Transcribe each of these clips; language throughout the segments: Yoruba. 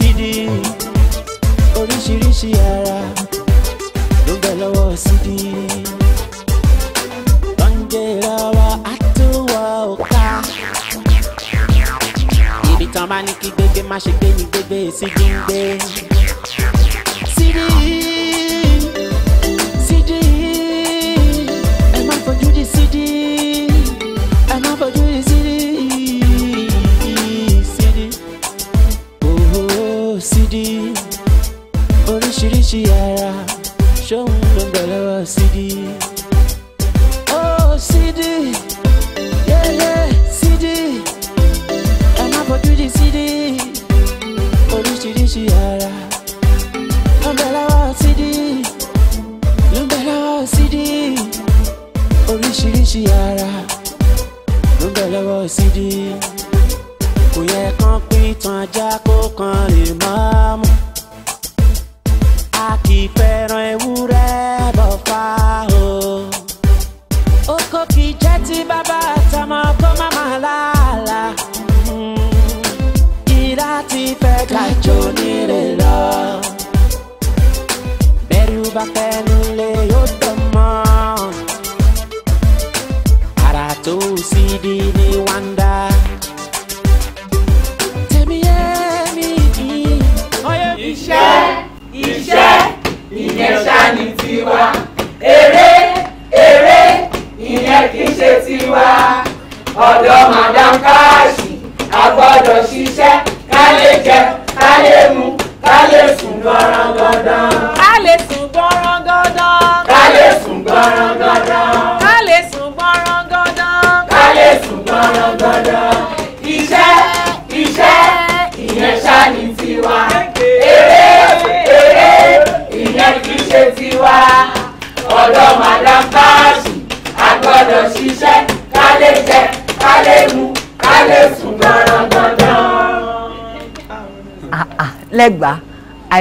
sídì oríṣiríṣi ara ló bẹ lọ́wọ́ sídì tọ́njẹ́ra wa á tó wà ó ká ibi tán bá ní kí gbégbé má ṣe gbé ní gbégbé sídì ń gbé.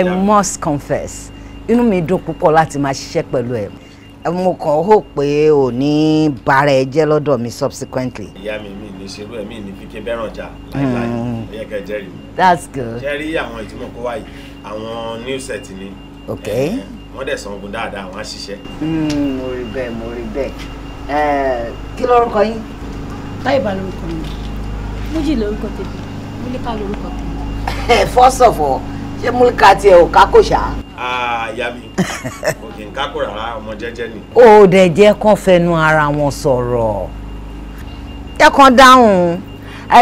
I must confess inú mi dùn púpọ̀ láti máa ṣiṣẹ́ pẹ̀lú ẹ mo kàn hó pé ò ní bára ẹ jẹ́ lọ́dọ̀ mi subsequently. ìyá mi mi ní ṣerú ẹ mi ní fi ké bẹ́ràn jà láìláì ẹ̀yẹ hmm. kẹ jẹ́rìí. that's good. Jerry, àwọn ìtumọ̀ kó wáyé àwọn new set ni. ok wọ́n dẹ̀ san ogun dáadáa wọ́n á ṣiṣẹ́. Hmm, mo rí bẹ́ẹ̀ mo rí bẹ́ẹ̀ kí lórúkọ yín. táyìbá lórúkọ mi méjì lórúkọ tèmi mílíkà lórúkọ tèmi. first of all ṣé múlíkà tiẹ̀ ò kákò ṣá. àyà mi kò kì í kákò rárá ọmọ jẹ́jẹ́ ni. ó dẹ̀ jẹ́ kán fẹnu ara wọn sọ̀rọ̀ jẹ́ kán dáhùn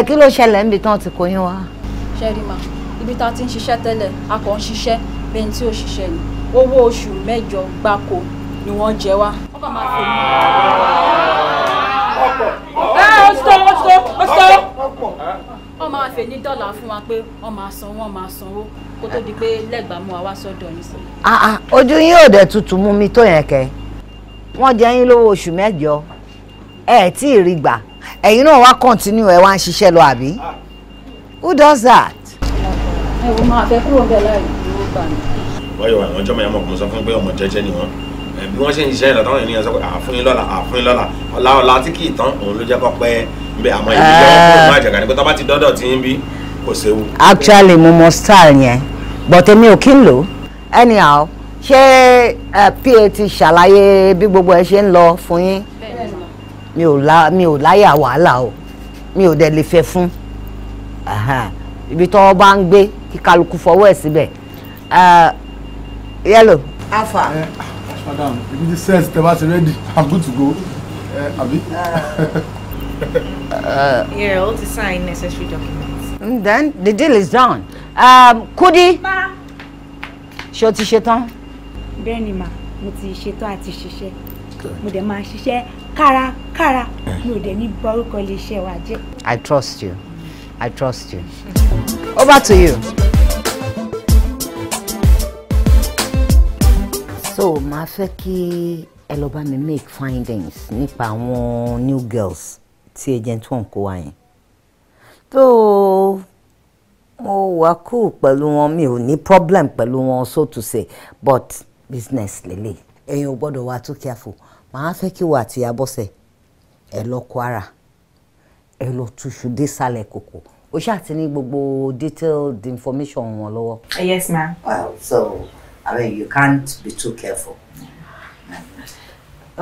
kí ló ṣẹlẹ̀ níbi tán ti kó yín wá. ṣẹ́rìmà ibi tá a ti ń ṣiṣẹ́ tẹ́lẹ̀ a kàn ń ṣiṣẹ́ bẹ́ẹ̀ tí ò ṣiṣẹ́ ni owó oṣù mẹ́jọ gbáko ni wọ́n jẹ wá. ọkọ máa fi mí. ẹ ọ ní dọ́là fún wa pé wọ́n máa sanwó wọ́n kó tó di pé lẹ́gbàá mú wa wá sọ́dọ̀ ní sí. Ah, ah, ojú yín ò dẹ̀ tutù mú mi tó yẹn kẹ́ wọ́n jẹ yín lówó oṣù mẹ́jọ ẹ̀ tí ì rí gbà ẹ̀yin náà wá continue ẹ̀ wá ń ṣiṣẹ́ lọ àbí who does that. ẹ wo máa fẹ́ kúrò bẹ́ẹ̀ láì dúró gbà mí. wáyọ̀ àwọn ọjọ́ mẹ́yàmọ̀ kò sọ fún pé ọmọ jẹ́jẹ́ ni wọ́n bí wọ́n ṣe ń ṣiṣẹ́ ìlànà táwọn ènìyàn sọ pé àfúnyín lọ́la àfúnyín lọ́la ọ̀la ọ̀la tí kì í tán òun ló jẹ́ kọ́ pẹ́ ń bẹ àmọ́ ìdíjọ́ kó má jẹ̀gà ní pé tọ́ bá ti dọ́dọ̀ tí ń bí actually mo mọ style yẹn but emi ò kí ń anyhow ṣé pa ti ṣàlàyé bí gbogbo ẹ ṣe ń lọ fún yín mi ò la mi ò láyà wàhálà o mi ò dẹ̀ lè fẹ́ fún ibi tọ́wọ́ bá ń gbé kí kálukú fọwọ́ ẹ̀ síbẹ̀ yẹ́lò. afa. madam ibi tí sẹ́ẹ̀s tẹ bá ti rẹ́dì i'm good to go àbí. yẹ́rọ ó ti sign necessary document. Mm, then the deal is done. Um, Kudi. Ma. Ṣé o ti ṣetán? Bẹ́ẹ̀ni ma, muti ti ṣetán àti ṣiṣẹ́. Mo dẹ̀ máa ṣiṣẹ́ kárakára. Eh. Mi ò dẹ̀ ní borúkọ iléeṣẹ́ wa jẹ́. I trust you. I trust you. Over to you. So, màá fẹ́ kí ẹ lọ mi make findings Ni nípa àwọn new girls ti agent wọn kó wa yẹn tó mo wà cool pẹ̀lú wọn mi ò ní problem pẹ̀lú wọn so to say but business lele ẹ̀yin ò gbọ́dọ̀ wà too careful màá fẹ́ kí wà àti abọ́sẹ̀ ẹ lọ Kwara ẹ lọ túṣu dé sálẹ̀ kòkò o ṣáà ti ní gbogbo detailed information wọn lọ́wọ́. yes ma. well so I mean you can't be too careful.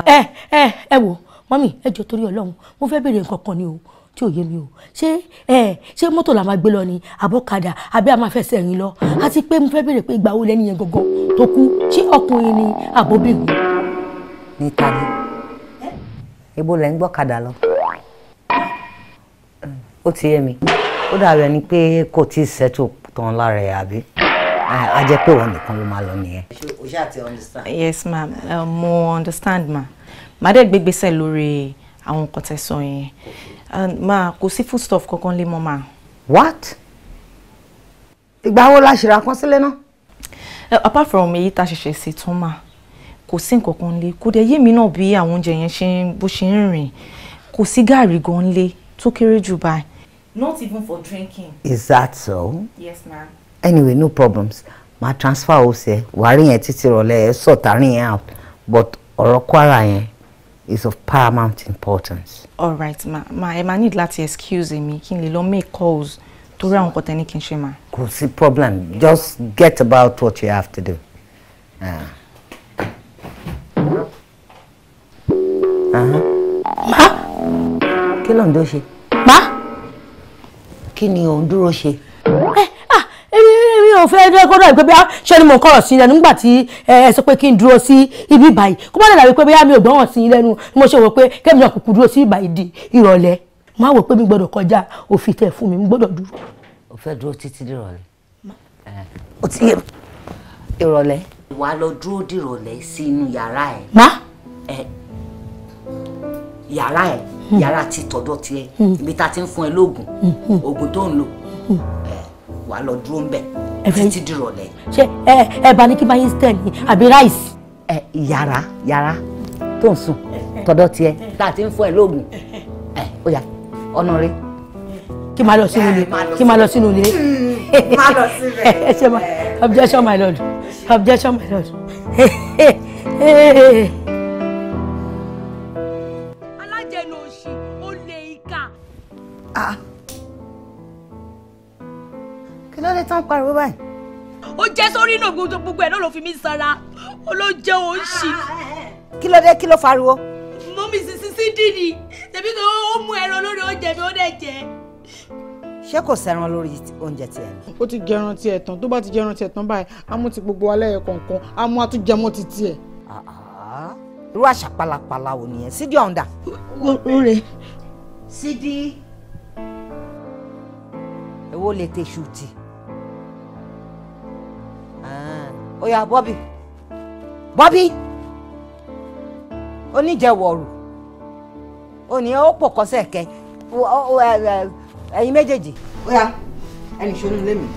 Eh, eh, ẹ ẹ ẹ wo mọ́mí ẹ jọ̀ọ́ torí Ọlọ́run mo fẹ́ béèrè nǹkan kan ni o tí ò yé mi o ṣé ẹ ṣé mọ́tò la máa gbé lọ ni àbọ̀kadà àbí a máa fẹsẹ̀ rìn lọ àti pé mo fẹ́ béèrè pé ìgbà wo lẹ́ni yẹn gangan tó kú ṣé ọkùnrin ni àbóbìnrin. ní tani ibo lẹ ń gbọ́kadà lọ ó ti yé mi ó dàbí ẹni pé kò tí ì ṣètò tán lára ẹ̀ àbí a jẹ́ pé òun nìkan ló máa lọ nìyẹn. o ṣáà ti understand. yes ma'am uh, mo understand ma màá dẹ̀ gbégbésẹ̀ lórí àwọn nǹkan tẹ́ sọ yẹn. Okay ma kò sí foodstuff kankan lé mọ́ ma. what ìgbà wo la ṣèrà kan náà. apart from èyí tá a ṣẹ̀ṣẹ̀ ṣe tán ma kò sí nǹkan kan lé kò dẹ̀ yé mi náà bí àwọn oúnjẹ yẹn ṣe bó ṣe ń rìn kò sí gààrí gan lé tó kéré jù báyìí. not even for drinking. is that so. yes ma'am. anyway no problems ma transfer o sẹ wàá rí yẹn títí rọlẹ ẹ sọtarin yẹn out but ọ̀rọ̀ Kwara yẹn is of paramount importance all right ma ma ẹ máa need láti excuse mi kí n lè make calls torí àwọn nǹkan tẹ́ni kí n ma. kò sí problem just get about what you have to do. Uh. Uh-huh. ma. kí ló ń dó ṣe. ma. kí ni ò ń dúró ṣe. ẹ eh, ò fẹ́ dé kódà pé bíá ṣe ni mò ń kọ̀rọ̀ sí lẹ́nu nígbà tí ẹ sọ pé kí n dúró sí ibi báyìí kó má lè dàbí pé bíá mi ò gbọ́ràn sí lẹ́nu ni mo ṣe wò pé kẹ́mi náà kúkú dúró sí ìbàyìí di ìrọ̀lẹ́ má wò pé mi gbọ́dọ̀ kọjá òfin tẹ̀ fún mi mi gbọ́dọ̀ dúró. o fẹ́ dúró títí dìrọ̀lẹ́ o ti yẹ ìrọ̀lẹ́. wàá lọ dúró dìrọ̀lẹ́ sínú yàrá ẹ̀. má. yàrá ẹ̀ hmm. yàrá ti tọ̀dọ̀ tiẹ̀ hmm. ibi tá a ti ń fún ẹ lóògùn hmm. oògùn tó ń lò wàá lọ dúró ńbẹ̀ títí dìrọ̀lẹ́. ṣé ẹ ẹ bá ní kí báyìí stẹ ni àbí ráìsì. ẹ yàrá yàrá tó ń sùn tọ̀dọ̀ tiẹ̀ tá a ti ń fún ẹ lóògùn ẹ ó yá ọ̀nà rẹ. kí máa lọ sínú ilé kí máa lọ sínú ilé. máa lọ síbẹ̀. Hmm, ẹ ma objection my lord objection my lord. alájẹnu òṣì kí ló dé tán pariwo báyìí. ó jẹ́ sórí inú gbogbo ẹ̀ náà ló fi mí sanra ó ló jẹ́ òun ṣì. kí ló dé kí ló fariwo. mọ́mí sisi sídì ni tẹ̀bí kan ó mú ẹran lórí oúnjẹ mi ó dẹ̀ jẹ. ṣé kò sẹ́ran lórí oúnjẹ tiẹ̀ ni. ó ti jẹran tiẹ̀ tán tó bá ti jẹran tiẹ̀ tán báyìí á mú ti gbogbo alẹ́ yẹn kọ̀ọ̀kan á mú àtúnjẹmọ́ ti tiẹ̀. irú àṣà pálapàla ò nìyẹn sídìí ọ̀ǹda. ó rè sídìí. èwo lè tẹ̀sù tì. oya Bobby Bobby oníjẹwọ̀rù òní ó pọ̀ kọ́sẹ̀ kẹ ẹ̀yin méjèèjì. oya ẹnì sọ́nù lémi.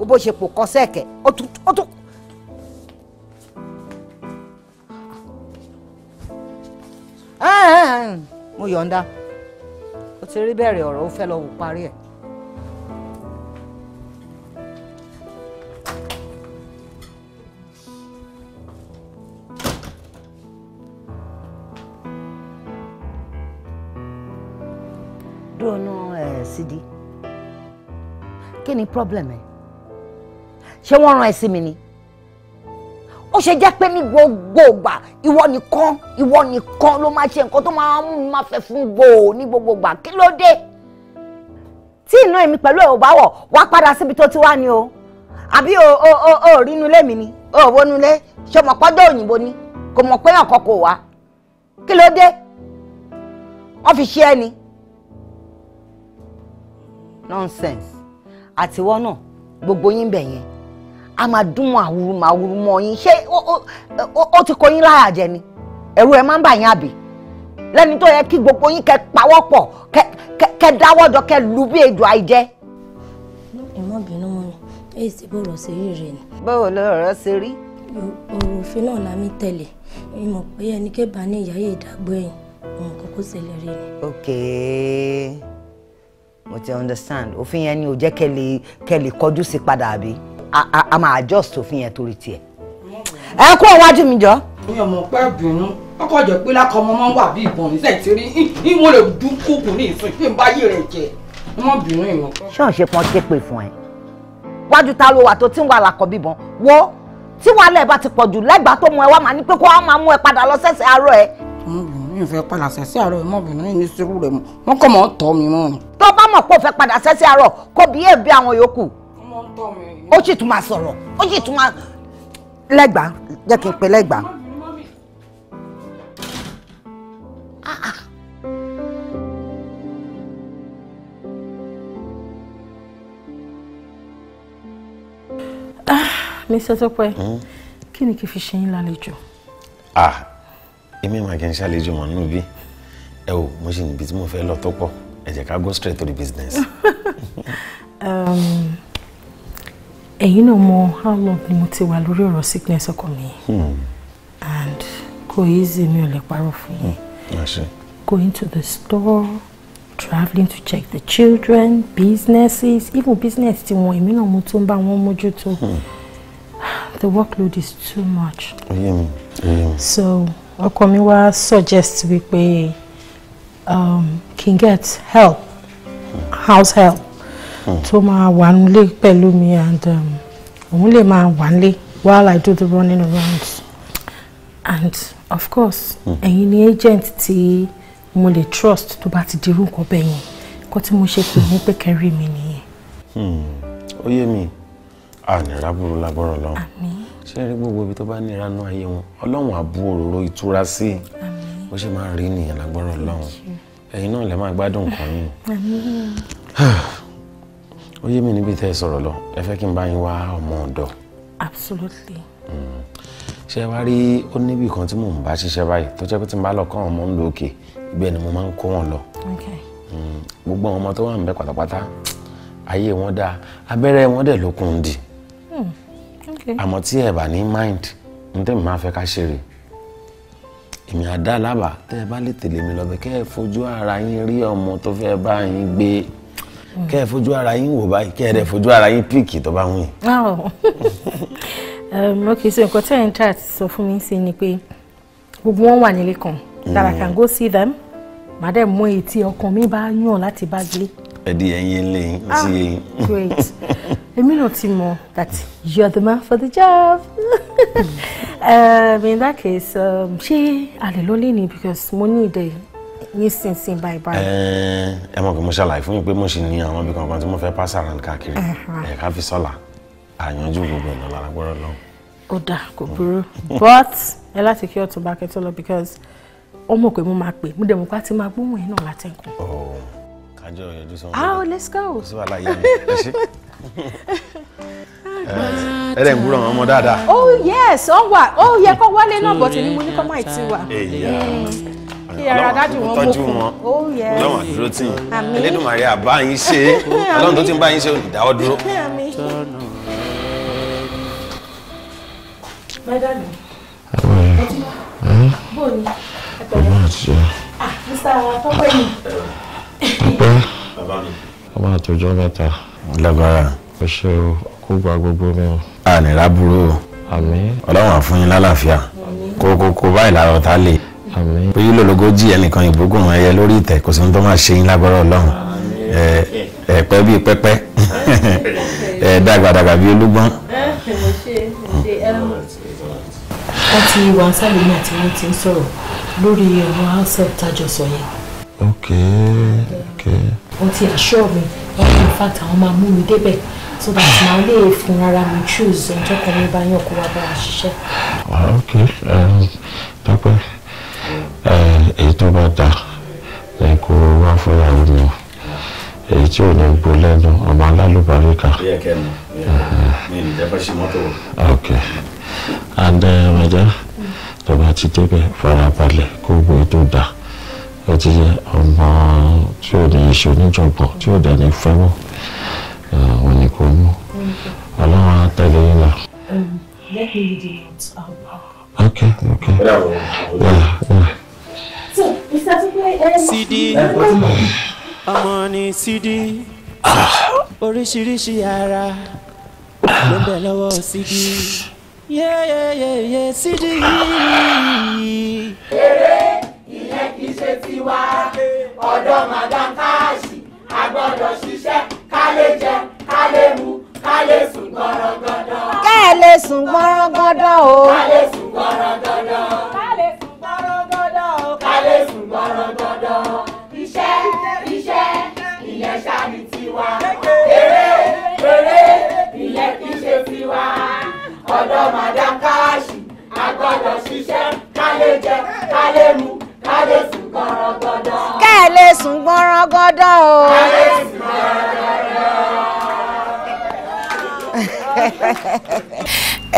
o bó ṣe pò kọ́sẹ̀ kẹ o tún ó tún. mo yọ̀ǹda o ti rí bẹ̀rẹ̀ ọ̀rọ̀ o fẹ́ lọ wò parí ẹ̀. dúró nú ẹ̀ sídi kí ni problem ẹ̀ ṣé wọ́n rán ẹ sí mi ni ó ṣe jẹ́ pé ní gbogbo ìgbà ìwọ nìkan ìwọ nìkan ló máa ṣe nǹkan tó máa mú ma máa fẹ́ fún gbòò ní gbogbo ìgbà kí ló dé tí iná èmi pẹ̀lú ẹ̀ ò bá wọ̀ wá padà síbi tó ti wá ni o àbí o o o o rínú ilé mi ni o ò wọnú ilé ṣe mọ̀ pọ́dọ̀ òyìnbó ni kò mọ̀ pé ọ̀kan kò wá kí ló dé wọ́n fi ṣe ẹni nonsense àtiwọ́ náà gbogbo yín bẹ̀ yẹn a máa dún àwùrù màwùrù mọ́ yín ṣé ó ti kó yín láyà jẹ ni ẹ̀rù ẹ̀ máa ń bà yín àbí lẹ́ni tó yẹ kí gbogbo yín kẹ́ pawọ́pọ̀ kẹ́ dáwọ́jọ kẹ́ lu bí ejò àìjẹ́. ìmọ̀ bínú mọ́ mi èyí ti bọ̀rọ̀ sí rí rẹ̀ ni. báwo ló rọ̀ ṣe rí. ọ̀rọ̀ òfin náà la mi tẹ̀lé ìmọ̀ pé ẹnikẹ́ bá ní ìyá yìí dàgbọ́ ẹ̀yìn òun kò kó ṣẹlẹ̀ rí ni. okay mo ti understand òfin yẹn ni ò jẹ́ kẹ́lẹ̀ kẹ́lẹ̀ kọjú sí padà àbí a máa adjust òfin yẹn torí tiẹ̀. ẹ kú ọwájú mi jọ. mi ò mọ̀ pé bínú ọkọ̀ jẹ́ pé lákọ̀ ọmọ máa ń wà bí ìbọn ní sẹ́yìn tí rí ní wọ́n lè dún kúkú ní ìsìn kí n bá yé rẹ̀ jẹ́ wọ́n bínú ìwọ̀n. ṣọ́ọ̀ṣe pọn képe fún ẹ wájú ta ló wà tó tí ń wà lákọ̀ bíbọn wo tí wàhálà ẹ bá ti pọ̀ jù lẹ́gbàá tó mú ẹ wá máa ní pé kó wá máa mú ẹ padà lọ sẹ́sẹ̀ àárọ̀ ẹ mi fẹ́ padà sẹ́sẹ́ àárọ̀ ẹ̀ mọ̀ bínú ní sírú rẹ̀ mọ̀ wọ́n kọ̀ mọ́ tọ́ mi mọ́ ni. tó bá mọ̀ pé o fẹ́ padà sẹ́sẹ́ àárọ̀ kò bí èbí àwọn yòókù. ó sì tún máa sọ̀rọ̀ ó sì tún máa lẹ́gbàá jẹ́ kí n pe lẹ́gbàá. Mr. Ah, ah. ah, Tọ́pẹ́ hmm? kí ni kí n fi ṣe yín lálejò. ah èmi máa kí n ṣàlejò mọ̀ nínú bí ẹ o mo ṣì níbi tí mo fẹ́ lọ tó pọ̀ ẹ ká go straight to the business. Um, ẹ̀yin náà mọ how long ni mo ti wà lórí ọ̀rọ̀ sickness ọkọ mi hmm. and kò easy mi ò lè parọ́ fún yín hmm. going to the store traveling to check the children businesses even business ti wọn èmi náà mo tún bá wọn mójútó hmm. the workload is too much. Oh, yeah, so ọkọ mi wá suggest wípé um, kí get help house help tó máa wà nílé pẹ̀lú mi and um, òun lè máa wà nílé while I do the running around and of course hmm. ẹ̀yin ni agent tí mo lè trust tó bá ti dirú nǹkan bẹ́ẹ̀ yẹn kó tí mo ṣe pè ní pé kẹrí mi nìyẹn. Hmm. ó yé mi ànírà burú lágbọ́rọ̀ lọ́hùn. àmín ṣẹ́rí gbogbo ibi tó bá ní ìranú ayé wọn ọlọ́run àbú òróró ìtura sí i bó ṣe máa ń rí nìyẹn lágbọ́rọ̀ ọlọ́run ẹ̀yin náà lè máa gbádùn nǹkan yín ó yé mi níbi tẹ́ ẹ sọ̀rọ̀ lọ ẹ fẹ́ kí n bá yín wá ọmọ ọ̀dọ̀. absolutely. Hmm. ṣé ẹ wá rí ó níbi kan tí mò ń bá ṣiṣẹ́ báyìí tó jẹ́ pé tí n bá lọ kọ́ àwọn ọmọ ń lò òkè ibẹ̀ ni mo máa ń kó wọn lọ. Hmm. gbogbo àwọn ọmọ tó wà ń bẹ pátápátá ayé wọn dáa abẹ́rẹ́ wọn dẹ̀ lókun dì àmọ́ tí ẹ bá ní mind ní tẹ́mi máa fẹ́ ká ṣe rè èmi àdá lábà tẹ́ ẹ bá lè tẹ̀lé mi lọ́bẹ̀ kẹ́ ẹ fojú ara yín rí ọmọ tó fẹ́ bá yín gbé mm. kẹ́ ẹ fojú ara yín wò báyìí kẹ́ ẹ dẹ̀ fojú ara yín píìkì tó bá wùn yín. Um, ok so nǹkan tẹ́yìn tí a ti sọ fún mi sí ni pé gbogbo wọn wà nílé kan that I can mm. go see them màá dẹ̀ mú èyí tí ọkàn mi bá yàn láti bá gbé ẹ̀dí ẹ̀yìn lẹ́yìn sí ah, ẹ̀yìn. great èmi náà ti mọ that you are the man for the job um, in that case um, ṣé a lè lọ lẹ́nu because mo ní ìdẹ nísinsìnyí báyìí báyìí. Eh, ẹ mọ̀ pé mo ṣàlàyé fún yín pé mo ṣì ní àwọn ibi kankan tí mo fẹ́ pass around káàkiri eh, ẹ̀ka fi sọ́la àyànjú gbogbo ẹ̀ lọ́la gbọ́dọ̀ lọ. ó dà kò burú but ẹ láti kí ọ̀tún bá kẹ́tọ́ lọ because ó mọ̀ pé mo máa pè mo dẹ̀ mọ̀ pé a ti máa gbóhùn ẹ̀ náà látẹ̀kùn. Oh kájọ yọjú sọ. ah let's go. kò sí wàhálà yẹn ẹ ṣe. ẹ dẹ̀ ń gbúrọ̀ ọmọ dáadáa. oh yes ọ wà oh, ó yẹ kó wálé náà bọ̀ tèmi mo ní kó má ì ti wà. kí ara dájú wọn bó kù oh yes. ọlọ́run àdúró tì yín Elédùmarè àbá yín ṣe é ọlọ́run tó ti ń bá yín ṣe olùdáwọ́ dúró. Madam. Bọ́ọ̀ni. Ẹ pẹ̀lú. Mr. Tọ́pẹ́ ni dúpẹ́ ọmọ àtòjọ́ mẹ́ta. lágbára. o ṣe o kó gba gbogbo mi o. a ní rábúrò o. àmín. ọlọ́run á fún yín lálàáfíà. kókókó báyìí lára ọ̀tá lè. àmín. pé yín lòlógó jí ẹnìkan ìbógun ẹyẹ lórí ìtẹ̀ kò sí ní tó máa ṣe yín lágbára ọlọ́run. ẹ ẹ pẹ́ bíi pẹ́pẹ́ ẹ dàgbàdàgbà bíi olúgbọ́n. wọ́n ti wà sálẹ̀ náà tí wọ́n ti ń sọ̀rọ̀ lórí ẹ̀rọ handset tájọ sọ yẹn okay okay. wọ́n ti assure mi wọ́n ti in fact àwọn máa mú mi débẹ̀ so that màá lè fún ara mi choose ọjọ́ kan ní báyọ̀ kó wá bá a ṣiṣẹ́. Ah, okay tọ́pẹ́ eh, eh, èyí tó bá dà ẹ kó wá fúnyàwó mi o èyí tí ò ní gbó lẹ́nu ọmọ alálùbáríkà. Eh, okay. and ẹ wájà tó bá ti débẹ̀ farabalẹ̀ kó gbó tó dáa ó ti yẹ ọmọ tí ò ní iṣẹ́ oníjọ̀gbọ̀n tí ò dẹ̀ ní fẹ́ mọ́ òun ni kò mú ọlọ́run á tẹ̀lé yín lọ. Let me read you out loud. Okay, okay. Bravo. Yeah, yeah. So, Mr. Sidi, ọmọ ni Sidi, oríṣiríṣi ara ló ń bẹ lọ́wọ́ Sidi. Yéyéyéyé Sidi. Eré ìyẹn kì í ṣe tiwa ọ̀dọ̀ madam káàṣì a gbọ́dọ̀ ṣiṣẹ́ ká lè jẹ ká lè mu ká lè sùn gbọ́rọ̀ gbọ́dọ̀. ká lè sùn gbọ́rọ̀ gbọ́dọ̀ o. ká lè sùn gbọ́rọ̀ gbọ́dọ̀. ká lè sùn gbọ́rọ̀ gbọ́dọ̀ o. ká lè sùn gbọ́rọ̀ gbọ́dọ̀. iṣẹ́ iṣẹ́ ìyẹn ṣáàbì tiwa eré eré ìyẹn kì í ṣe tiwa ọ̀dọ̀ madam káàṣì a gbọ́dọ̀ ṣiṣẹ́ ká lè jẹ ká lè mu kẹ́ ẹ lè sùn gbọ́nrán gọ́dọ̀ o.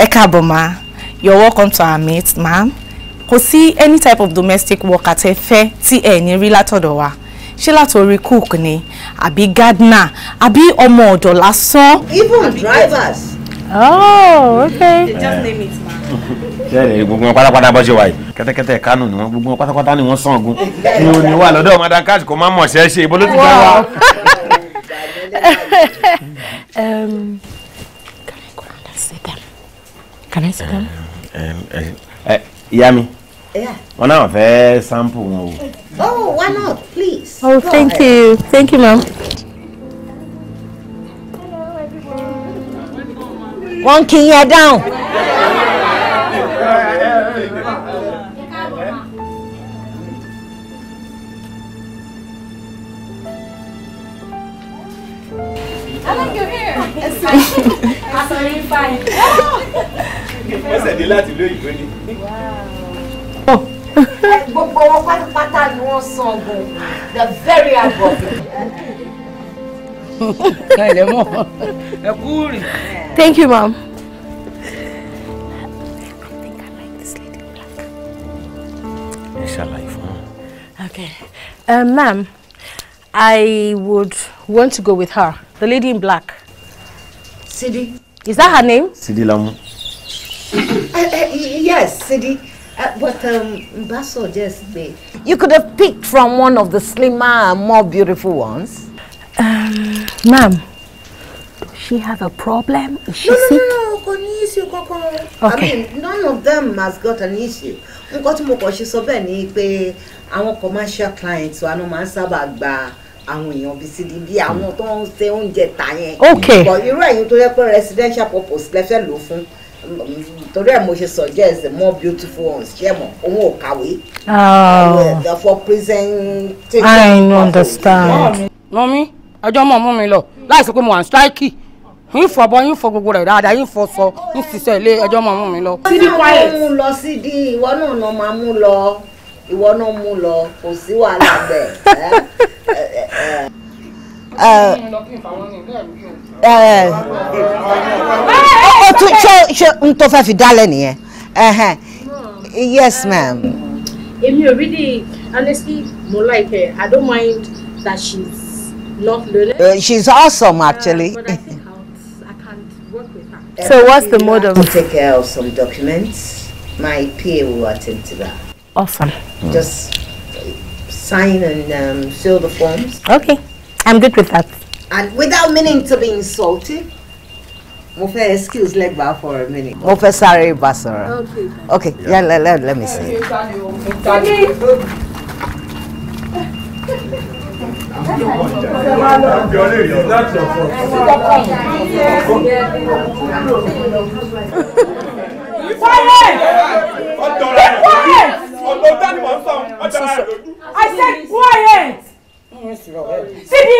ẹ káàbọ̀ ma you're welcome to our meet ma'am kò sí any type of domestic work tẹ́ fẹ́ tí ẹ ní rí látọ̀dọ̀ wa ṣé látòrí cook ni àbí gardener àbí ọmọ ọ̀dọ̀ lásán. even drivers oh okay. they just name it ma. sẹ́ẹ̀dẹ̀ gbogbo wọn pátápátá bọ́ ṣe wáyé kẹ́tẹ́kẹ́tẹ́ kánò ni wọ́n gbogbo wọn pátápátá ni wọ́n sàn ogun ni wọ́n ní wà lọ́dọ̀ madam cash kò má mọ̀ ṣẹ́ ṣe ibo ló ti dá wa. Um, can I go and sit down? Can I sit down? Um, um, eh, eh, ìyá mi wọn náà fẹ́ sample wọn o. oh why not please. oh thank you thank you ma'am. wọ́n kì í yẹn dáhùn. I like your hair. It's fine. I'm sorry, fine. Wọ́n ṣẹ̀dé láti ló ìlú ni. Oh. Gbogbo wọn pátápátá ni wọ́n san ogun. They're very aggressive. Ẹ lè mọ̀, ẹ kú rìn. Thank you, Mom. I think I like this lady in black. Okay. Uh, Ma'am, I would want to go with her. The lady in black. Sidi. Is that her name? Sidi Lamu. uh, uh, yes, Sidi. Uh, but um, Basso just me. You could have picked from one of the slimmer more beautiful ones. Um, Ma'am. she have a problem? Is she no, sick? No, no, no, okay. I mean, none of them has got an issue. Nǹkan tí mo kàn ṣe sọ bẹ́ẹ̀ ni pé àwọn commercial clients wa náà máa ń sábà gba àwọn èèyàn bíi sídi bíi àwọn tó ń ṣe oúnjẹ tà yẹn. Okay. But irú ẹ̀yin tó yẹ pé residential purpose lẹ fẹ́ lò fún torí ẹ mo ṣe suggest more beautiful ones ṣe mọ òun ò kàwé. for presenting. I understand. mọ́mí ọjọ́ mọ̀ mú mi lọ láìsí pé mo wà ń strike yín fọ bọ yín fọ gbogbo rẹ dáadáa yín fọ sọ yín ṣiṣẹ́ ilé ẹjọ́ máa mú mi lọ. síbi quiet. mú lọ sídi ìwọ náà náà máa mú lọ ìwọ náà mú lọ kò sí wàhálà bẹ́ẹ̀. o tún ṣe ṣe n tó fẹ́ fi dálẹ̀ nìyẹn yes ma'am. èmi ò rí di honestly mo like her i don't mind that she's lovely. Uh, she's awesome actually. Yeah, so what's the mode of? Take care of some documents. My PA will attend to that. Awesome. Mm. Just sign and um, fill the forms. Okay, I'm good with that. And without meaning to be insulting, Mofe excuse legba for a minute. Mofe sorry, basara. Okay. okay yeah, yeah let, let, let me see. Quiet! quiet! I said quiet. Síbi.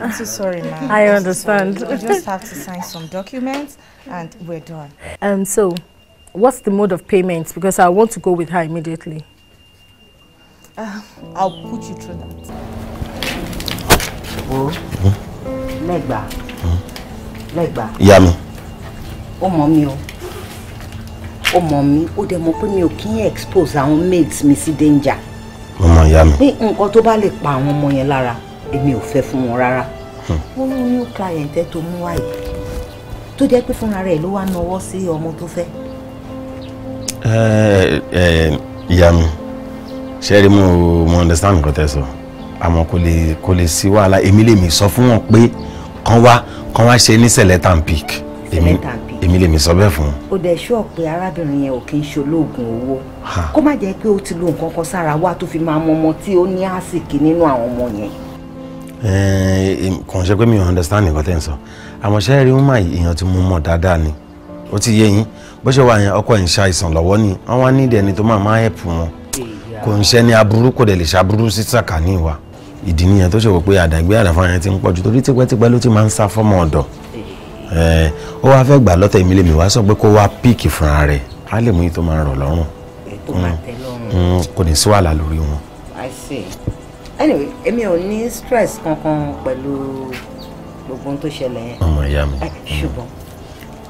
I'm so sorry, ma'am. I understand. So we just have to sign some documents and we're done. Um, so what's the mode of payment? Because I want to go with her immediately. Uh, I'll put you through that. Oh, Legba. Legba. Ìyá mi. Ó oh. mí o. Ó mọ̀ mí. Ó dẹ̀ mọ̀ pé mi ò kí ń expose àwọn mates mi sí danger. mama mọ̀ ìyá mi. Ní nǹkan tó bá pa àwọn ọmọ yẹn lára, èmi ò fẹ́ fún wọn rárá. Wọ́n hm. ní new client ẹ tó mú To Tó jẹ́ pé fúnra rẹ̀ ló wá nawọ́ sí ọmọ tó fẹ́. Eh, eh, ìyá mi ṣẹ́ẹ́rì mo mo understand nǹkan tẹ́ sọ àmọ́ kò lè kò lè sí wàhálà èmi lèmi sọ fún wọn pé kàn wá kàn wá ṣe ní selectan pic èmi èmi lèmi sọ bẹ́ẹ̀ fún. o dẹ̀ ṣọ́ pé arábìnrin yẹn ò kí ń ṣolóògùn owó kó má jẹ́ pé ó ti lo nǹkan kan sára wa tó fi máa mọ ọmọ tí ó ní àsìkí nínú àwọn ọmọ yẹn. Eh, kàn ṣe pé mi ò understand nǹkan tẹ́ ń sọ àmọ́ ṣẹ́ẹ́rì mo máa èèyàn tí mo mọ̀ dáadáa ni ó ti yé yín bó ṣe wà yẹn ọkọ ẹ̀ ń ṣàìsàn lọ́wọ́ ni wọ́n wá ní ìdẹ̀ni tó máa máa ẹ̀pù wọn kò ń ṣẹ́ni aburú kò dẹ̀ lè ṣàbúrú sí sàkání wa ìdí nìyẹn tó ṣe wò pé àdàgbé àdàfà yẹn ti ń pọ̀jù torí tipẹ́tipẹ́ ló ti máa ń sá fọ́mọ ọ̀dọ̀ ó wá fẹ́ gbà lọ́tẹ̀ mi lèmi wá sọ pé kó wá píìkì fúnra rẹ̀ á lè mú ètò máa rọ̀ lọ́rùn mm, mm, kò ní sí wàhálà lórí wọn. I see. anyway èmi ò ní stress kankan pẹ̀lú gbogbo ohun tó ṣẹlẹ̀ yẹn. ọmọ ìyá ṣùgbọ́n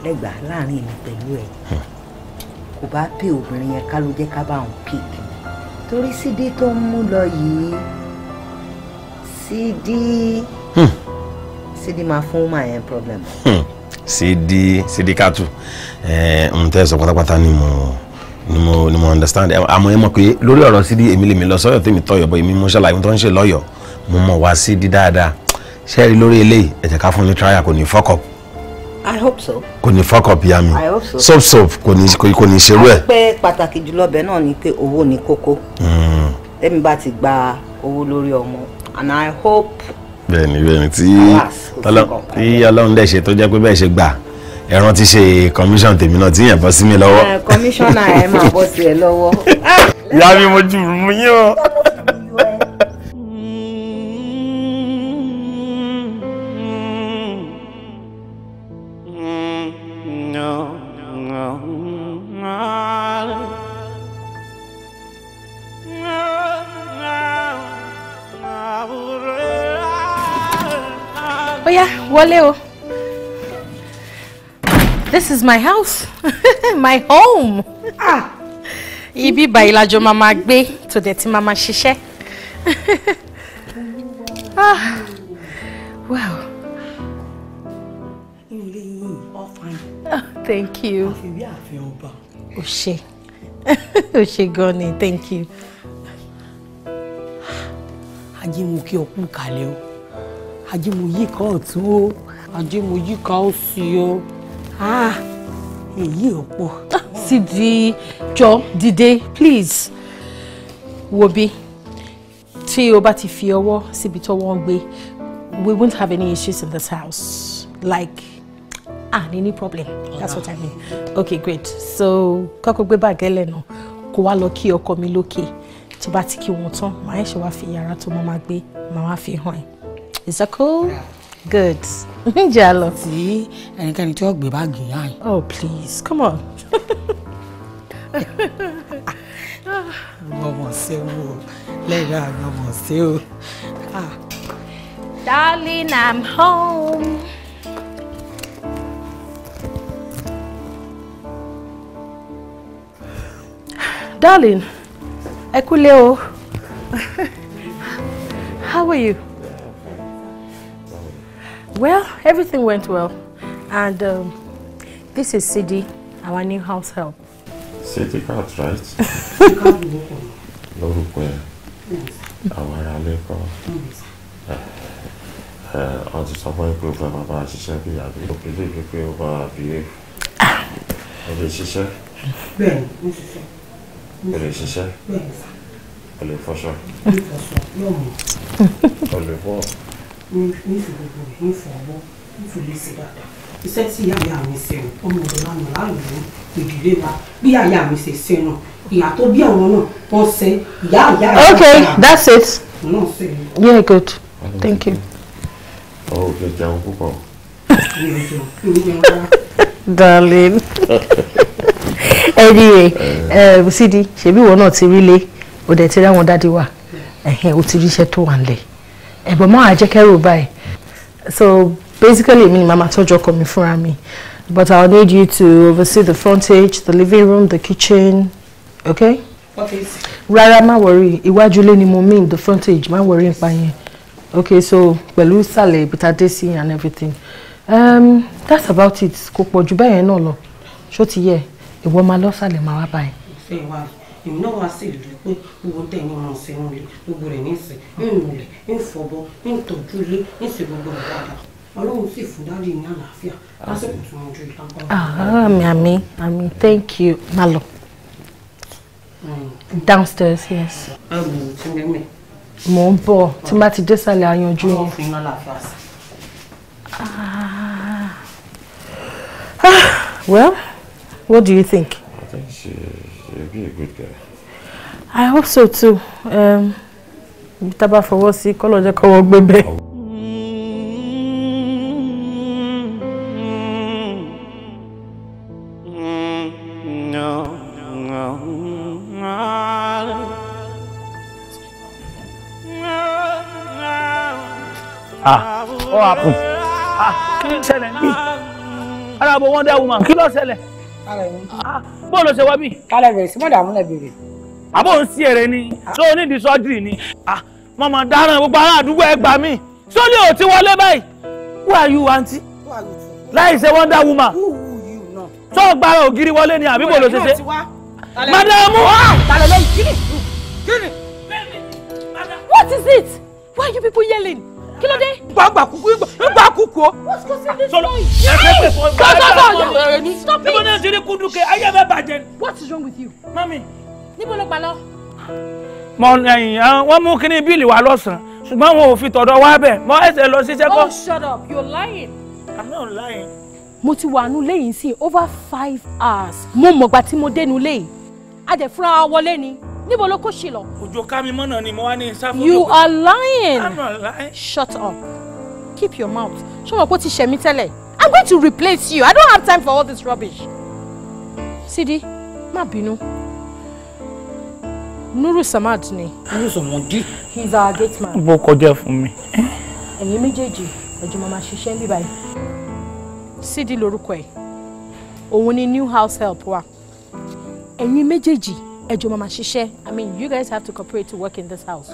lẹ́gbàá láàrin mi pẹ̀lú ẹ̀ kò bá pè obìnrin yẹn ká ló jẹ́ ká bá òun pèkì torí sídí tó ń mú lọ yìí sídí hmm. sídí máa fún máa yẹn problem. Hmm. sídí sídí kátù n tẹ́ sọ pátápátá ni mo ni mo ni mo understand àmọ́ ẹ mọ̀ pé lórí ọ̀rọ̀ sídí èmi lèmi lọ sọ́yọ̀ tèmi tọ́yọ̀ bọ́ èmi mo ṣàlàyé tó ń ṣe lọ́yọ̀ mo mọ̀ wá sídí dáadáa ṣẹ́ẹ̀rí lórí eléyìí ẹ ká fún ní trial kò ní fọ́kọ̀pù I hope so. kò ní fọkàn bíi àmì soap soap kò ní kò ní ṣerú ẹ. pé pàtàkì jùlọ bẹ́ẹ̀ náà ni pé owó ni kókó hmm. tẹ́mi bá ti gba owó lórí ọmọ and I hope. bẹ́ẹ̀ni bẹ́ẹ̀ni tí Ọlọ́run dẹ ṣe tó jẹ pé bẹ́ẹ̀ ṣe gbà ẹran ti ṣe commission tèmi náà tí yẹn bọ́ sí mi lọ́wọ́. Eh, commissioner ẹ máa bọ́ sí ẹ lọ́wọ́. ìyá mi mo jù mú yín wọlé o. This is my house, my home. Ah. Ibi báyìí la jọ máa máa gbé tó dẹ̀ ah. Wow. Ah, thank you. Àfiwé àfin ọba. thank you. Ajé mo oku ọ o ajímọ̀yí kan ọ̀tún o ajímọ̀yí kan òsì o ah, èyí ò pọ̀. sídi jọ dìde please Wobi, bí tí o bá ti fi ọwọ́ síbi tó wọ́n gbé we won't have any issues in this house like ah any problem that's what i mean okay great so kọ́kọ́ gbé bàgẹ́ lẹ́nu kó wá lọ kí ọkọ mi lókè tó bá ti kí wọn tán màá ṣe wá fi yàrá tó mọ́ máa gbé màá wá fi hàn ẹ́. Is that cool? Good. Jalo. See, And you can talk be yá Oh please, come on. Ọmọ ṣe wo, lẹ́yìn àwọn ọmọ ah. Darling, I'm home. Darling, ẹ kúlé o. How are you? Well, everything went well. And um, this is Sidi, our new house help. Sidi got right. Lórúkọ ẹ̀, àwọn ará lẹ́kọ̀ọ́. Mm, eh, eh, wọ́n ti sọ fún ẹ pé o fẹ́ máa a ṣiṣẹ́ bí àbí o kìí lè pé o máa bí e. O lè ṣiṣẹ́. Bẹ́ẹ̀ni, mo ṣiṣẹ́. O lè ṣiṣẹ́. Bẹ́ẹ̀ni. O lè fọṣọ. O lè fọṣọ okay that's it yeah good thank you. Okay, oh, kò jẹun darling anyway uh, Sidi ṣebí ìwọ náà ti rí lé o dẹ̀ ti rí àwọn dáàdi wa o ti ríṣẹ́ tó wà nílẹ̀ ẹ̀gbọ́n eh, máa jẹ́ kẹ́rù báyìí so basically èmi ni màmá tọ́jú ọkọ mi fúnra mi but I'll need you to oversee the frontage the living room the kitchen okay. okay. rárá má worry iwájú lé ni mo mean the frontage má worry nípa yẹn okay so pẹ̀lú ìsàlẹ̀ ìbìtà desi and everything um, that's about it kò pọ̀ jù bẹ́ẹ̀ yẹn náà lọ ṣó ti yẹ ìwọ máa lọ́sàlẹ̀ máa wá báyìí èmi náà wá sí ìlú pé gbogbo tẹ̀ ní mọ̀ sí ìmúlẹ̀ gbogbo rẹ̀ ní ìsìn ìmúlẹ̀ ìfọ̀bọ̀ ìtọ́jú ilé ìsìn gbogbo rẹ̀ dáadáa ọlọ́run sì fún dárí ní àlàáfíà lásìkò tó ń ju ìlágbára. Ah, àmì àmì àmì thank you Malo hmm. downstairs yes. ẹ wò ó ti mẹ́mẹ́. mò ń bọ̀ tí má ti désàlẹ̀ àyànjú yẹn. ọlọ́run fún ah. well what do you think. I think she You'll be a good girl. I hope so too. Um, tá bá fọwọ́ sí kọ́lọ̀ jẹ́ kọ́wọ́ gbé bẹ́ẹ̀. ah what happen ah kí ló ṣẹlẹ̀ bí ah, ara wonder woman kí ló Ah, ah, bó ló ṣe wá bí. kálẹ̀ bẹ̀rẹ̀ sí mọ́dà múlẹ̀ bèrè. àbò ń sí èrè ni tó o nídìí sọ́jírì ni ah, mọ̀mọ́ dáràn gbogbo ará àdúgbò ẹ gbà mí sólì ò ti wọlé báyìí who are you aunty láì ṣe wonder woman tó gbára ògiri wọlé ni àbí bó ló ṣe ṣe madamu. what is it why are you people yelling kí ló dé. gbàgbà kúkú gbà kúkú o. what's causing this what's wrong with you. mami. wọn mú kíní bíìlì wa lọ́sàn-án wọn ò fi tọ̀dọ̀ wá bẹ̀ mọ ẹsẹ̀ lọ ṣiṣẹ́ kọ́. oh shut up you're lying. i'm not lying. mo ti wà nulẹ̀ yìí sí over five hours mo mọ̀gbà tí mo dé nulẹ̀ yìí a dẹ̀ fúnra wọlé ni níbo ló kó ṣì lọ. òjò ká mi mọ́nà ni mo wá ní sáfù. you are lying. I'm not lying. shut up keep your mouth ṣé mo pé ó ti ṣẹ̀mí tẹ́lẹ̀ I'm going to replace you I don't have time for all this rubbish. Sidi má bínú Nuru Samad ni. Nuru Samadi. he is our gate man. bó kọjá fún mi. ẹ̀yin méjèèjì ẹ̀jọ̀ mama ṣiṣẹ́ bíbáyìí. Sidi lorúkọ ẹ̀ òun ni new house help wa ẹ̀yin méjèèjì ẹjọ mama ṣiṣẹ́ i mean you guys have to cooperate to work in this house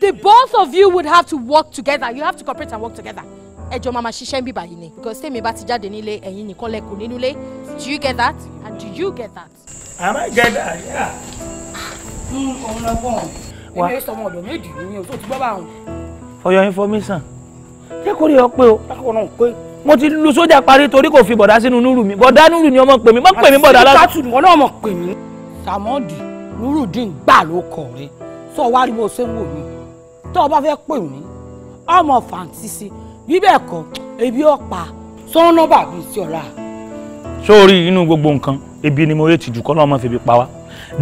the both of you would have to work together you have to cooperate and work together ẹjọ mama ṣiṣẹ́ bíbá yìí because tèmi me ti jáde nílé ẹ̀yin nìkan lẹkùn nínú ilé do you get that and do you get that. àmọ́ jẹ́ get that? Yeah. Hmm, lọ bọ̀ ọ́n èmi sọmọ for your information jẹ́ kó rí ọ pé o. lákòókò náà pé mo ti lu sójà parí torí kò fi bọ̀dá sínú núrù mi bọ̀dá núrù ni ọmọ pè mí mọ́ pè mí bọ̀dá lásán. àti ìtàtù ni wọn náà mọ̀ pè mí nurudin gbà ló kọ rẹ sọ wá rí bó ṣe ń wò mí tó o bá fẹ́ pè mí ọmọ fàǹtí sí bí ebi ọ̀pá sọ́nà bàbí sí ọ̀la. sórí inú gbogbo nǹkan ebi ni mo yé tìjú kọ́ náà mo fi bi pa wá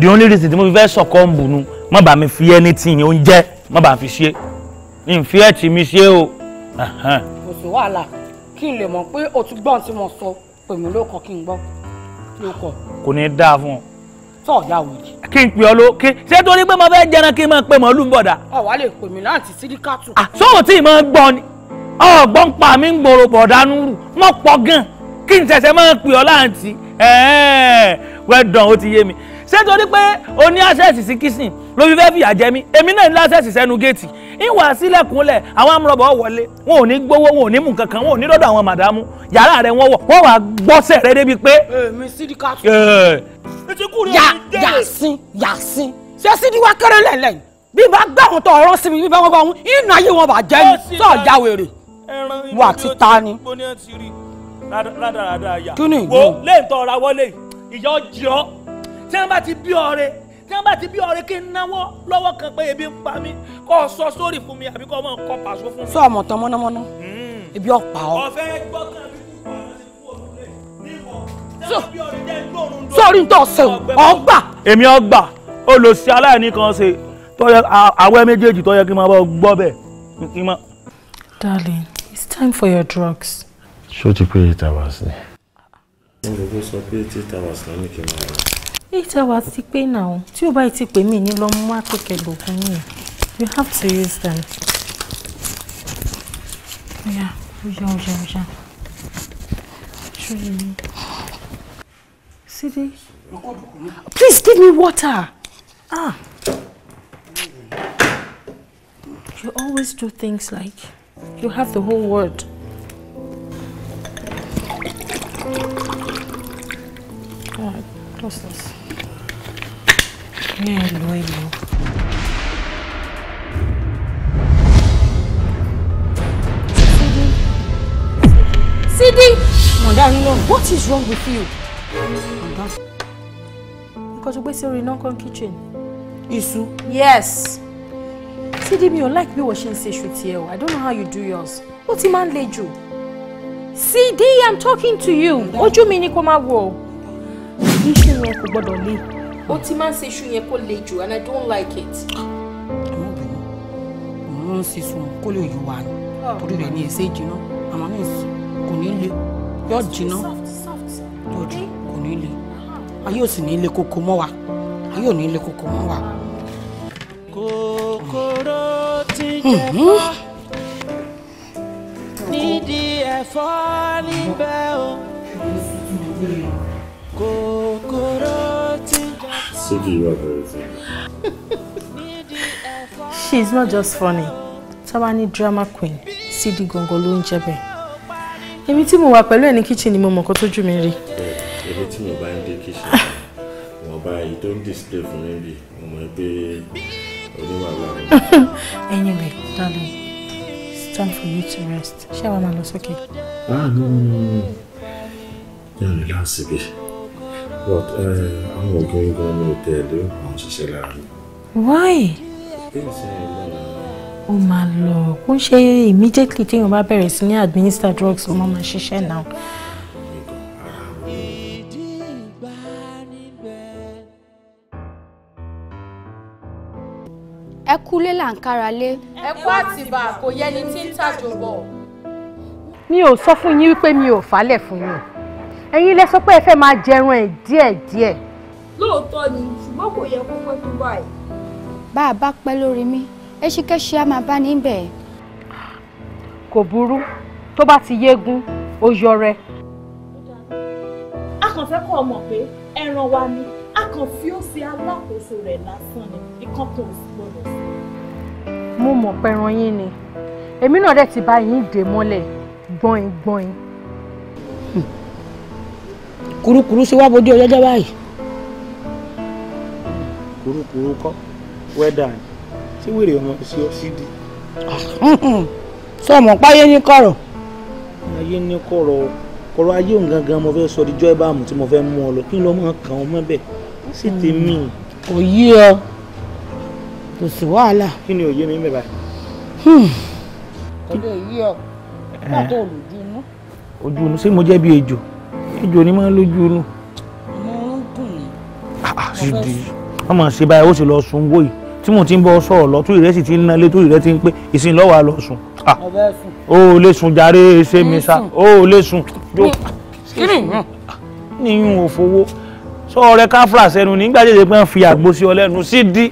the only reason tí mo fi fẹ́ sọ̀kọ́ ń bù má bàa mi fi anything oúnjẹ má bàa fi ṣe ní ìfi ẹ̀ tì mí ṣe o. kò sí wàhálà kí n lè mọ̀ pé o ti gbọ́n tí mo sọ pèmí ló kọ́ kí n gbọ́ ló kọ́. kò ní í dáa fún ọ sọ ọ̀yà òyì. kí n pè ọ ló kí ṣé torí pé mo fẹ́ jẹran kí n máa pe màálù ń bọ̀dà. ọ wà lè pè mí láǹtí sílíkàtù. àsọ̀rọ̀ tí mo gbọ́ ni ọ̀gbọ́n pa mi ń gbòòrò bọ̀dà nùrù wọ́n pọ̀ gan kí n ṣẹ̀ṣẹ̀ máa pè ọ láǹtí ẹ̀ẹ́n wẹ́ẹ̀ ó ti yé mi ṣé torí pé o ní access sí kissing ló fi fẹ́ fìyà jẹ mí èmi náà ní access sẹ́nu géètì ìwà sílẹ̀kùnlẹ̀ àwọn amúrọ̀bọ̀ wọlé wọn ò ní gbowó wọn ò ní mú kankan wọn ò ní dọ́dọ̀ àwọn màdámù yàrá rẹ̀ wọ́n wọ̀ wọ́n wàá gbọ́sẹ̀ rẹ débi pé. èmi sídi ká tún. yà yàsín yàsín ṣé sídi wá kéré lẹ́lẹ̀ bí bá gbà wọn bí bá bá wọn inú ayé wọn tí wọ́n bá ti bí ọ̀rẹ́ tí wọ́n bá ti bí ọ̀rẹ́ kí n náwó lọ́wọ́ kan pé ebi ń pa mí kó sọ sórí fún mi àbí kó o mọ̀ pàṣọ fún mi. sọ ọmọ tán mọ́nàmọ́ná hmm. ebi ọ̀pá ọ. ọ̀fẹ́ gbọ́kàn mi sọ́ọ̀rì ń tọ́ sẹ́wọ̀n ọgbà. èmi ọgbà olùsí aláìní kan ṣe tọ́yẹ àwẹ́ méjèèjì tọ́yẹ kí n máa bọ́ gbọ́ bẹ́ẹ̀. darling it's time for your drugs. ṣó ti pé eight hours ni. mo lè gbé sọ pé eight hours ló ní kí n máa rà eight hours ti pé náà tí o báyìí ti pè mí ní lọ mú wá pé kẹlògún yìí you have to use them. oya oya oya oya ṣọlẹ mi. Sidi, please give me water. Ah. You always do things like you have the whole world. God, close this. Hello, hello. Sidi! Sidi! Madam, no, what is wrong with you? Because Nǹkan tó gbé sí orí Nankan kitchen. Isu? Yes. Sidi, mi You like bí washing dishes with ṣe I don't know how you do yours. Ó ti máa ń le jù. Sidi, I'm talking to you. Ojú mi ni kó máa wò. Iṣu yẹn kò gbọ́dọ̀ le ó ti máa ń ṣe iṣu yẹn le jù and i don't like it. àmọ́ obìnrin òun ń sísun kó lè yọ wà ní oh. torí rẹ̀ ní ẹ̀sẹ̀ ìjìnà àmọ́ mi kò ní le yọ jìnà lójú kò ní le ayé ò sì ní le koko mọ́ wa ayé ò ní le koko mọ́ wa. kòkòrò ti hmm. jẹ hmm. fọ́ nídìí ẹ̀fọ́ níbẹ̀ o. Sigi Roberts. She's not just funny. Tawani drama queen, Sidi Gongolo ló ń jẹ́ mo wà pẹ̀lú ẹ̀ ní kitchen ni mo mọ̀ nǹkan tójú mi rí. Èmi tí mo bá ń dé kitchen, mo bá èyí tó display for mi rí, mo mọ̀ pé oníwàlá rẹ̀. Anyway, darling, it's time for you to rest. Ṣé àwa máa lọ sókè? Ah, no, no, no. Yẹ́n relax a bit but àwọn òògùn igun ní òtẹ́ẹ̀lì ó to ṣiṣẹ́ lára why. Uh, oh my Lord! kó she immediately téèyàn bá bẹ̀rẹ̀ and ní administer drugs ó mama máa ṣiṣẹ́ náà. ẹ kúlé là ń kára lé. ẹ kú àtìbà kò yẹni tí mi ò sọ fún yín wípé mi ò fálẹ̀ fún yín ẹ̀yin lẹ sọ pé ẹ fẹ́ máa jẹran ẹ̀ díẹ̀díẹ̀. lóòótọ́ ni ṣùgbọ́n kò yẹ kó pẹ́ tó báyìí. bá a bá pẹ́ lórí mi ẹṣíkẹ́ṣí á máa bá níbẹ̀. kò burú tó bá ti yégun ó yọrẹ. a kàn fẹ́ kọ́ ọ mọ̀ pé ẹran wa ni a kàn fi ó ṣe alákòóso rẹ̀ lásán ni ìkọ̀kọ̀ òsì gbọ́dọ̀ sí. mo mọ̀ pẹran yín ni èmi náà dẹ̀ ti bá yín dè mọ́lẹ̀ gbọ̀n kurukuru ṣe wá bójú ọjọ́jọ́ báyìí. kurukuru kọ́ wẹ́dà ni tí wèrè ọmọ sí ọ sí di. sọmọ hmm, páyé ní kọ̀rọ̀. ayé ní kọ̀rọ̀ kọ̀rọ̀ ayé òun gangan mo fẹ́ sọ di jọ́ ìbámu tí mo fẹ́ mú ọ lọ kí n lọ́ mọ̀ kàn ọ́ mọ́ bẹ́ẹ̀ sí tèmi. Hmm, kò yí ọ kò sí wàhálà. kí ni òye mi ń bẹ̀ báyìí. Hmm. kò lè yí ọ látọ̀ eh. olùjú inú. ojú inú ṣé mo jẹ́ bí ejò ejò ni máa ń lójú inú. mo ń dùn ní. ṣìdì wọ́n mọ̀ ṣe báyìí ó sì lọ sùn wó yìí tí mo ti ń bọ́ sọ̀rọ̀ lọ tó ìrẹsì ti ń ná lé tó ìrẹsì ń pé ìsìn lọ́wọ́ lọ ah, sùn. o ò lè sùn jàre ṣe mi sá o ò lè sùn. Ah, níyùn òfowó sọ ọ̀rẹ́ káfíà sẹ́nu nígbà jẹjẹrẹ pé ń fi àgbo sí ọ lẹ́nu sí di.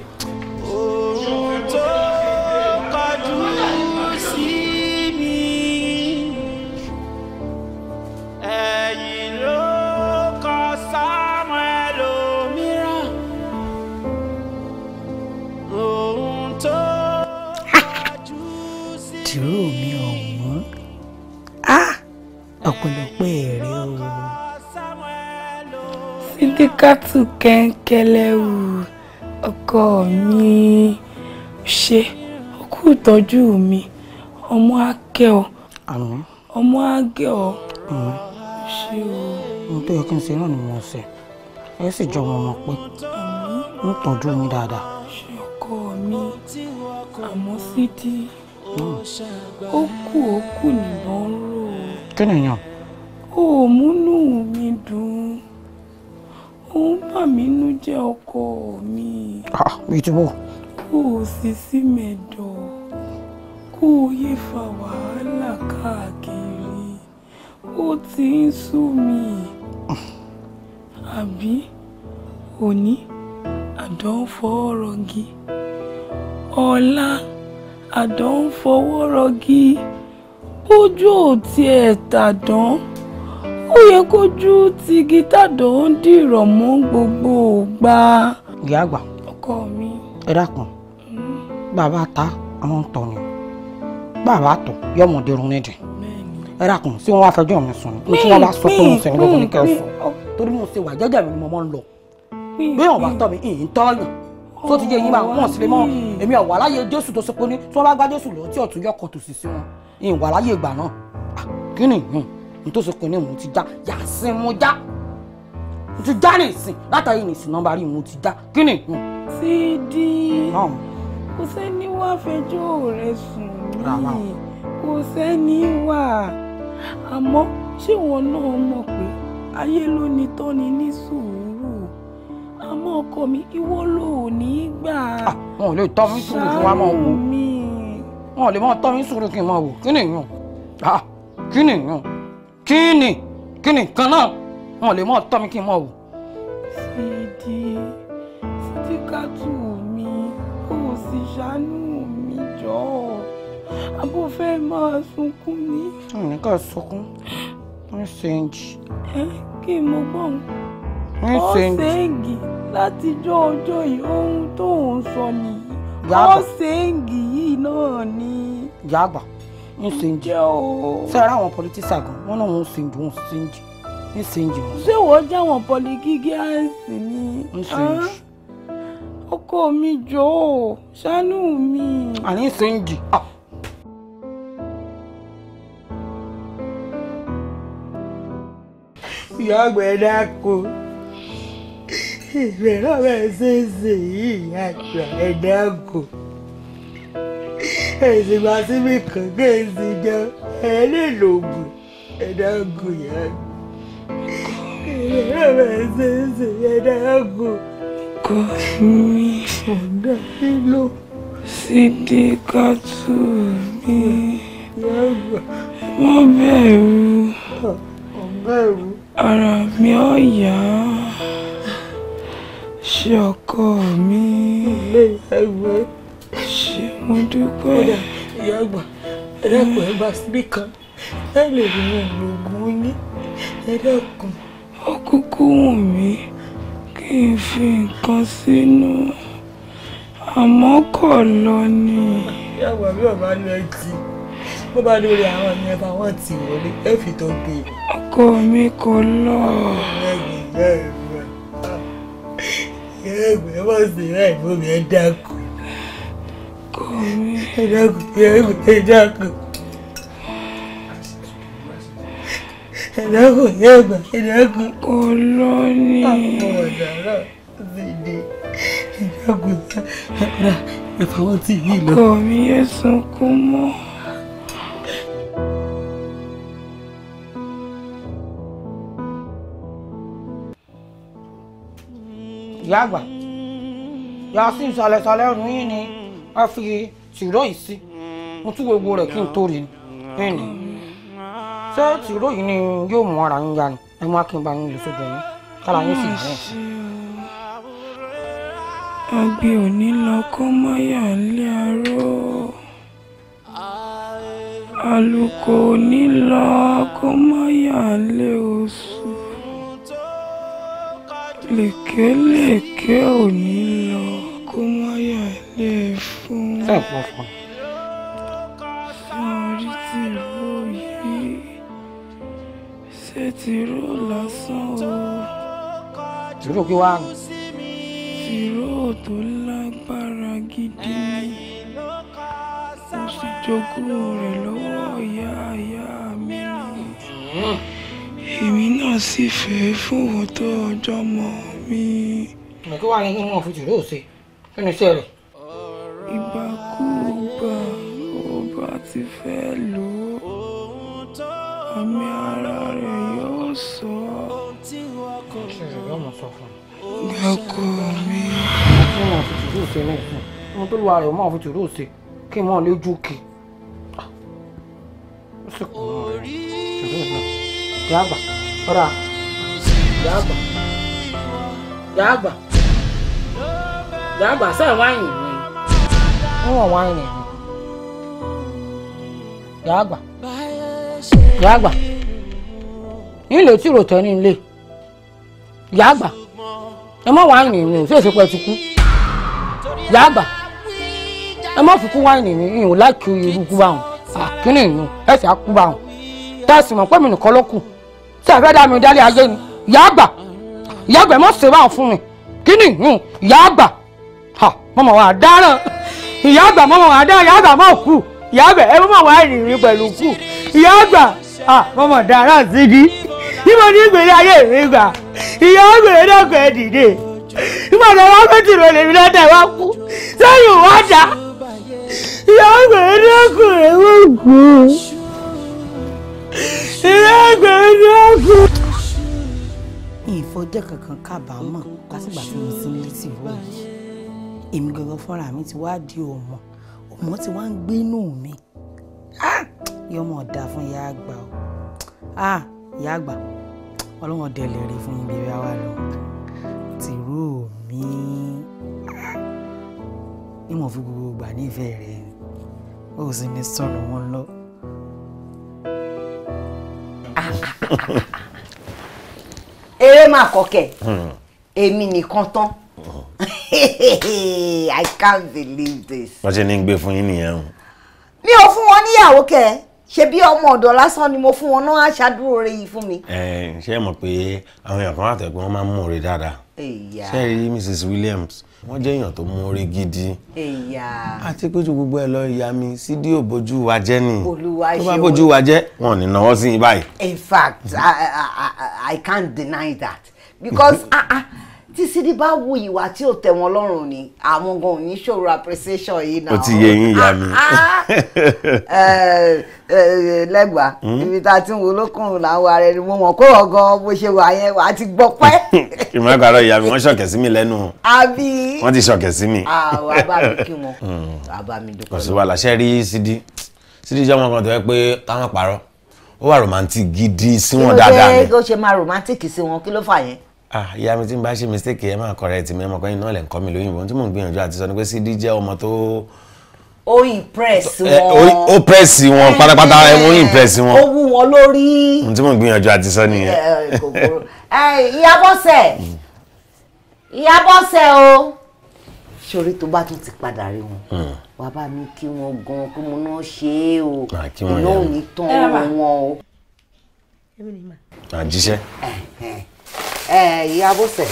jésù kẹ́ńkẹ́lẹ́wù ọkọ mi ṣe ọkú ìtọ́jú mi ọmọ akẹ́ ọ ọmọ akẹ́ ọ ṣe o. ohun tó yẹ kí n ṣe náà ni mo ṣe ẹ sì jọ ọmọ ọmọ pé ń tọ́jú mi dáadáa. ṣe ọkọ mi àmọ́ sídìí ó kù ó kù nìbọn rò. kí nìyàn. ó múnú mi dùn bà mí nú jẹ́ ọkọ mi. mi ti bọ̀. kó o sì sí mẹ́dọ̀ kó o yé fa wàhálà káàkiri ó ti ń sú mi àbí òní àdánfọwọ́rọ̀gì ọ̀la àdánfọwọ́rọ̀gì ojú ò tiẹ̀ tàdán yẹ kójú ti gítà dòóndì rọ̀ mọ́ gbogbo ògbà. ìyá àgbà ọkọ mi. ẹ dákun bàbá ta àwọn ń tọ̀ ni bàbá tọ̀ yọmọdé rún nídìí ẹ dákun sí wọn afẹjọ́ mi sùn ní tí wọn bá sọ pé mo sọ ìrọ̀lẹ́ ní kẹsàn torí mo ṣe wà jẹ́jẹ́ mi ni mo máa ń lọ bí wọn bá tọ̀ mi ìyìn tọ́yàn tó ti yé yín báwọn wọn sì lè mọ èmi ọ̀wà láyé Jésù tó ṣe pé ní tí wọn bá gbá Jésù lọ tí ọ̀tún yọkọ̀ tòsí sí wọn ìwà láyé ìgbà náà ah, kí ni ìhìn nítòsókè náà mo ti já yàsín mo já mo ti já nìsín látàrí nìsín náà bá rí mo ti já kí ni. ti hmm. di kò sẹ́ni wá fẹjọ́ rẹ̀ sùn mí kò sẹ́ni wá àmọ́ ṣé wọn náà mọ̀ pé ayé ló ní tọ́ni ní sùúrù àmọ́ ọkọ mi ìwọ ló ní í gbà. wọn ò lè tọ́ mi sùúrù kí wọ́n máa wò wọn ò lè máa tọ́ mi sùúrù kí n máa wò kí ni ìyàn kí ni ìyàn kí ni kí ni nǹkan náà wọn lè mọ tọ́ mi kí n mọ wò. sídi sídi kátù mi kò sì ṣàánú mi jọ abó fẹ́ máa sunkún ni. mi kà sunkún mi ṣèǹjì. ẹ kí n mọ gbọ́n mi ṣèǹjì. ó ṣèǹjì látijọ́ ọjọ́ yìí ohun tó ń sọ nìyí ó yìí náà ni. ìyá àgbà nísìnyí ooo. ṣé ara àwọn pọlitísà gan wọn náà wọn sìnjì wọn sìnjì nísìnyí wọn. ṣé wọ́n já wọn pọligígáàsì ni. nísìnyí. Ah, ọkọ mi jọ̀ọ́ ṣàánú mi. àní nísìnyí. ìyá ọgbẹ́ dáko ìbẹ̀rẹ̀ ọ̀rẹ́ ṣe é ṣe yìí ìyá àgbà ẹ̀dáko èsì máa sí mi kàn kí èsì jẹ ẹ lè lo oògùn ẹ̀dá oògùn yẹn ìyá rẹ̀ ṣe é ṣe ẹ̀dá oògùn. kò mí ọ̀gá nílò. sídìkàtù mi wọ́n bẹ̀rù ara mi ò ṣe ọkọ mi mo dúpẹ́. kódà ìyá àgbà ẹ dákun ẹ bá síbí kan ẹ lè rí wọn lóògùn yín ẹ dákun. ó kúkú wù mí kí n fi nǹkan sínú àmọ́ kò lọ ni. ìyá àgbà mi ò máa lọ jì bó bá lórí àwọn ni ẹ wọn tì wọlé ẹ fi tó gbé. ọkọ mi kò lọ. ìyá ẹgbẹ́ ẹ bá ṣe rẹ̀ ìbò mi ẹ dákun ẹ dákun ẹ dákun ẹ dákun ẹ gbà ẹ dákun. olórí. àwọn ọ̀dà náà ti dé ẹ dákun ẹ rà ẹ fàwọn tí yìí lọ. ọkọ sí ìsọlẹsọlẹ ọdún yìí ni a fi tìrọ yìí sí mo tún gbogbo rẹ̀ kí n tó rí ẹnì ṣé tìrọ yìí ni yóò mú ara yín ya ni ẹ mú akínba yín lè sódò yín kára yín sì jẹ́ àgbẹ̀ òní lọ kó mọ́yà ńlẹ́ aró àlùkò òní lọ kó mọ́yà ńlẹ́ oṣù lèkélèké òní lọ kó mọ́yà ńlẹ́ ẹ̀fọ́ ẹ fọfọ. sọrí Zero rú yìí ṣé ti rú lásán o. ìró kí wá. zero. tó lágbára gidi mo sì jogún rẹ̀ lọ́wọ́ ìyá ìyá mi hmm. èmi náà sì fẹ́ fún òótọ́ ọjọ́ mọ́ mi. mo kí wàá ní kí wọ́n fi jùlọ ṣe kí ni rẹ̀ ìgbàkúùgbà ó bá ti fẹ́ lò ó àmì ara rẹ̀ yóò sọ ọ́. ọmọ tó lu rẹ̀ ọmọ fi tùrú ṣe kí n mọ̀ lójú kì ó ọ̀rà ìyá àgbà ìyá àgbà ìyá ń wọ̀n wá rìn rìn yàá àgbà yàá àgbà yín lè tí ròtọ́ ní ilé yàá àgbà ẹ mọ̀ wá rìn rìn fèsì pẹ́ ti kú yàá àgbà ẹ mọ̀ fi kú wá rìn rìn ìhùn láìkí irú kú báwọn àkínní ìhùn ẹ̀sìn á kú báwọn tẹ̀sí mọ̀ pé mi nìkan ló kù tí ẹ fẹ́ dá mi dálé mi kí ni ìhùn yàá àgbà mọ̀mọ́ wa dáràn ìyá àgbà mọ́mọ́ wà dá ìyá àgbà mọ́ kù ìyá àgbà ẹ mọ́mọ́ wà ìrìn pẹ̀lú kù ìyá àgbà mọ́mọ́ dára sídi níbo ní ìgbèrè ayé mi gbà ìyá àgbà ẹ̀dọ́gbẹ̀ ẹ̀ dìde nígbà tó wọ́n fẹ́ tìrò lèmi lọ́dà wá kú sẹ́yìn wá dá ìyá àgbà ẹ̀dọ́gbẹ̀ ẹ̀ wọ́n kú ìyá àgbà ẹ̀dọ́gbẹ̀. ìfọjẹ́ kankan kábàámọ̀ kásìgbà tí mo ti ń létí wọ́ọ̀ èmi gangan fúnra mi ti wá di òmò òmò ti wá ń gbénú mi yóò mọ̀ dá fún ìyá àgbà o ah! ìyá àgbà ọlọ́wọ́n dẹ̀lẹ̀ rí fún ibi ìyá wa lọ tìrú mi ìmọ̀ ah! fún gbogbo ìgbà nífẹ̀ẹ́ rẹ̀ ó sì ní sọ̀rọ̀ wọn lọ. Ah! eré mà kọ̀kẹ́ hmm. èmi nìkan tán. I can't believe this. wọ́n ṣe ní gbé fún yín nìyẹn o. mi ò fún wọn níyàwó kẹ ṣe bí ọmọ ọ̀dọ̀ lásán ni mo fún wọn náà aṣáájú rẹ yìí fún mi. ẹ ṣe mọ̀ pé àwọn èèyàn kan àtẹ̀gbẹ́ wọn máa ń mú oore dáadáa. ṣe rí Mrs. Williams wọ́n jẹ́ èèyàn tó mú oore gidi. àti pé ju gbogbo ẹ lọ ìyá mi sídìí ò bójú wa jẹ́ ni tó bá bójú wa jẹ́ wọn ò ní náwó sí i báyìí. in fact I, I, I can't deny that because. Uh, uh, tí Sidi bá wo ìwà tí ò tẹ lọ́rùn ni àwọn gan ò ṣòro appreciation yìí náà. o ti yẹ yín ìyá ah, mi. Ah. Eh, eh, eh, lẹ́gbàá hmm? ibi tá a ti ń wo lókùnrin làwọn ara ẹni mo mọ̀ kó wọ́n gan bó ṣe wà yẹn wà á ti gbọ́ pẹ́. kì í má parọ́ ìyá mi wọ́n ṣọ̀kẹ́ sí mi lẹ́nu. àbí. wọ́n ti ṣọ̀kẹ́ sí mi. Ah, àwọn abámi kí wọn. abámi hmm. dúpẹ́. kò sí wàhálà ṣe rí Sidi Sidi jẹ́ ọmọ kan tó yẹ pé káwọn parọ́ ó wà romantic gidi sí wọn dáadáa ni. kí ló dé ah ìyá mi tí n bá ṣe mistake ẹ máa correct mi ẹ máa kọ́ ẹ̀yin náà lẹ̀ ń kọ́ mi lóyìnbó tí mò ń gbìyànjú àti sọ ni pé Sidi jẹ́ ọmọ tó ó impress wọn. ó press wọn pátápátá ó impress wọn. ó wú wọn lórí. ohun tí mò ń gbìyànjú àti sọ nìyẹn. ìyábọ̀sẹ̀ ìyábọ̀sẹ̀ o. sori tó bá tún ti padà rí wọn hmm. wàá bá mi kí wọn gan kí mo náà ṣe é o ìlú òní tán wọn o. àjíṣẹ́ ìyá bọ́sẹ̀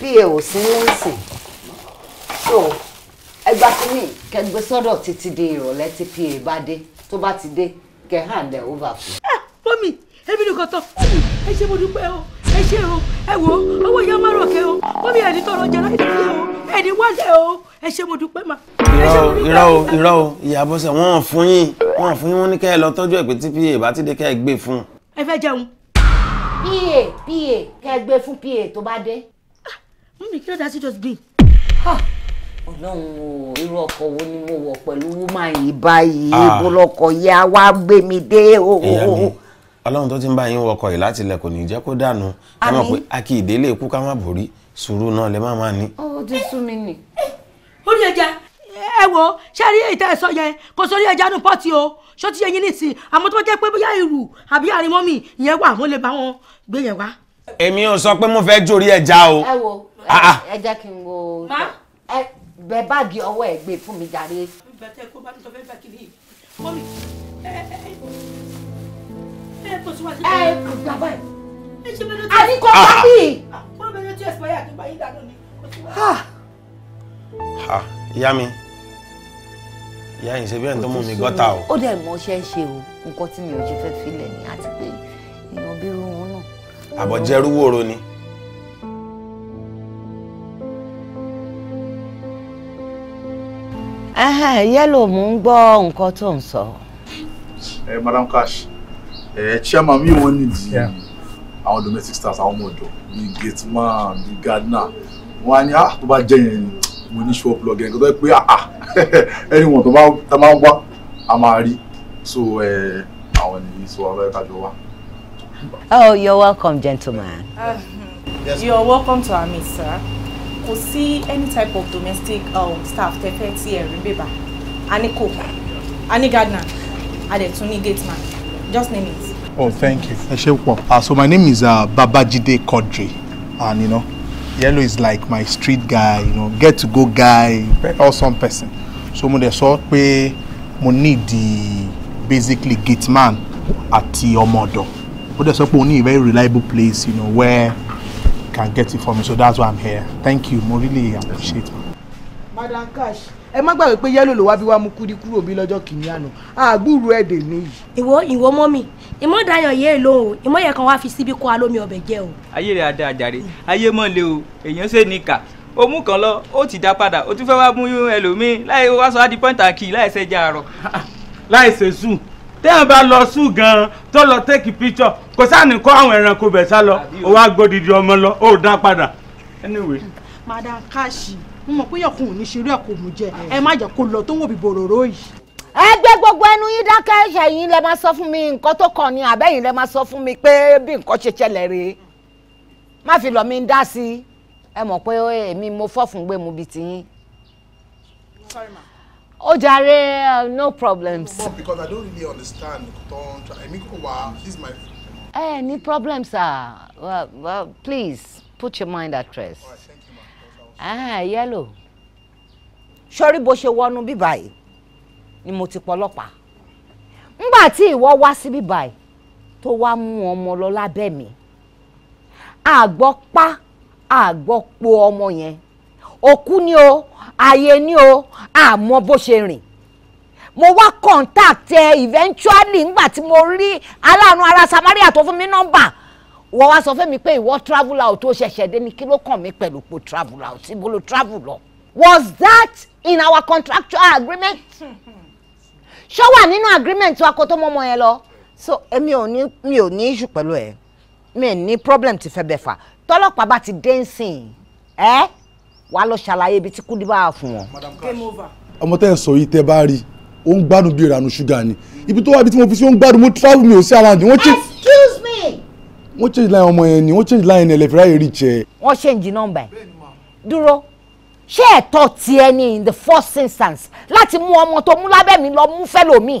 pa ò sí lẹ́sìn so ẹgbà kínní kẹgbẹ sọ́dọ̀ títí di ìrọ̀lẹ́ tí pa bá dé tó bá ti dé kẹ hand over fún. Ah, mọ́mì èmi nìkan tán ẹ ṣe mo dúpẹ́ o ẹ ṣe o ẹ wo owó ìyá má rọ̀kẹ́ o mọ́mì ẹni tọrọ jẹ láì dìde o ẹni wálẹ̀ o ẹ ṣe mo dúpẹ́ ma. irọ́ o irọ́ o ìyá bọ́sẹ̀ wọ́n fún yín wọ́n fún yín wọ́n ní kẹ́ ẹ lọ tọ́jú ẹ̀ pé tí pa bá ti dé kẹ́ ẹ gbé fún un. ẹ fẹ́ jẹun pa pa kẹ gbé fún pa tó bá dé. mummy kí ló dá sí dustbin. ọlọ́run o irú ọkọ̀ wo ni mo wọ̀ pẹ̀lú woman yìí báyìí ah. bó lọkọ̀ yá wá gbé mi dé o. ọlọ́run tó ti ń bá yín wọkọ̀ yìí láti ilẹ̀ kò ní jẹ́ kó dànù ẹ mọ̀ pé a kì í délé ká má borí sùúrù náà lè má máa ní. ó ti sú mi nì. ó rí ẹja ẹ wo ṣé rí èyí tẹ́ ẹ sọ yẹn kò sórí ẹja nù pọ́ọ̀tì o ṣó ti yẹ yín nìsín àmọ́ tó bá jẹ́ pé bóyá ìrù àbí àrímọ́mì ìyẹn wà mo lè bá wọn gbé yẹn wá. èmi ò sọ pé mo fẹ́ jórí ẹja o. ẹ wo ah, ah. ẹ jẹ́ kí n wo bẹ báàgì ọwọ́ ẹ̀ gbé fún mi jàre. ẹ kò sí wá sí. Ah, bá yín dáná ni. ìyá mi ìyá yìí ṣe bí ẹni tó mú mi gọ́ta o. ó dẹ̀ mọ ṣe é ṣe o nǹkan tí mi ò ṣe fẹ́ filẹ̀ ni àti pé èèyàn bí irú wọn náà. àbọ̀jẹ́rú wòro ni. yẹ́lò mò ń gbọ́ nǹkan tó ń sọ. ẹ madam cash ẹ chairman mi wọn nídìí àwọn domestic staff àwọn ọmọ ọ̀dọ̀ bíi gate man bíi gardener wọn á ní ah tó bá mo ní ṣọ́ plug ẹ̀ tó yẹ pé àà ẹni wọn tó máa ń wá a máa rí so àwọn ènìyàn sọ wá lọ́yẹ̀ká jọ wá. Oh, you're welcome, gentleman. Uh, you're welcome to our meet, sir. Kò sí any type of domestic um, staff tẹ́fẹ́ tí ẹ̀rí bèbà. A ní cook, a ní gardener, a gate man. Just name it. Oh, thank you. Ẹ ṣé pọ̀. Ah, so my name is uh, Babajide Quadri and you know yellow is like my street guy you know get to go guy awesome person so mo dẹ̀ sọ pé mo need the basically gate man àti ọmọ ọ̀dọ̀ mo dẹ̀ sọ pé o ní a very reliable place you know where you can get it for me so that's why i'm here thank you mo really appreciate it. madam cash ẹ má gbàgbé pé yẹ́lò ló wá bí wá mú kúdí kúrò bí lọ́jọ́ kìíní àná àgbúrò ẹ̀ dè níyì. ìwọ ìwọ mọ mi ìmọ̀ dayan yé ló o ìmọ̀ yẹ kan wá fi síbi kó alómi ọbẹ̀ jẹ́ o. ayé rẹ̀ adá àjàre ayé mọ̀ lé o èèyàn ṣe níkà ó mú kan lọ ó ti dá padà ó tún fẹ́ wá mú ẹlòmíín láì wá sọ á di pọ́ǹtà kì í láì ṣẹ́jà àárọ̀. láì ṣe sùn téèyàn bá lọ sùn gan-an tó lọ tẹ́kì píṣọ kò sáà ní kó àwọn ẹranko bẹ̀ sá lọ ó wá gbódìdí ọmọ lọ ó dá padà. anyway. madam kashi mo mọ̀ pé yọkùn ò ṣerú ẹ̀ kò mú jẹ ẹ má jẹ́ kó lọ tó wò bí bòròró yìí. ẹ gbé gbogbo ẹnu yín dákẹ́ ẹ̀ṣẹ̀ lẹ máa sọ fún mi nǹkan tó kàn ní àbẹ́yìn lẹ máa sọ fún mi pé bí nǹkan ṣe ṣẹlẹ̀ rèé má fi lọ́ mi ń dá sí i ẹ mọ̀ pé èmi mo fọ́ gbé mu bíi tiyín. sorry ó jàre uh, no problems. but because i don't really understand don emi ko wa this is my. ẹ eh, ní problems ah well, well, please put your mind at rest ah yẹ́lò sọ́rí bó ṣe wọnú bíbá yìí ni mo ti pọlọ́pàá ńgbà tí ìwọ wá sí bíbá yìí tó wá mú ọmọ lọ lábẹ́ mi àgbọ̀ pa àgbọ̀ po ọmọ yẹn òkú ni o ààyè ni o àmọ́ bó ṣe rìn mo wá contact ẹ eh, eventually ńgbà tí mo rí aláàánú ara Samaria tó fún mi nọ́mbà wọ́n wá sọ fẹ́mi pé ìwọ travel out tó ṣẹ̀ṣẹ̀ dé ni kí ló kàn mí pẹ̀lú pò travel out síbo ló travel lọ. was that in our contractual agreement? ṣó wà nínú agreement wa kó tó mọ́mọ́ yẹn lọ. so èmi ò ní mi ò ní issue pẹ̀lú ẹ̀ mi ní problem ti fẹ́ bẹ̀ fà tọ́lọ́pàá bá ti dé nsìn ẹ́ wàá lọ ṣàlàyé ibi tí kúndí bá wà fún wọn. ọmọ tẹ́ ẹ sọ yìí tẹ́ bá rí i ó ń gbádùn bí ìrànú ṣúgà ni ibi tó wà ibi tí mo fi sí ó ń gbádùn mo travel mi ò sí ara ǹdí wọ́n ṣe wọ́n change line ọmọ yẹn ni wọ́n change line ẹ̀ lẹ́fẹ̀rẹ́ ayé rí jẹ. wọ́n change number ẹ̀ dúró ṣé ẹ̀tọ́ tiẹ̀ ni in the first instance láti mú ọmọ tó mú lábẹ́ mi lọ mú fẹ́lòmíì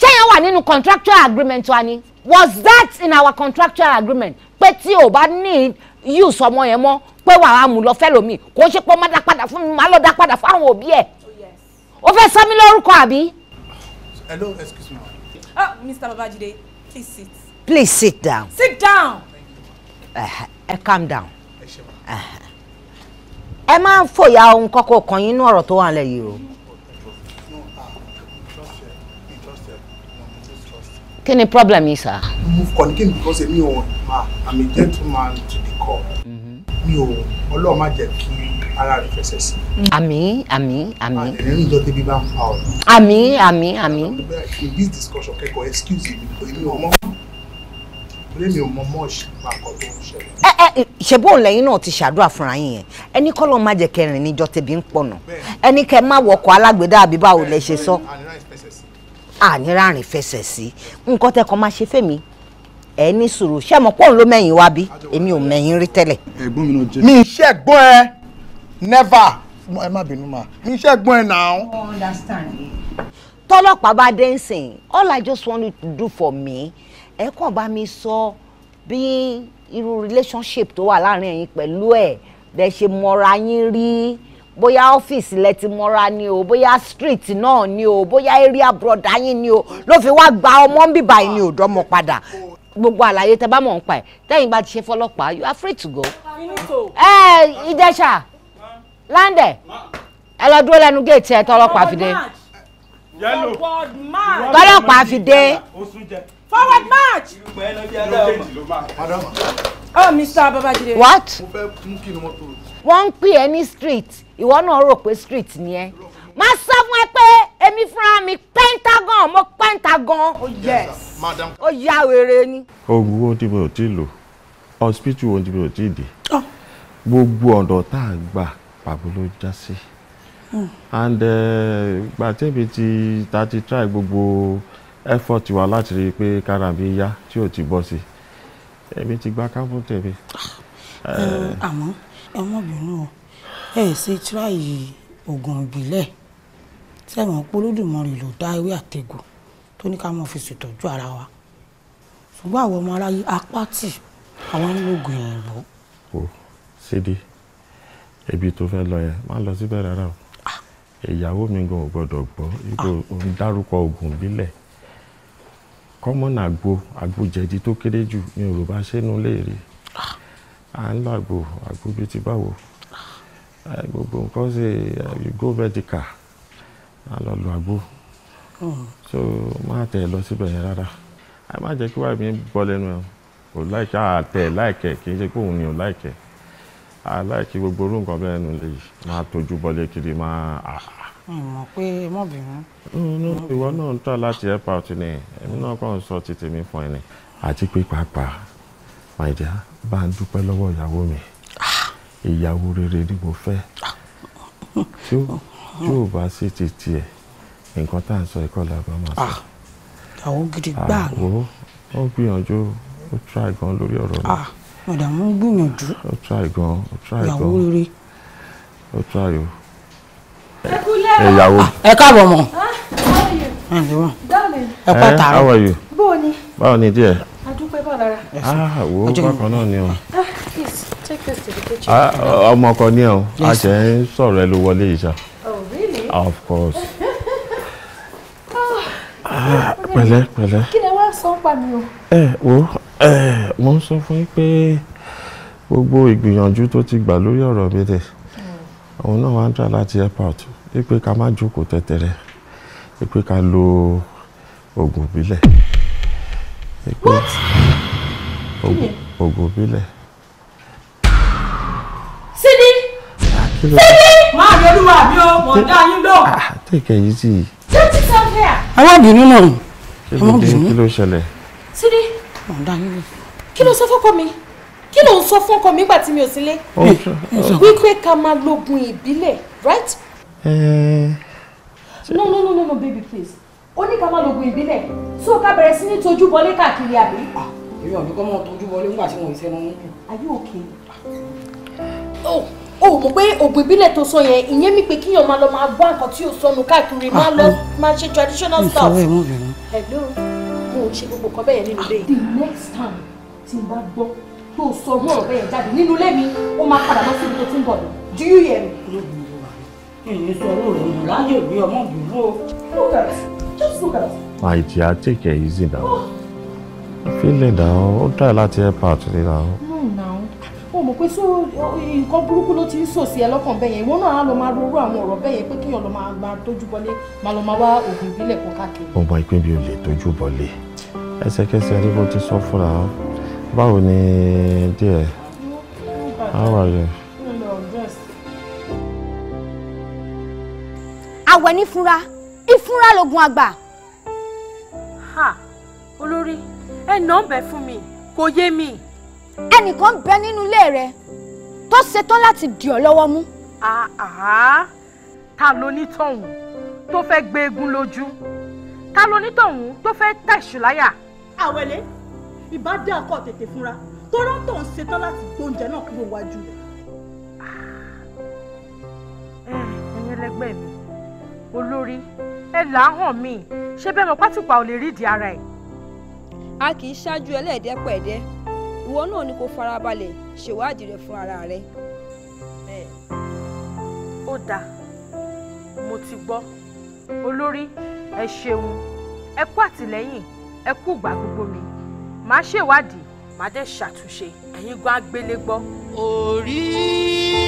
ṣé yẹn wà nínú contractual agreement wa ni was that in our contractual agreement pé tí o bá ní use ọmọ yẹn mọ́ pé wàá mú lọ fẹ́lòmíì kò ṣe pé má dá padà fún mi má lọ dá padà fún àwọn òbí ẹ̀ oh, o fẹ́ sọ mí lórúkọ àbí. hello excuse me. Oh, Mr. Babajide please sit. Please sit down. Sit down. Uh, uh, calm down. Uh-huh. Ẹ máa ń fòyà ohun kọ́kọ́ kan yín nú ọ̀rọ̀ tó wà lẹ́yìn o. Kí ni problem yìí sá? Mo kàn ní kí n because èmi ò ma I'm a gentleman to the call. Mm-hmm. Mi ò ọlọ́ọ̀ má jẹ́ kí ara rẹ̀ fẹsẹ̀ sí. Àmín àmín àmín. Àdìrín ìjọ débi bá ń fa ọ̀rọ̀. Àmín àmín àmín. In this discussion kẹ́kọ̀ọ́ excuse me, èmi ò mọ̀ lémi ò mọ mọ́ọ̀ṣì pa ọkọ tó ń ṣẹlẹ̀. ẹ ẹ ṣebóun lẹ́yìn náà ti ṣàdúrà fúnra yín yẹn ẹni kọ́ lọ́ọ́ má jẹ́ kẹrin níjọ́ tẹ̀bí ń pọ̀nà ẹni kẹ́ má wọkọ̀ alágbèdá àbí báwo lẹ ṣe sọ. ànírà rìn fẹsẹ̀ sí nǹkan tẹ́ kọ́ máa ṣe fẹ́mi ẹ ní sùúrù ṣé mo pọ́n ló mẹ́yìn wá bí èmi ò mẹ́yìn rí tẹ́lẹ̀. ẹ̀gbọ́n mi ló jẹ́. mi never ẹ má bínú ma understand. tọ́lọ́pàá bá dẹ́nsìn all I just want you to do for me ẹ kàn bá mi sọ bí irú relationship tó wà láàrin ẹ̀yin pẹ̀lú ẹ̀ bẹ́ ṣe mọra yín rí bóyá ọ́fíìsì lẹ ti mọ́ra ni o bóyá street náà ni o bóyá area broda yín ni o ló fi wá gba ọmọ ń bíbá yín ni ò dọ́mọ padà gbogbo àlàyé tẹ bá mọ̀ ń pa ẹ̀ tẹ́yìn bá ti ṣe fọlọ́pàá you are free to go. ẹ ìjẹsà Lande. ẹ lọ dúró lẹ́nu géètì ẹ tọ́lọ́pàá fi dé tọ́lọ́pàá fi dé forward march. irúgbìn oh mr babajide. what. mo fẹ́ mú kí ni mọ́tò. wọ́n ń pè ẹ́ ní street ìwọ náà rò pé street ni ẹ́ máa sọ fún ẹ pé èmi fúnra mi pentagon mo pentagon. oh yes madam. ó oh, yá wèrè ni. oògùn wo ti mi ò tí ì lò hospital wo ti mi ò tí ì dé oh. gbogbo ọ̀dọ̀ tá a gbà pàbó ló já sí hmm. and eh, ìgbà tẹ́bi ti ta ti try gbogbo. Uh, effort wa láti rí i pé kára mi yá tí ò ti bọ́ sí i èmi ti gba kámú tèmi. Ah, àmọ́ ẹ mọ̀ bínú o ẹ ṣe tíráyì oògùn ìbílẹ̀ sẹ́wọ̀n polódùmọ̀rì ló dá ewé àtẹ̀gùn tó ní ká mọ̀ fi ṣètọ́jú ara wa ṣùgbọ́n àwọn ọmọ aráyé apá tì àwọn ológun òyìnbó. o ṣéde ibi tó fẹ́ lọ yẹn má lọ síbẹ̀ rárá o ah. ìyàwó mi gan ò gbọ́dọ̀ gbọ́ ipò òun ah. dárúkọ oògùn ìbílẹ̀ kọ́mọ̀nà àgbo àgbo jẹ̀dí tó kéré jù ní yorùbá ṣẹ́nu léèrè à ń lo àgbo àgbo bíi ti báwo gbogbo nǹkan ṣe go medical à lọ lo àgbo hmm. so má tẹ̀ lọ síbẹ̀ yẹn rárá a má jẹ́ kí wàá mi bọ́ lẹ́nu ẹ̀ kò láìka àtẹ̀ láìkẹ̀ kì í ṣe pé òun ni ò láìkẹ̀ àláìkí gbogbo orú nǹkan bẹ́ẹ̀ nù lè máa tójú bọ́lé kiri máa ah. àhà mọ̀ hmm, pé mọ̀ bínú. Hmm, ìwọ náà ń tọ́ láti help out ni èmi náà kàn ń sọ ti tèmi fún ẹ ni àti pé pàápàá my dear bá ń dúpẹ́ lọ́wọ́ ìyàwó mi ìyàwó rere ni mo fẹ́ tí ò bá sí ti tiẹ̀ nǹkan tá à ń sọ ìkọlẹ̀ àbá máa sọ. Ah, àwọn gidi gbà ah, ní. àwo ó gbìyànjú ó try gan lórí ọ̀rọ̀ náà. Ah, mọ̀dàmú gbìyànjú. ó try gan ó try gan ó try o. ẹ kú ẹ̀yàwó. ẹ káàbọ̀ mọ́. ẹ pẹ́ tààrọ̀. how are you. Eh, bó o ni. báwo ni díẹ̀. adúpẹ́ bá lára. ah wo bákan náà ni o. Ah, please take this to the kitchen. Ah, ọmọ ọkọ ni ọ a ṣe ń sọ̀rọ̀ ẹ ló wọlé yìí ṣá. oh really. of course. Ah, pẹ̀lẹ́ pẹ̀lẹ́. kí ni wàá sọ ń pa mi o. ẹ eh, wo eh, mo ń sọ fún yín pé gbogbo ìgbìyànjú tó ti gbà lórí ọ̀rọ̀ mi dẹ̀ hmm. òun náà wá ń dà láti airport pé ká má jókòó tẹ́tẹ́rẹ́ pé ká lo oògùn ìbílẹ̀ pé oògùn ìbílẹ̀. Sidi ah, Sidi máa lọ́lúwa mi ò mọ̀ dá yín lọ. Ah, take it easy. tẹ́tí sọ fẹ́ à. alábìínú náà ọmọbìnrin kí ló ṣẹlẹ̀. Sidi mọ̀ dá yín lọ. kí ló sọ fọ́kọ mi kí ló ń sọ fọ́kọ mi nígbà tí mi ò sílé oh, wípé ká máa lo oògùn ìbílẹ̀ right Eh. no no no no no baby please ó ní ká má lo oògùn ìbílẹ̀ tó ká bẹ̀rẹ̀ sí ní tojú bọlé káàkiri àbí. Ah, èmi ò ní kọ́ mọ́ tojú bọlé nígbà tí mo ìṣẹ́ are you okay? Ah. Oh, oh, mọ̀ pé oògùn ìbílẹ̀ tó sọ yẹn ìyẹn mi pé kíyàn máa lọ máa gbọ́ nǹkan tí ò sọnù káàkiri ah, máa lọ oh. máa ṣe traditional stuff. hello mo ò ṣe gbogbo kan bẹ́ẹ̀ nínú ilé the next time tí n bá gbọ́ tó sọ ọ̀rọ̀ bẹ́ẹ̀ jáde nínú ilé mi ó máa padà lọ síbi tó ti ń bọ̀ do you hear me? my dear take it easy now i feel it now ó dára láti help out today now. no now o mọ̀ pé so nǹkan burúkú ló ti ń sò sí ẹ lọ́kàn bẹ́ẹ̀ yẹn ìwọ náà á lọ máa rorú àwọn ọ̀rọ̀ bẹ́ẹ̀ yẹn pé kéèyàn lọ máa tójú bọlé máa lọ máa wá oògùn ìbílẹ̀ kan káàkiri. ọmọ ìpín mi ò lè tójú bọlé ẹsẹ̀kẹsẹ̀ ni mo ti sọ fúnra báwo ni díẹ̀ how are you. àwẹ̀ nífunra ìfunra lògùn àgbà. ha olórí ẹ nà ń bẹ fún mi kò yé mi. ẹnìkan bẹ nínú ilé rẹ tó ṣetán láti dì ọ́ lọ́wọ́ mú. ta ló ní tọ̀hún tó fẹ́ gbé egun lójú ta ló ní tọ̀hún tó fẹ́ tẹ̀sù láyà. àwẹ̀lé ìbá akọ tètè fúnra tọ́rọ́ tó ń ṣetán láti gbóúnjẹ náà kúrò wájú rẹ̀. ẹ̀yin ẹlẹgbẹ́ mi olórí ẹ là á hàn mí ṣé bẹ́ẹ̀ mọ pátìpá ò lè rí ìdí ara ẹ̀. a kì í ṣáájú ẹlẹ́ẹ̀dẹ́ pẹ̀ẹ́dẹ́ ìwọ náà ni kò farabalẹ̀ ṣèwádìí rẹ̀ fún ara rẹ̀. ó dáa mo ti gbọ́ olórí ẹ ṣeun ẹ kú àtìlẹ́yìn ẹ kú ìgbà gbogbo mi màá ṣèwádìí màá dẹ̀ ṣàtúnṣe ẹ̀yin gan agbélé gbọ́. orí.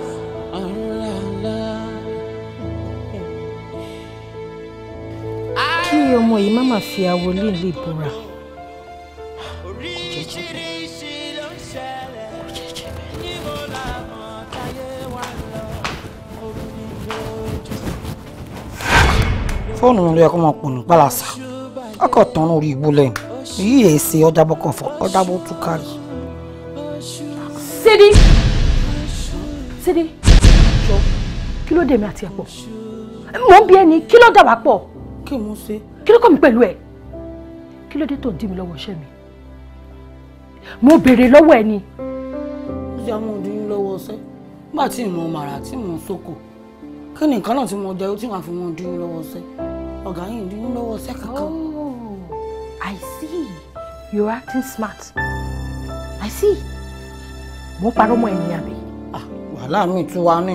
ọmọ yìí má máa fi awo lè lè bora kò jẹ́jẹ́ bẹ́ẹ̀ kò jẹ́jẹ́ bẹ́ẹ̀. fóònù ló yẹ kó máa pònú pàlàsà ọkọ̀ tán lórí igbó lẹ́yìn èyí yẹ ṣe ọjà bọ́ kọ̀ọ̀fọ̀ ọjà bó tú kárì. kí ló dé mi àti ẹ̀ pọ̀ mò ń ẹni kí ló dà wá kí mo ṣe kí ló kọ́ mi pẹ̀lú ẹ̀ kí ló dé tó ń dí mi lọ́wọ́ iṣẹ́ mi mo béèrè lọ́wọ́ ẹ ni. ó ṣe àwọn òdì yín lọ́wọ́ ọṣẹ́ nígbà tí mo màrà tí mo sóko kí ni nǹkan náà tí mo jẹ ó tí wàá fi wọn dín yín lọ́wọ́ ọṣẹ́ ọ̀gá yín dín yín lọ́wọ́ ọṣẹ́ kankan. oh i see you are acting smart i see mo parọ́ mọ́ ẹ nìyà ah, wàhálà mi tún wá ní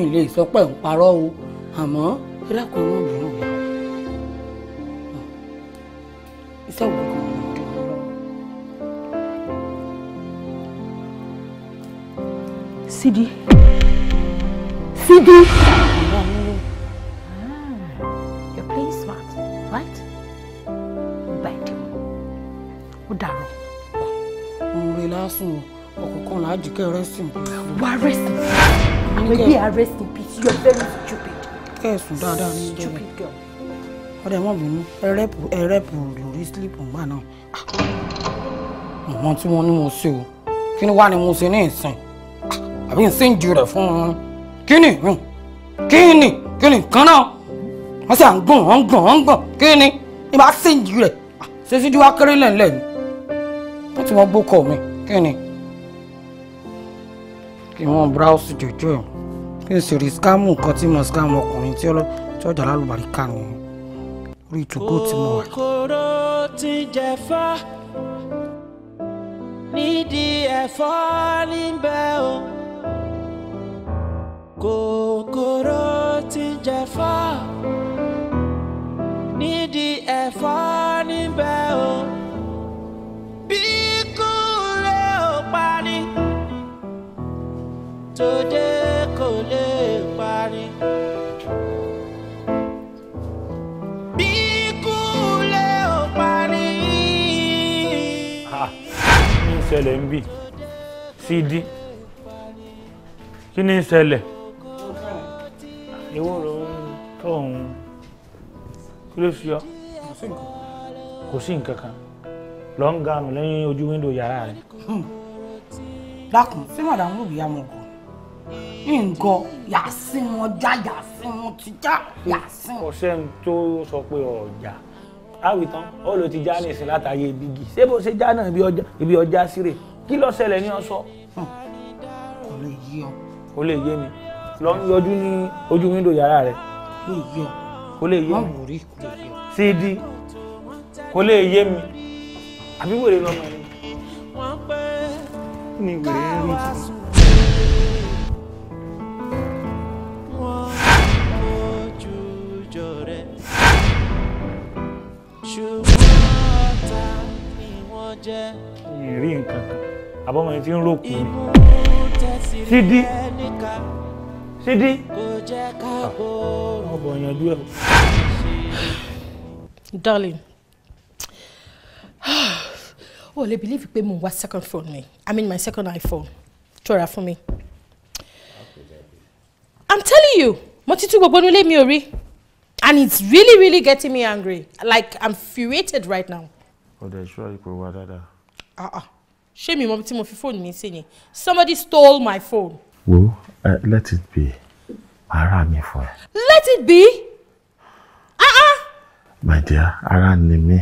ìlú ìsọpẹ́ ń parọ́ o àmọ́ ẹ dákun ní òbí náà. iṣẹ́ òun kan ló dùn ún lọ. Sidi Sidi. Ah, you're playing smart, right? Bẹ́ẹ̀ni ó dàrú. Oore lásùn ọ̀kọ̀ọ̀kan là á jí kẹ́ rest in peace. arresting? rest in peace. Àwọn ẹbí à very stupid. Kẹ́ ẹ̀sùn Stupid girl ọ̀rẹ́ wọn bínú ẹrẹ́pù ẹrẹ́pù lórí sílípù ńgbà náà ìwọ̀n tí wọ́n ní mo ṣe o kí ni wá ni mo ṣe ní ìsìn àbí ìsìn ju rẹ̀ fún un kí ni ìyún hmm. kí ni kí ni nǹkan náà wọ́n sì à ń gàn ọ́n gàn ọ́n gàn kí ni ìbá sìn ju rẹ̀ ah, ṣé síjú wá kéré lẹ́ńlẹ́ ni wọ́n ti wọ́n gbókọ̀ mi kí ni kí wọ́n bráùsì jòjò ẹ̀ kí n sì rí skámù nǹkan tí mo skámù ọkùnrin tí ọjà lálùbárí kà nìyẹn orí ìtúgbò tí mo wà. kòkòrò ti jẹ̀fọ́ nídìí ẹ̀fọ́ níbẹ̀ o kòkòrò ti jẹ̀fọ́ nídìí ẹ̀fọ́ níbẹ̀ o. ṣẹlẹ̀ ń bì sídí kí ni ń ṣẹlẹ̀ ìwọ rẹ ń tọ̀hún kí ló ṣe ọ́ kò sí nǹkan kan lọ ń ga nù lẹ́yìn ojú wíńdò yàrá rẹ. lákùn sí màdàmú ìyá mọ̀ gọ̀ nǹkan yàá sí wọn já yàá sí wọn ti já yàá sí wọn. ọ̀sẹ̀ tó sọ pé ọ̀jà àwìtán ó ló ti já ní ìsìn látàyè bígì ṣé bó ṣe já náà ibi ọjà síre kí ló ṣẹlẹ̀ ní ọ̀sọ́. kò lè yé ọ. kò lè yé mi lọ ń yọjú ní ojú wíńdò yàrá rẹ. kò lè yé ọ. kò lè yé mi. sídi kò lè yé mi àbí wèrè lọ́mọ yẹn. wọ́n pẹ́ ní wèrè ń ṣùgbọ́n ọ̀tá ni wọ́n jẹ́. ìrì nǹkan kan àbọ̀mọ yìí ti ń rò kù mí. Sidi Sidi ọbọ yanjú ẹ. darling o lè believe pé mo wá second phone mi i mean my second iphone ṣọ́ra fún mi i'm telling you mo ti tú gbogbo nílé mi ò rí and it's really really getting me angry like i'm furiated right now. ọ̀dọ̀ ìṣúra ipò wa dáadáa. Ah, ah. ṣé mi mọ tí mo fi fóònù mi sí yẹn somebody stole my phone. wo uh, let it be ara mi fún ẹ. let it be. Uh -uh. my dear ara ni mi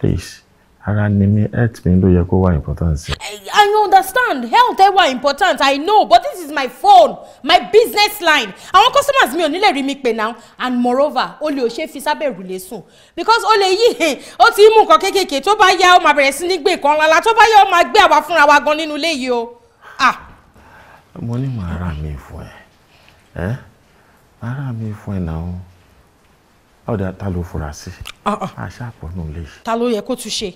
please ara ni mi health mi ló yẹ kó wà important sí. I understand health ẹ wà important I know but this is my phone my business line àwọn customers mi ò nílẹ̀ rí mi pè náà and moreover o lè ò ṣe fi sábẹ́ ìrùlé sùn because o lè yí o ti mú nǹkan kéékèèké tó bá yá o máa bẹ̀rẹ̀ sí ní gbé nǹkan lala tó bá yá o máa gbé àwa fúnra wa gan nínú ilé yìí o. Ah. mo ní màá rà mí fún ẹ màá rà mí fún ẹ náà ọ̀dà ta ló fura sí àṣà àpọ̀ nù lè. ta ló yẹ kó tún ṣe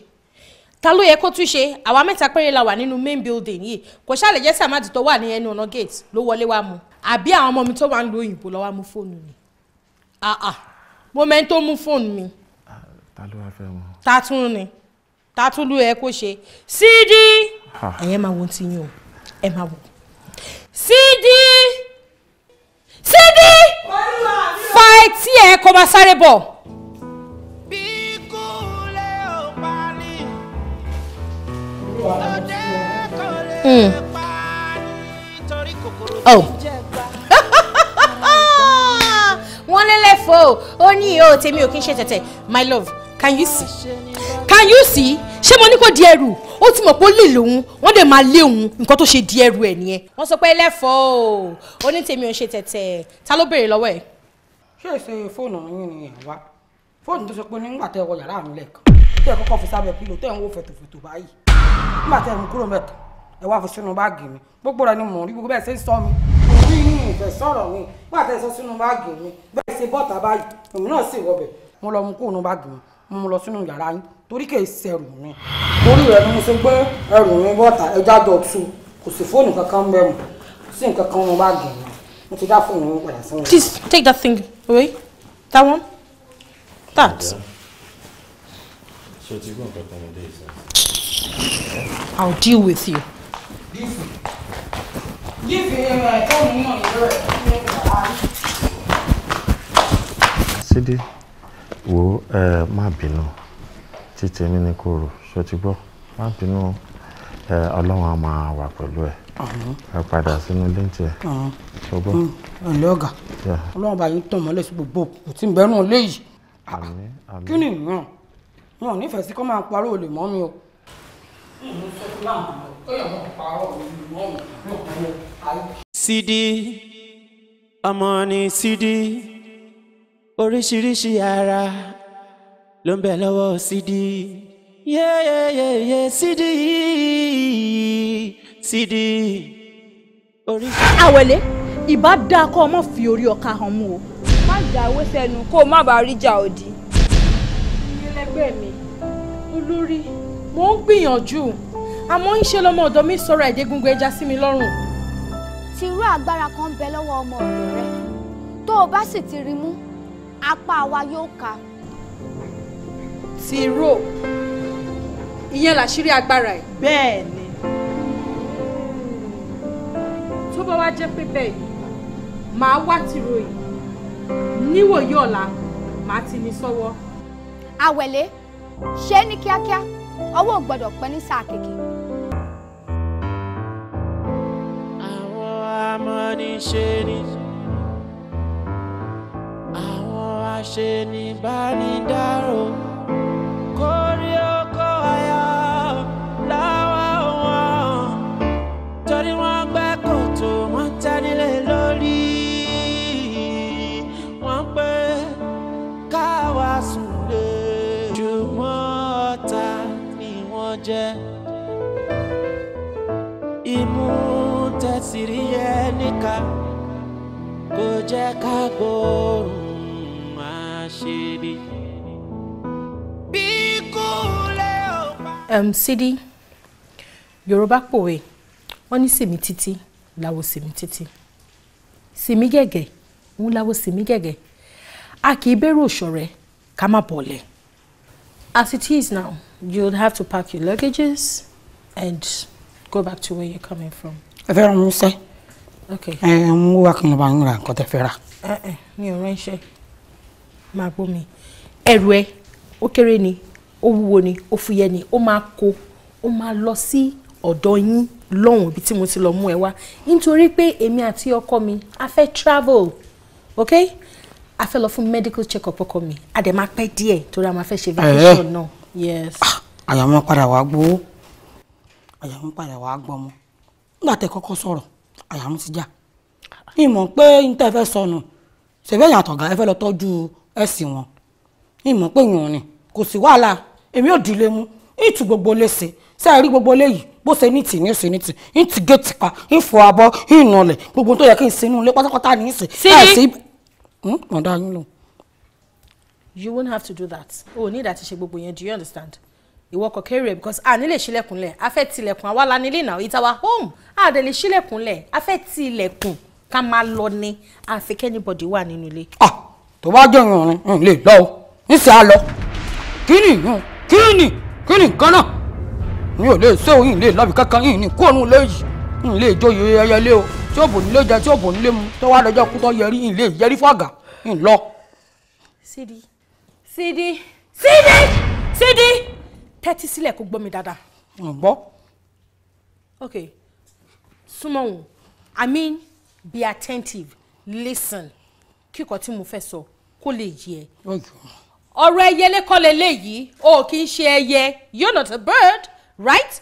ta ló yẹ kó tún ṣe àwa mẹ́ta péré la wà nínú main building yìí kò ṣàlẹ̀ jẹ́ sàmáàdì tó wa ní ẹnu ọ̀nà gate ló wọlé wá mu àbí àwọn ọmọ mi tó wà ń lo òyìnbó lọ́wọ́ mú fóònù mi mo mẹ́ni tó mú fóònù mi. ta ló wá fẹ́ wọn. ta tún ni ta tún ló yẹ kó ṣe sídí. ẹ̀yẹ́ máa wo ti yín o ẹ̀ máa wò. sídí sídí fa etí ẹ̀ kó máa sáré bọ̀. Oh, wọ́n lẹ́lẹ́fọ́ o ó ní ìhó tèmi ò kí ń ṣe tẹ̀tẹ̀ my love can you see can you see ṣé mo ní kó di ẹrù ó ti mọ̀ pé ó lè lòun wọ́n dẹ̀ máa lé òun nǹkan tó ṣe di ẹrù ẹ̀ nìyẹn. wọ́n sọ pé lẹ́fọ̀ọ́ o ó ní tèmi ò ń ṣe tẹ̀tẹ̀ ta ló béèrè lọ́wọ́ ẹ̀. ṣé èsè fóònù yín ni ẹ̀ wá fóònù tó ṣe pé nígbà tẹ wọ yàrá mi lẹ́ẹ̀kan tẹ kọ́kọ́ fi sábẹ́ pílò tẹ ń wò fẹ̀tòfẹ̀tò báyìí nígbà tẹ ń kúrò mẹ́ta ẹ wá fi sínú báàgì mi gbogbo rẹ ni mò ń rí gbogbo bẹ́ẹ̀ ṣe ń sọ mi mo rí ní ìfẹ́ sọ̀rọ̀ mi wọ́n àti ẹ̀sọ́ sínú báàgì mi bẹ́ẹ̀ ṣe bọ́ta báyìí òun náà sì wọbẹ̀ mo lọ mú kóònù báàgì mi mo mú lọ sínú yàrá yín torí kì í ṣe ẹrù mi. torí rẹ ni mo ṣe gbé ẹrù mi bọ́ta ẹja jọ tu kò sí fóònù kankan bẹ́ẹ̀ mu kò sí nǹkan kan mo báàgì mi mo ti dá fóònù mi padà sínú. Please take that thing away that one that. So, I'll deal with you. Give uh, wo ẹ má bínú títí ní ní kòrò ṣó ti gbọ́ má bínú ẹ ọlọ́run á máa wà pẹ̀lú ẹ ẹ padà sínú ilé tiẹ̀ ṣó gbọ́. ọ̀lẹ́ ọ̀gá ọlọ́run bá yín tàn mọ́lẹ̀ sí gbogbo kò tí ń bẹ́rùn ilé yìí kí ni ìran wọn ò nífẹ̀ẹ́ sí kó máa parọ́ olè mọ́ mi o. mo sọ fún báwọn ọmọ Sidi ọmọ ni Sidi oríṣiríṣi ara ló ń bẹ lọ́wọ́ Sidi yeyeyeye Sidi Sidi oríṣiríṣi. àwẹ̀lé ìbá dáa kó o mọ̀ fi orí ọkà hàn mú o. má jáwé sẹ́nu kó o má bàa rí ìjà òdì. ilé mi olórí mò ń gbìyànjú àmọ́ ń ṣe lọ́mọ ọ̀dọ́ mi sọ̀rọ̀ ẹ̀dẹ́gungun ẹja sí mi lọ́rùn. tìrú agbára kan bẹ lọ́wọ́ ọmọ ọ̀dọ̀ rẹ tó o bá sì ti rí mú apá wa yóò ká. tìró ìyẹn làṣírí agbára ẹ. bẹ́ẹ̀ ni tó bá wá jẹ́ pé bẹ́ẹ̀ yìí màá wá tìró yìí níwòye ọ̀la màá ti ní sọ́wọ́. àwẹ̀lé ṣe é ní kíákíá ọwọ́ gbọ́dọ̀ pẹ́ ní sáà kékeré. amániṣeni àwọn aṣenibánidáró kórìó. sì rí ẹnìkà kò jẹ́ ká gbóòórùn àṣírí. bí kúlẹ̀ ò bá. Sidi Yorùbá pòwe wọ́n ní sèmi títí láwo sèmi títí sèmi gẹ̀gẹ̀ ń láwo sèmi gẹ̀gẹ̀ a kì í bẹ̀rù òṣọ̀rẹ́ ká má bọ̀lẹ̀. As it is now, you'll have to pack your luggages and go back to where you're coming from ẹ fẹ́ ràn mí sẹ́ ẹ mú wá kí n bá ń ra nǹkan tẹ fẹ́ rà. mi ò ránṣẹ́ máa bó mi ẹrù ẹ ó kéré ni ó wúwo ni ó fúyẹ́ ni ó máa kó ó máa lọ sí ọ̀dọ̀ yín lọ́hùn ibi tí mo ti lọ mú ẹ wá nítorí pé èmi àti ọkọ mi a fẹ́ travel ok a fẹ́ lọ fún medical check up ọkọ mi a dẹ̀ máa pẹ́ díẹ̀ torí a máa fẹ́ ṣe vacation náà. Ah, àyà wọn padà wàá gbowó àyà wọn padà wàá gbọmọ nígbà tẹ kọ́kọ́ sọ̀rọ̀ ti já ìmọ̀ pé n tẹ́ fẹ́ sọnù ṣẹ̀fẹ́ yàn àtọ̀gá ẹ fẹ́ lọ tọ́jú ẹ̀sìn wọn ìmọ̀ pé yàn ni kò sí wàhálà èmi ò dìlé mu ìtù gbogbo léṣe ṣe àrí gbogbo léyìí bó ṣe ní tì ní ṣe ní tì ń ti gé tipa ń fọ abọ́ ń nọlẹ̀ gbogbo tó yẹ kí n ṣe inú ilé pátápátá ní í sí ọ̀dà yín you won't have to do that o oh, ní ìdá ti ṣe gbogbo yẹn do you understand ìwọ kò kéré because a nílè ṣílẹ̀kùnlẹ̀ a fẹ́ tilẹ̀kùn àwa la nílé náà It's our home a dẹ̀ lè ṣílẹ̀kùnlẹ̀ a fẹ́ tilẹ̀kùn ká máa lọ ni àfi kẹ́nìbọ̀dì wà nínú ilé. à ah, tó bá jẹ́ ìrànràn ń lè lọ o níṣẹ́ á lọ kí ni kí ni kí ni nǹkan náà mi ò lè ṣe òyìn lè lọ́bì kankan yìí ní kóònù lẹ́yìn ń lè jóye ẹyẹlé o tí ó bò nílé jẹ tí ó bò nílé mu tó wá lọ́jọ́ kú tó yẹrí ń lè yẹrí fàgà ń lọ. Sidi Sidi Sidi Sidi tẹ́tí sílẹ̀ kó gbọ́ mi dáadáa. mo ok súnmọ́ òun i mean be attentive listen kíkọ tí mo fẹ́ sọ kó lè yé ẹ. ọ̀rọ̀ ẹyẹlé kọ́ leléyìí o kì í ṣe ẹyẹ you not a bird right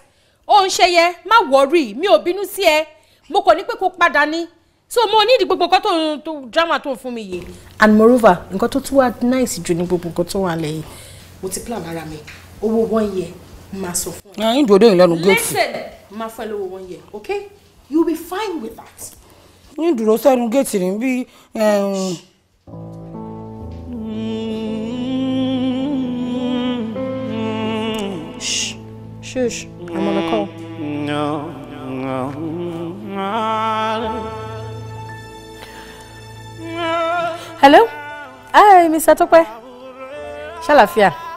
ó ń ṣe yẹ má wọrí mi ò bínú sí ẹ mo kàn ní pé kó padà ní so mo ní ìdí gbogbo nǹkan tó drama tó ń fún mi yìí. and moreover nǹkan tó tún wá nice jù ní gbogbo nǹkan tó wà lẹ́yìn. mo ti plan ara mi owó one year máa sọ fún ẹ. ẹyin dòdò yìí gẹ́tì. listen máa fún lówó one year okay you be fine with that. ní dúró sẹ́nu gẹ́tì ní bí. Shh, shush, I'm on a call. No, no, no. Hello? Hi, Mr. Tope. Ṣàlàfíà.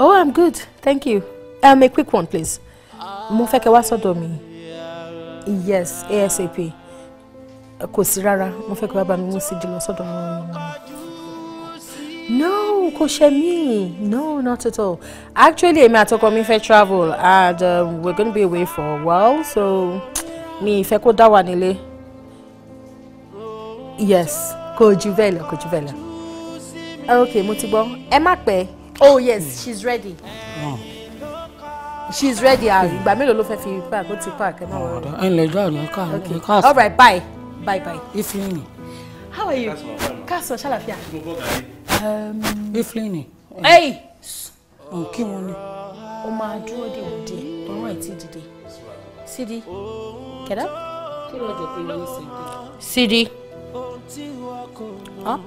Oh, I'm good. Thank you. Um, a quick one, please. Mo fẹ́ kẹ́ wá sọ́dọ̀ mi. Yes, ASAP. Kò sí rárá. Mo fẹ́ kẹ́ wá bá mi mú sí jùlọ sọ́dọ̀ mi. No, kò ṣe mí. No, not at all. Actually, èmi àtọkọ mi fẹ́ travel and um, we're gonna be away for a while, so mi ìfẹ́ kó dá wà nílé. Yes, kò jù bẹ́ẹ̀ lọ, kò jù bẹ́ẹ̀ lọ. Okay, mo ti gbọ́. Ẹ má pẹ́ oh yes she's ready. Oh. she's ready àrí ìgbà mélòó ló fẹ́ fi park ó ti park ẹ má wọlé. jọ àná ká ẹ̀ ká all right bye bye bye. ifeanyi. how are you? káàsọ̀ Um. ifeanyi. hey. kí wọn ni. o máa dúró de òde ọmọ ẹ ti dìde Sidi get up. kí ló dé pé wọ́n ṣe dé. Sidi. Huh?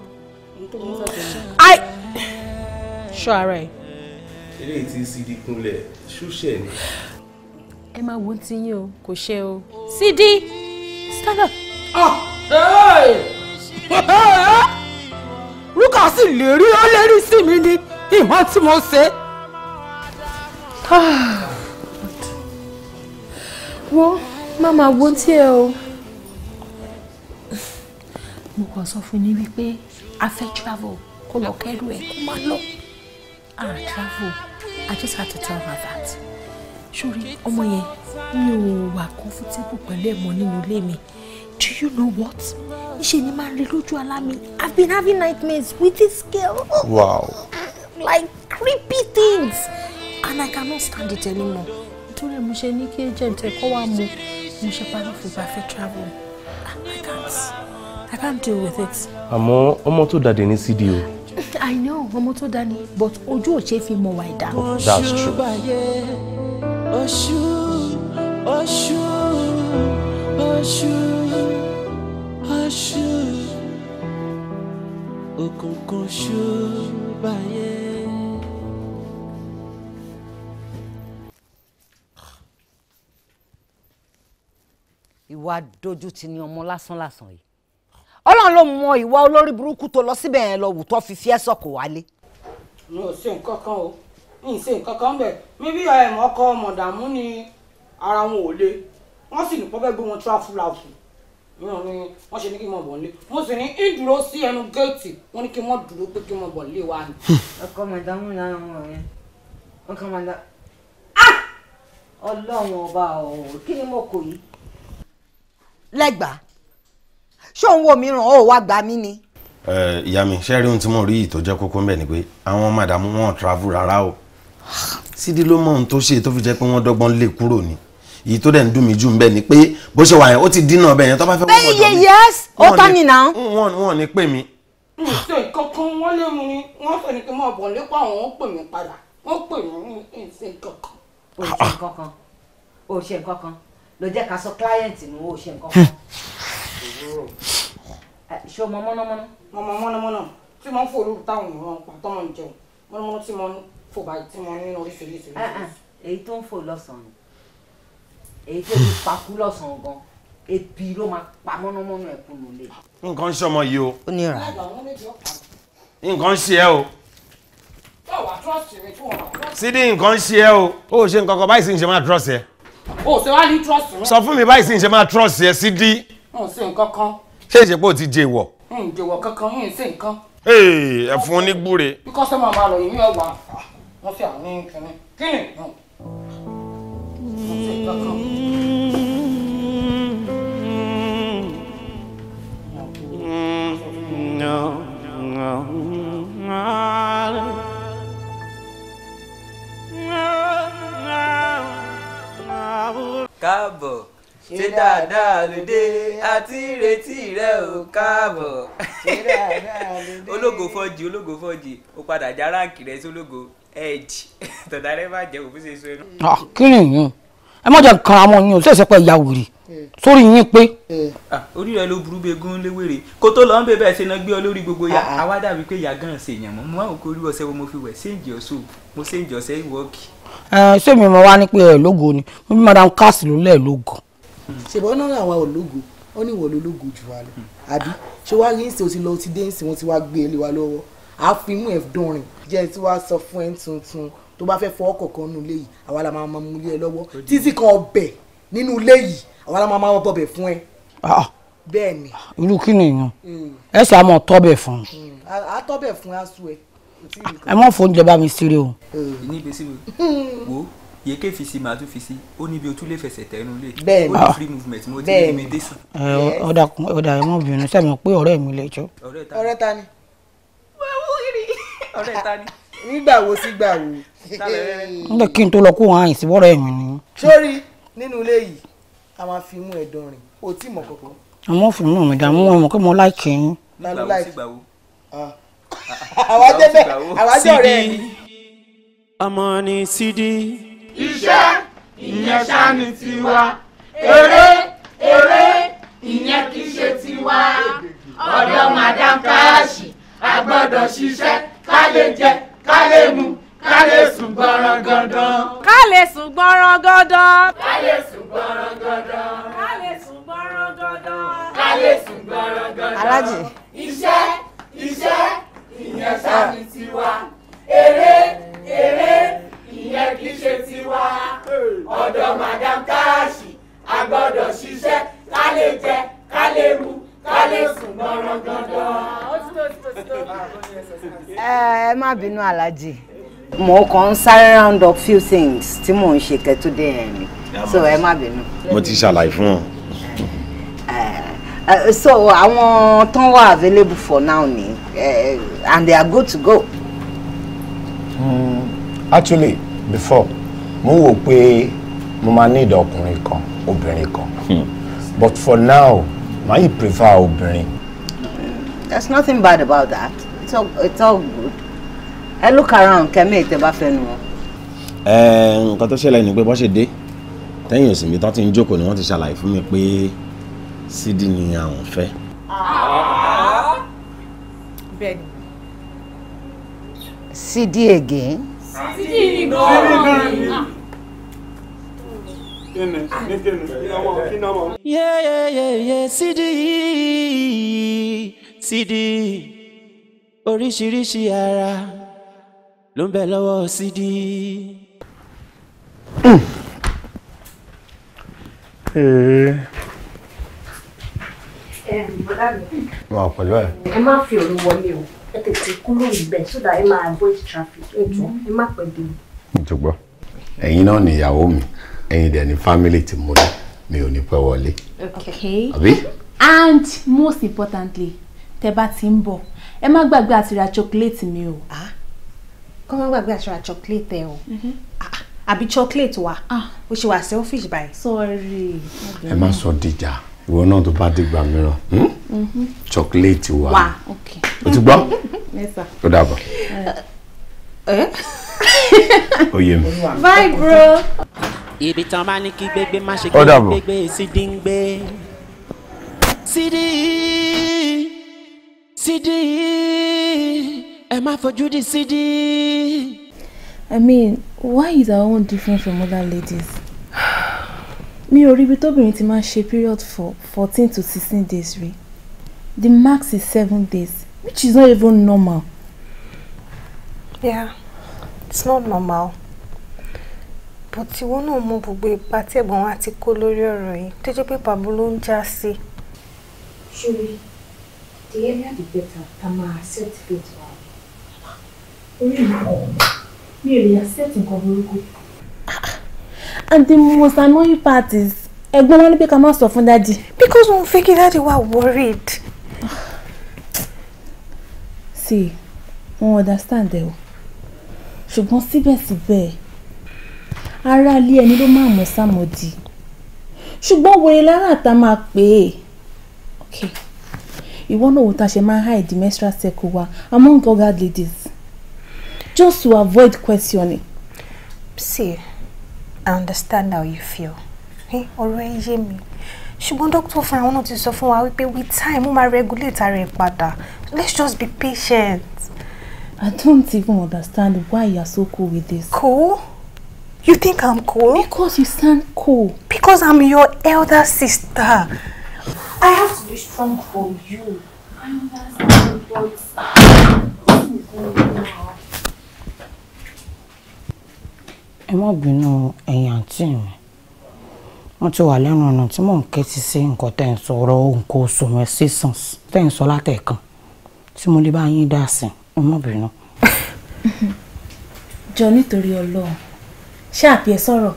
I ṣọ́ ara ẹ̀. eléyìí ti Sidi kúnlẹ̀ ṣúṣẹ̀ ni. ẹ máa wo ti yín o kò ṣe o Sidi stand up. Ah, rúkà sì lérí ó lérí sí mi ni ìmọ̀ tí mo ṣe. Ah. wo má máa wo tiẹ̀ o mo kàn sọ fún yín wípé a fẹ́ travel kó lọ kẹ́rù ẹ̀ kó má lọ ah travel i just had to tell her that sori ọmọ yẹn mi ò wà comfortable pẹ̀lú ẹ̀ mọ́ nínú ilé mi do you know what ṣe ni máa ń rí lójú àlá i've been having nightmares with this girl. wow. like creepy things and i cannot stand it anymore. nítorí mo ṣe ní kí agent ẹ̀kọ́ wa mu mo ṣe parí fún fẹ́ travel ah, i can't i can't deal with it. àmọ́ ọmọ tó dàdé ní sídìí o. I know ọmọ tó dání but ojú ò ṣe fi mọ wà ìdá. That's true. oṣù oṣù oṣù oṣù òkùnkùn ṣùgbàyẹ. ìwà dojú ti ni ọmọ lásán lásán yìí ọlọ́run ló mọ ìwà olórí burúkú tó lọ síbẹ̀ yẹn lọ wù tó fi fiẹ́ sọ̀kò wálé. mi ò ṣe nǹkan kan o mi ì ṣe nǹkan kan bẹ́ẹ̀ mi bí ẹ̀mọ́ ọkọ mọ̀dàmú ni ara wọn ò le wọ́n sì ní pọ́fẹ́ gbé wọn tráfúlàfù mi ò ní wọ́n ṣe ní kí n mọ̀ bọ̀ nílé mo sì ní í dúró sí ẹnu géètì wọ́n ní kí n mọ̀ dúró pé kí n mọ̀ bọ̀ nílé wa ni. ọkọ mọ̀dàmú lára wọn rẹ ọkọ mọ̀dàmú ah! ọlọ́run ọba ọ̀ ṣé òun wò mí ràn ó wá gbà mí ni. ìyá mi ṣe rí ohun tí mo rí tó jẹ́ kókó ń ni pé àwọn màdàmú wọn travel rárá o sídi ló mọ ohun tó ṣe tó fi jẹ́ pé wọ́n dọ́gbọ́n lè kúrò ni èyí tó dẹ̀ ń dùn mí jù ń ni pé bó ṣe wà yẹn ó ti dínà ọbẹ̀ yẹn tó bá fẹ́ wọ́n mọ̀jọ́ mi. yes ni náà. wọ́n wọ́n ní pè mí. ṣe kankan wọ́n lé mu ni wọ́n fẹ́ ni kí n bọ̀ nípa o ṣe kankan o ṣe kankan ló jẹ́ ká sọ o ṣe kankan. Hmm òwúrọ̀ ṣé o mọ mọ́nàmọ́ná. mo mọ mọ́nàmọ́ná tí mo ń fò olú táwọn èèyàn ń pa tọ́mọ ń jẹun mọ́nàmọ́ná tí mo ń fò báyìí tí mo ń ní oríṣiríṣi. èyí tó ń fò lọ́sàn-án èyí tó ti pakú lọ́sàn-án gan ebi ló máa pa mọ́nàmọ́ná ẹ̀ kú lólè. nǹkan ń ṣọmọ yìí o. ó ní ìrà. nǹkan ń ṣe ẹ́ o. sídìí nǹkan ń ṣe ẹ́ o ó ṣe nǹkan kan báyìí sì ń ṣe máa trọ́ọ̀sì ẹ. o ṣe wá ní trọ́ọ̀sì rẹ. sọ fún mi báyìí sì ń ṣe máa trọ́ọ̀sì ẹ sídìí n ṣe nǹkan kan. ṣé ìṣepọ̀ ti jẹ ìwọ̀. n jẹ̀wọ̀ kankan n ṣe nǹkan. ee ẹ̀fun onígbúre. bí kọ́sọ́mà máa lọ yìí ní ọ̀wà wọ́n fi àwọn ní kíni kíni. n ṣe nǹkan kan. no, no, no. Cabo ṣe dáadáa lóde àti ìrètí rẹ ò káàbọ̀ ológo fọ́jì ológo fọ́jì ó padà já ráǹkì rẹ sí ológo edge tọ̀dá rẹ má jẹ́ òfin ṣe sọ ẹnu. kí ni yín ẹ má jẹ́ kan àwọn yín ò ṣèṣe pé ìyá wèrè sórí yín pé. orí rẹ ló burú bíi egun léwèrè kó tó lọ ń bẹ bẹ́ẹ̀ ṣe na gbé ọ lórí gbogbo ya àwa dàbí pé ìyá gan ṣe èèyàn mọ́ mo máa ń kó wo mo fi wẹ̀ ṣé ìjọ mo ṣe ìjọ sẹ́yìn wọ́ọ̀kì. ṣé mi mo wá ní pé ẹ̀ lógo ni mo bí madam cass ló lẹ́ẹ̀ lógo ṣèbọn náà àwọn ológo wọn ní ìwọ lológo jù wá lọ àbí ṣé wàá rí ìsìn o ti lọ ti dé ìsìn wọn ti wá gbé e lé wa lọ́wọ́ àfimú ẹ̀ dùnrin jẹ́ tí wàá sọ fún ẹ̀ tuntun tó bá fẹ́ fọwọ́ kọ̀ọ̀kan nínú ilé yìí àwa la máa mú ilé ẹ lọ́wọ́ títí kan ọbẹ̀ nínú ilé yìí àwa la máa máa bọ̀bẹ̀ fún ẹ. Ah, ah. bẹ́ẹ̀ ni. irú kí ni èèyàn hmm. ẹ sá hmm. tọ́bẹ̀ fún un. a tọ́bẹ̀ fún aṣọ ẹ. ẹ mọ̀ fún jọba mi ṣeré o. Hmm. ní ìgbésí wo yèké fi si màá tún fi si ó níbi o tún lè fẹsẹ̀ tẹnu lé ó ní free movement mo ti rí mi dé sí. ọ̀dà ọ̀dà ẹ̀mọ́ obìnrin sẹ́mi pé ọ̀rẹ́ mi lè jọ. ọ̀rẹ́ ta ni. ọ̀rẹ́ ta ni. nígbà wo sí gbà wo. nígbà kí n tó lọ kó wọn àyìn síbọ̀ ọ̀rẹ́ mi ni. sórí nínú ilé yìí a máa fi mú ẹ̀dùn rìn o tí mọ̀ kọ̀kọ́. àmọ́ fi mú mi dààmú wọn mọ̀ pé mo láìkì yín. Ah. àwa jẹ́ bẹ́ẹ̀ àwa jẹ́ ọ̀rẹ́ mi. ọmọ ni sídìí iṣẹ́ ìyẹn ṣá ni tiwa eré eré ìyẹn kì í ṣe tiwa ọ̀dọ̀ madam káàṣì a gbọ́dọ̀ ṣiṣẹ́ ká lè jẹ ká lè mu ká lè sùn gbọ́ràn gandan. ká lè sùn gbọ́ràn gandan. ká lè sùn gbọ́ràn gandan. ká lè sùn gbọ́ràn gandan. ká lè sùn gbọ́ràn gandan. alájì. iṣẹ́ iṣẹ́ ìyẹn ṣá tiwa eré eré ìyẹn kì í ṣe tiwa ọ̀dọ̀ madam káàṣì a gbọ́dọ̀ ṣiṣẹ́ ká lè jẹ ká lè mu ká lè sùn lọ́rọ̀ dandan. Ah, ẹ má bínú aláàjì mo kàn ń sáré round up few things tí mò ń ṣe kẹtúndé yẹn ni so ẹ má bínú. mo ti ṣàlàyé fún ọ. Uh, so àwọn tán wà available for now ni and they are good to go. Mm, actually before mo wò pé mo máa need ọkùnrin kan obìnrin kan hmm. but for now ma yìí prefer obìnrin. there's nothing bad about that it's all, it's all good I look around kẹ́mi ètè bá fẹ́ nu wọn. Eh, nǹkan tó ṣẹlẹ̀ ni pé bó ṣe dé tẹ́yìn òsì mi tán ti ń jókòó ni wọ́n ti ṣàlàyé fún mi pé sídìí ni àwọn fẹ́. bẹ́ẹ̀ni. sídìí again sídìrì gan-an ni. kíni ní kíni kí ni ọmọ. yeyeyeye oríṣiríṣi ara ló ń bẹ lọ́wọ́ sídì. Hmm. Eh. Eh, Wọ́n pẹ̀lú ẹ̀. Ẹ má fi òru wọlé o ẹ tètè kúrò níbẹ̀ so that ẹ máa avoid traffic ẹ jọ ẹ má pẹ́ dé. ǹjọ́gbọ́ ẹ̀yin náà ni ìyàwó mi ẹ̀yin dẹ̀ ni family ti mú mi ò ní pẹ́ wọlé. okay àbí. and most importantly tẹ bá ti ń bọ̀ ẹ má gbàgbé àti chocolate mi o. Ah. kọ́ má gbàgbé àti chocolate ẹ o mm-hmm. ah, àbí chocolate wa ah. ó ṣe wà selfish báyìí. sorry. ẹ má sọ dìjà ìwọ náà tó bá dìgbà mìíràn hmm? mm-hmm. chocolate wà o ti gbọ́ ó dàbọ̀ eh? Eh? ó yé mi. bye bro. ibi tán bá ní kí gbégbé má ṣe kí gbégbé sídìí ń gbé sídìí sídìí ẹ má fojú di sídìí. I mean, why is our own different from other ladies? mi ò rí ibi tóbìnrin ti máa ń ṣe period for fourteen to sixteen days rí the max is seven days which is not even normal. yeah it's not normal but ìwọ náà mọ gbogbo ipa tí ẹ̀gbọ́n wa ti kó lórí ọ̀rọ̀ yìí tó jẹ́ pé pàbó ló ń já sí. ṣùgbọ́n the earlier the better ta máa set fate wa orí mi mi ò lè accept nǹkan burúkú. Ah, ah and the most annoying part is ẹ̀gbọ́n wa ní pé ká má sọ fún dádì. because òun fẹ́ kí dádì wà worried. see wọn understand ẹ o ṣùgbọ́n síbẹ̀síbẹ̀ ara ilé ẹni ló máa mọ̀ sàmọ̀dì ṣùgbọ́n wòye lára àtà máa pè é okay ìwọ náà wò tá a ṣe máa hide the menstrual cycle wa among other ladies just to avoid questioning. see I understand how you feel. Eh, ọ̀rọ̀ ẹ yé mi. Ṣùgbọ́n dókítà fúnra wọn náà ti sọ fún wa wípé with time ó my regulatory ara Let's just be patient. I don't even understand why you are so cool with this. Cool? You think I'm cool? Because you sound cool. Because I'm your elder sister. I have to be strong for you. I understand, but... ẹ má bínú ẹ̀yin àǹtí mi wọ́n ti wà lẹ́nu ọ̀nà tí mò ń kẹ́tì sí nǹkan tẹ̀ ń sọ ọ̀rọ̀ nǹkan oṣù mi sísan tẹ̀ ń sọ látẹ̀kan tí mo lè bá yín dá sí ẹ má bínú. jọ nítorí ọlọ́run ṣé àbí ẹ sọ̀rọ̀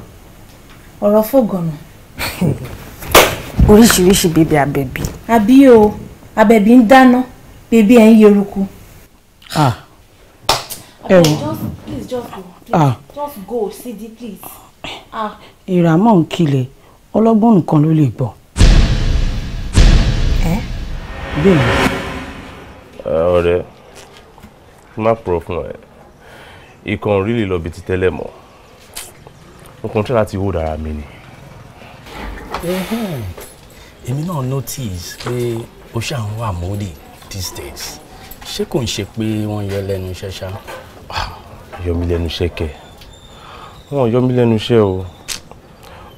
ọ̀rọ̀ fògànà. oríṣiríṣi bèbè àbẹ̀bí. àbí o àbẹ̀bí ń dáná bèbí ẹ̀ ń yeruku. ah ẹ wò. please just go ah. just go Sidi please. Ah. ìràmọ̀ ń kilẹ̀ ọlọ́gbọ́n nìkan ló lè gbọ́. bẹ́ẹ̀ ni. ọ̀rẹ́ má purọ́ fún ẹ ikàn orílẹ̀ lọ́ọ́ bi ti tẹ́lẹ̀ mọ́ mo kàn tẹ́lá ti hó dára mi ni. èmi náà notice pé ó ṣàwọn wà módì these days ṣé kò ń ṣe pé wọ́n yọ lẹ́nu iṣẹ́ ṣáá yọmí lẹ́nu iṣẹ́ kẹ̀ wọ́n yọmí lẹ́nu iṣẹ́ o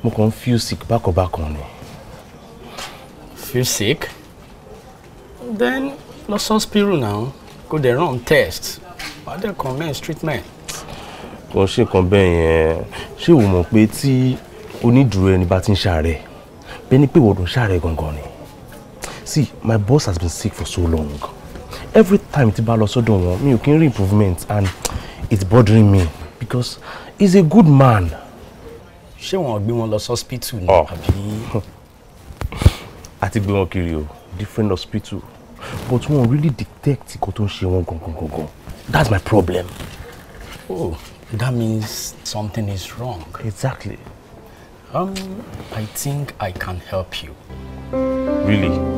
mo kàn ń feel sick bákanbákan ni. feel sick? then lọ sọ spiru now. Go dẹ̀ run test wàá dẹ̀ commence treatment. kò ṣe kan bẹ́ẹ̀ yẹn ṣé o mọ̀ pé tí onídùúró ẹni bá ti ń ṣàárẹ̀ bẹ́ẹ̀ ni pé wọ́n ń ṣàárẹ̀ gangan ni see my boss has been sick for so long every time tí bá lọ sọ́dọ̀ wọn mi ò kí ń rí improvement and it's bothering me because he's a good man. ṣé wọn gbé wọn lọ hospital. ni oh. àbí. a ti gbé wọn kiri o different hospital but wọn really detect nǹkan tó ń ṣe wọn gangan gangan that's my problem. oh that means something is wrong. exactly. Um, I think I can help you. Really?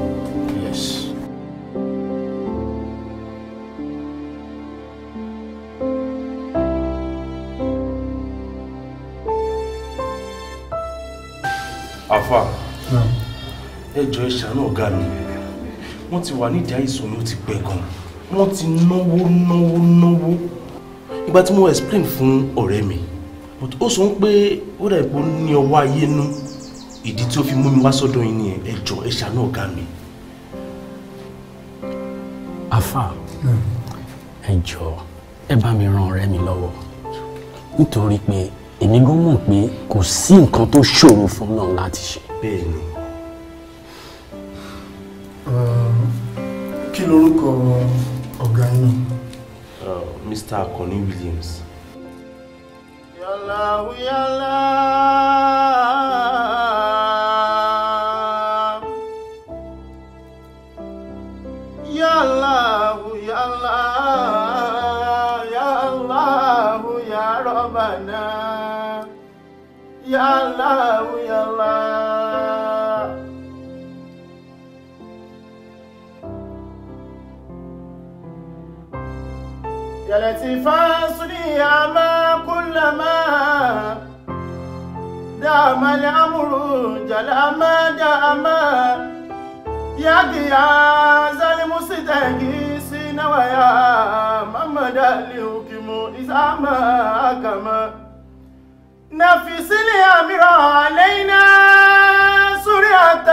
àfà hm. ẹjọ ẹ ṣàánú ọ̀gá mi wọ́n ti wà nídìí àìsàn mi ó ti pẹ́ gan wọ́n ti náwó náwó náwó ìgbà tí mo explain fún ọ̀rẹ́ mi but ó sọ pé ó dà ìpò ní ọwọ́ ayé nú ìdí tí ó fi mú mi wá sọ́dọ̀ yín nìyẹn ẹjọ ẹ ṣàánú ọ̀gá mi. àfà hm. ẹjọ ẹ bá mi ran ọ̀rẹ́ mi lọ́wọ́ nítorí pé èmi gan mọ̀ pé kò sí nǹkan tó ṣòro fún náà láti ṣe. bẹ́ẹ̀ni ehm, kí lorúkọ ọ̀gá yín. Uh, Mr. Akoni Williams. yàrá yàrá. كالتفاص لي أما كلما دام الأمر جل ما دام يا قياس المستقيسين ويا محمد الحكم إذا ما كما نفس الأمر علينا سرعة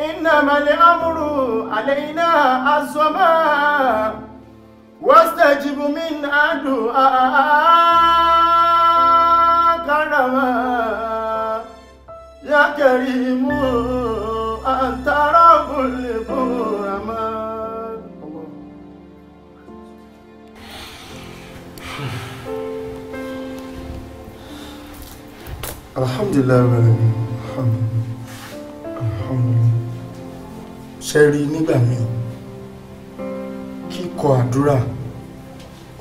إنما الأمر علينا الزمان واستجب من أدعاء كرما يا كريم أنت رب الكرماء الحمد لله رب العالمين الحمد لله ṣe rí nígbà míì kíkọ àdúrà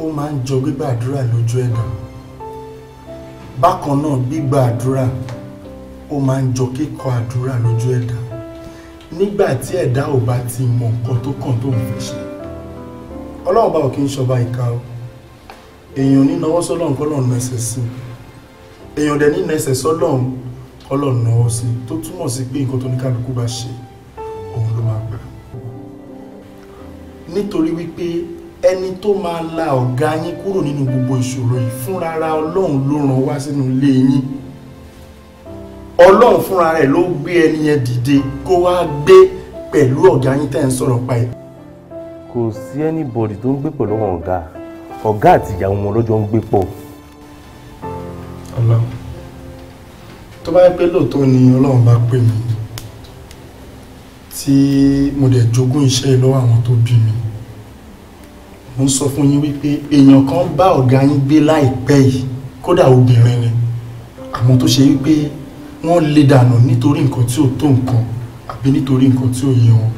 ó máa ń jọ gbígbà àdúrà lójú ẹ̀dá bákan náà gbígbà àdúrà ó máa ń jọ kíkọ àdúrà lójú ẹ̀dá nígbà tí ẹ̀dá ò bá ti mọ nǹkan tó kàn tó ń fẹ́ ṣe ọlọ́run bá ò kí ń ṣọba ìka o èèyàn ní nawọ́ sọ́lọ́run kọ́lọ́run náà ẹsẹ̀ sí èèyàn dẹ̀ ní ẹsẹ̀ sọ́lọ́run kọ́lọ́run náà ọ sí tó túmọ̀ sí pé nǹkan tó ní kálukú bá ṣe nítorí wípé ẹni tó máa la ọ̀gá yín kúrò nínú gbogbo ìṣòro yìí fúnra ara ọlọ́run ló ràn wá sínú ilé yín ọlọ́run fúnra rẹ̀ ló gbé ẹni yẹn dìde kó wá gbé pẹ̀lú ọ̀gá yín tẹ́ ń sọ̀rọ̀ pa ẹ̀. kò sí anybody tó ń gbé pẹ̀lú ọ̀gá ọ̀gá àti ìyàwó wọn lọ́jọ́ ń gbé pọ̀. ọlọ́run tó bá yẹ pé lóòótọ́ ni ọlọ́run bá pè mí tí mo dẹ̀ jogún iṣẹ́ lọ́wọ́ àwọn tó bí mi mo ń sọ fún yín wípé èèyàn kan bá ọ̀gá yín gbé láìpẹ́ yìí kódà obìnrin ni àmọ́ tó ṣe wípé wọ́n lè dànù nítorí nǹkan tí ò tó nǹkan àbí nítorí nǹkan tí ò yé wọn.